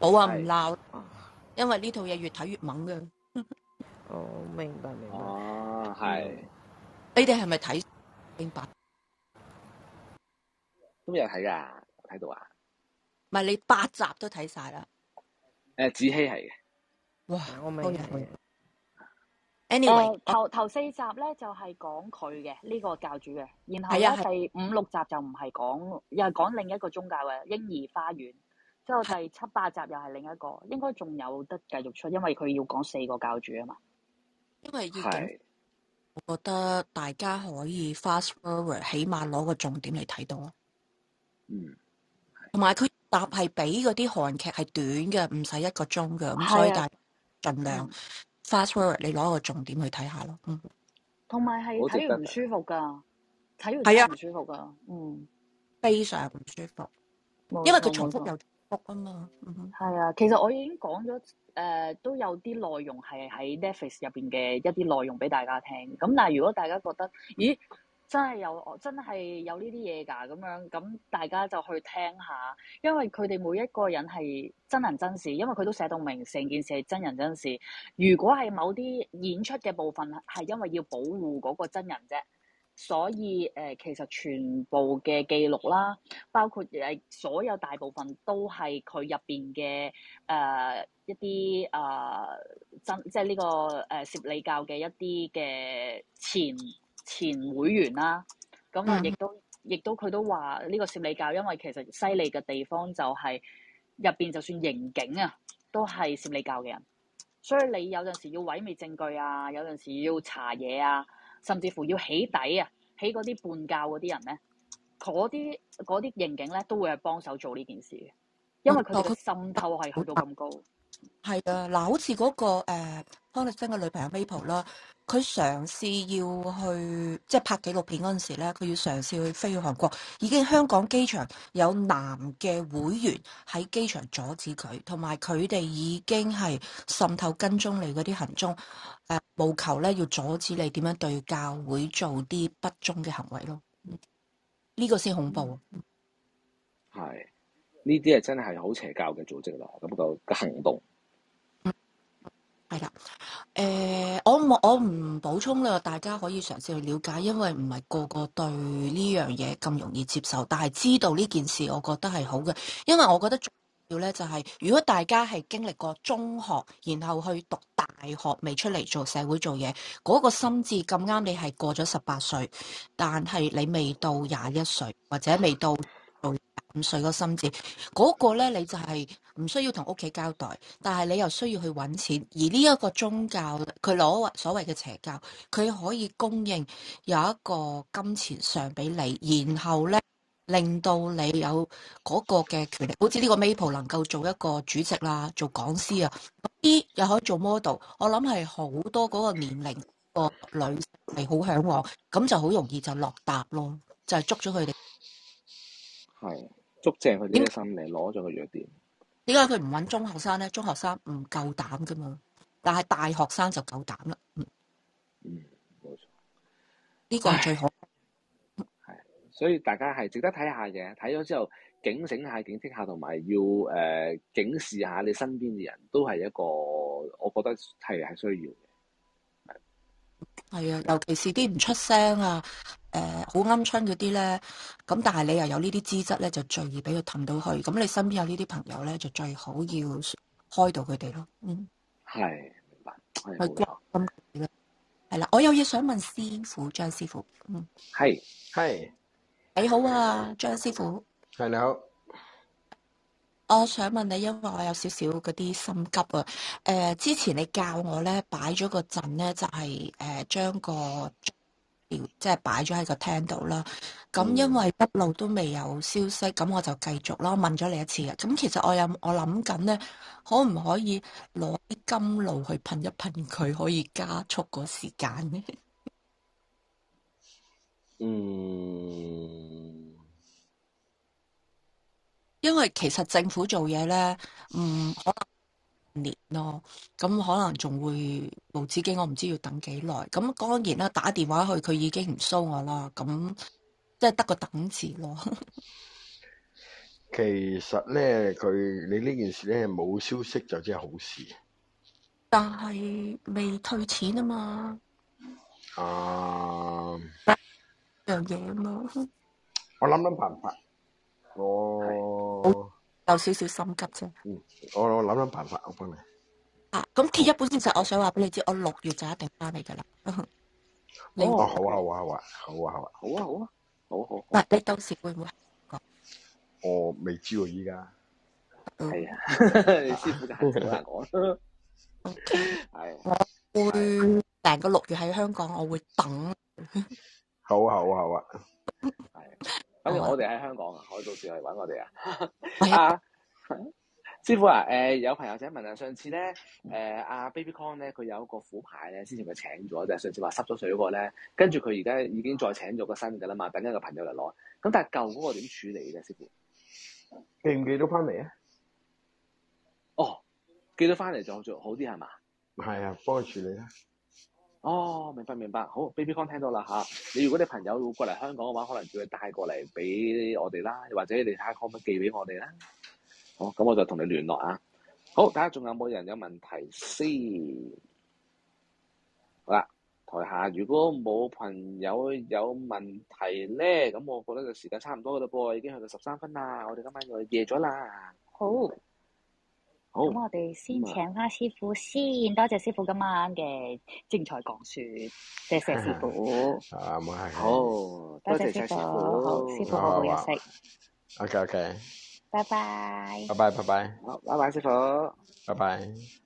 好啊，唔鬧。哦、因為呢套嘢越睇越猛嘅。 哦，明白明白。哦，係。你哋係咪睇明白？今日睇噶，睇到啊？唔係你八集都睇晒啦。誒、呃，紫僖係嘅。哇，我明。Okay. anyway，、呃、頭頭四集咧就係講佢嘅呢個教主嘅，然後咧、啊、第五六集就唔係講，又係講另一個宗教嘅嬰兒花園。之後第七八集又係另一個，是應該仲有得繼續出，因為佢要講四個教主啊嘛。因為要，的我覺得大家可以 fast forward，起碼攞個重點嚟睇到。嗯，同埋佢答係比嗰啲韓劇係短嘅，唔使一個鐘嘅，咁的所以大家盡量 fast forward，你攞個重點去睇下咯。嗯。同埋係睇唔舒服噶，睇完係啊唔舒服噶，是的嗯，非常唔舒服，有因為佢重複又。b o 啊嘛，係、嗯嗯、啊，其實我已經講咗誒，都有啲內容係喺 Netflix 入邊嘅一啲內容俾大家聽。咁但係如果大家覺得咦，真係有真係有呢啲嘢噶咁樣，咁大家就去聽下，因為佢哋每一個人係真人真事，因為佢都寫到明，成件事係真人真事。如果係某啲演出嘅部分係因為要保護嗰個真人啫。所以誒、呃，其實全部嘅記錄啦，包括誒所有大部分都係佢入邊嘅誒一啲誒、呃、真，即係呢、這個誒、呃、攝理教嘅一啲嘅前前會員啦。咁啊，亦都亦、mm hmm. 都佢都話呢個攝理教，因為其實犀利嘅地方就係入邊就算刑警啊，都係攝理教嘅人。所以你有陣時候要毀滅證據啊，有陣時候要查嘢啊。甚至乎要起底啊，起嗰啲叛教嗰啲人咧，嗰啲啲刑警咧都會係幫手做呢件事嘅，因為佢嘅滲透係去到咁高的。係啊，嗱，好似嗰、嗰個誒方力申嘅女朋友 Maple 啦。佢嘗試要去即係拍紀錄片嗰陣時咧，佢要嘗試去飛去韓國，已經香港機場有男嘅會員喺機場阻止佢，同埋佢哋已經係滲透跟蹤你嗰啲行蹤，誒、呃，務求咧要阻止你點樣對教會做啲不忠嘅行為咯，呢、這個先恐怖啊。係，呢啲係真係好邪教嘅組織啦，咁、那個行動。係啦，誒、呃，我我唔補充啦，大家可以嘗試去了解，因為唔係個個對呢樣嘢咁容易接受，但係知道呢件事，我覺得係好嘅，因為我覺得重要咧就係，如果大家係經歷過中學，然後去讀大學，未出嚟做社會做嘢，嗰個心智咁啱，你係過咗十八歲，但係你未到廿一歲或者未到。五歲個心智，嗰個咧你就係唔需要同屋企交代，但係你又需要去揾錢。而呢一個宗教，佢攞所謂嘅邪教，佢可以供應有一個金錢上俾你，然後咧令到你有嗰個嘅權力。好似呢個 Maple 能夠做一個主席啦，做講師啊，啲又可以做 model。我諗係好多嗰個年齡個女係好向往，咁就好容易就落搭咯，就係捉咗佢哋。係。捉正佢哋嘅心理，攞咗個弱點。點解佢唔揾中學生咧？中學生唔夠膽噶嘛，但係大學生就夠膽啦。嗯，冇錯。呢個係最好。係，所以大家係值得睇下嘅，睇咗之後警醒下、警惕下，同埋要誒、呃、警示下你身邊嘅人都係一個，我覺得係係需要嘅。係啊，尤其是啲唔出聲啊。誒好啱春嗰啲咧，咁、呃、但係你又有呢啲資質咧，就最易俾佢氹到去。咁你身邊有呢啲朋友咧，就最好要開導佢哋咯。嗯，係，明白，係。啦，我有嘢想問師傅張師傅。嗯，係係。你好啊，好啊張師傅。係你好。我想問你，因為我有少少嗰啲心急啊。誒、呃，之前你教我咧擺咗個陣咧，就係、係、誒、呃、將個。即係擺咗喺個廳度啦，咁因為一路都未有消息，咁我就繼續啦，我問咗你一次啊。咁其實我有我諗緊呢可唔可以攞啲甘露去噴一噴佢，可以加速個時間咧？ 嗯，因為其實政府做嘢呢，嗯。年咯，咁可能仲會無止境，我唔知要等幾耐。咁當然啦，打電話去佢已經唔收我啦，咁即係得個等字咯。 其實咧，佢你呢件事咧冇消息就真係好事，但係未退錢啊嘛。啊，樣嘢啊嘛，我諗諗辦法，我。有少少心急啫。嗯，我我諗諗辦法我幫你。啊，咁貼一本先，就我想話俾你知，我六月就一定翻嚟噶啦。哦，好啊，好啊，好啊，好啊，好啊，好啊，好好。嗱，你到時會唔會？我未知喎，依家係啊，師傅我。係，我會成個六月喺香港，我會等。好啊，好啊，好啊。係。反正我哋喺香港以我 啊，可以到時嚟揾我哋啊，阿師傅啊，誒有朋友仔問啊，上次咧，誒、啊、阿 Baby Con 咧，佢有個虎牌咧，先前佢請咗，就上次話濕咗水嗰個咧，跟住佢而家已經再請咗個新噶啦嘛，等一個朋友嚟攞，咁但係舊嗰個點處理呢？師傅記唔記，記得翻嚟啊？哦，記得翻嚟就做好啲係嘛？係啊，幫佢處理啊。哦，明白明白，好，BabyCon 聽到啦嚇、啊。你如果你朋友過嚟香港嘅話，可能叫佢帶過嚟俾我哋啦，又或者你睇下可唔可以寄俾我哋啦。好，咁我就同你聯絡啊。好，睇下仲有冇人有問題先。好啦，台下如果冇朋友有問題咧，咁我覺得就時間差唔多噶啦噃，已經去到十三分啦，我哋今晚又夜咗啦。好。好，咁我哋先請翻師傅先，好多謝師傅今晚嘅精彩講説，謝謝師傅。啊，冇係。好，多謝師傅。好，好好休息。OK OK，拜拜。拜拜，拜拜。好，拜拜，師傅，拜拜。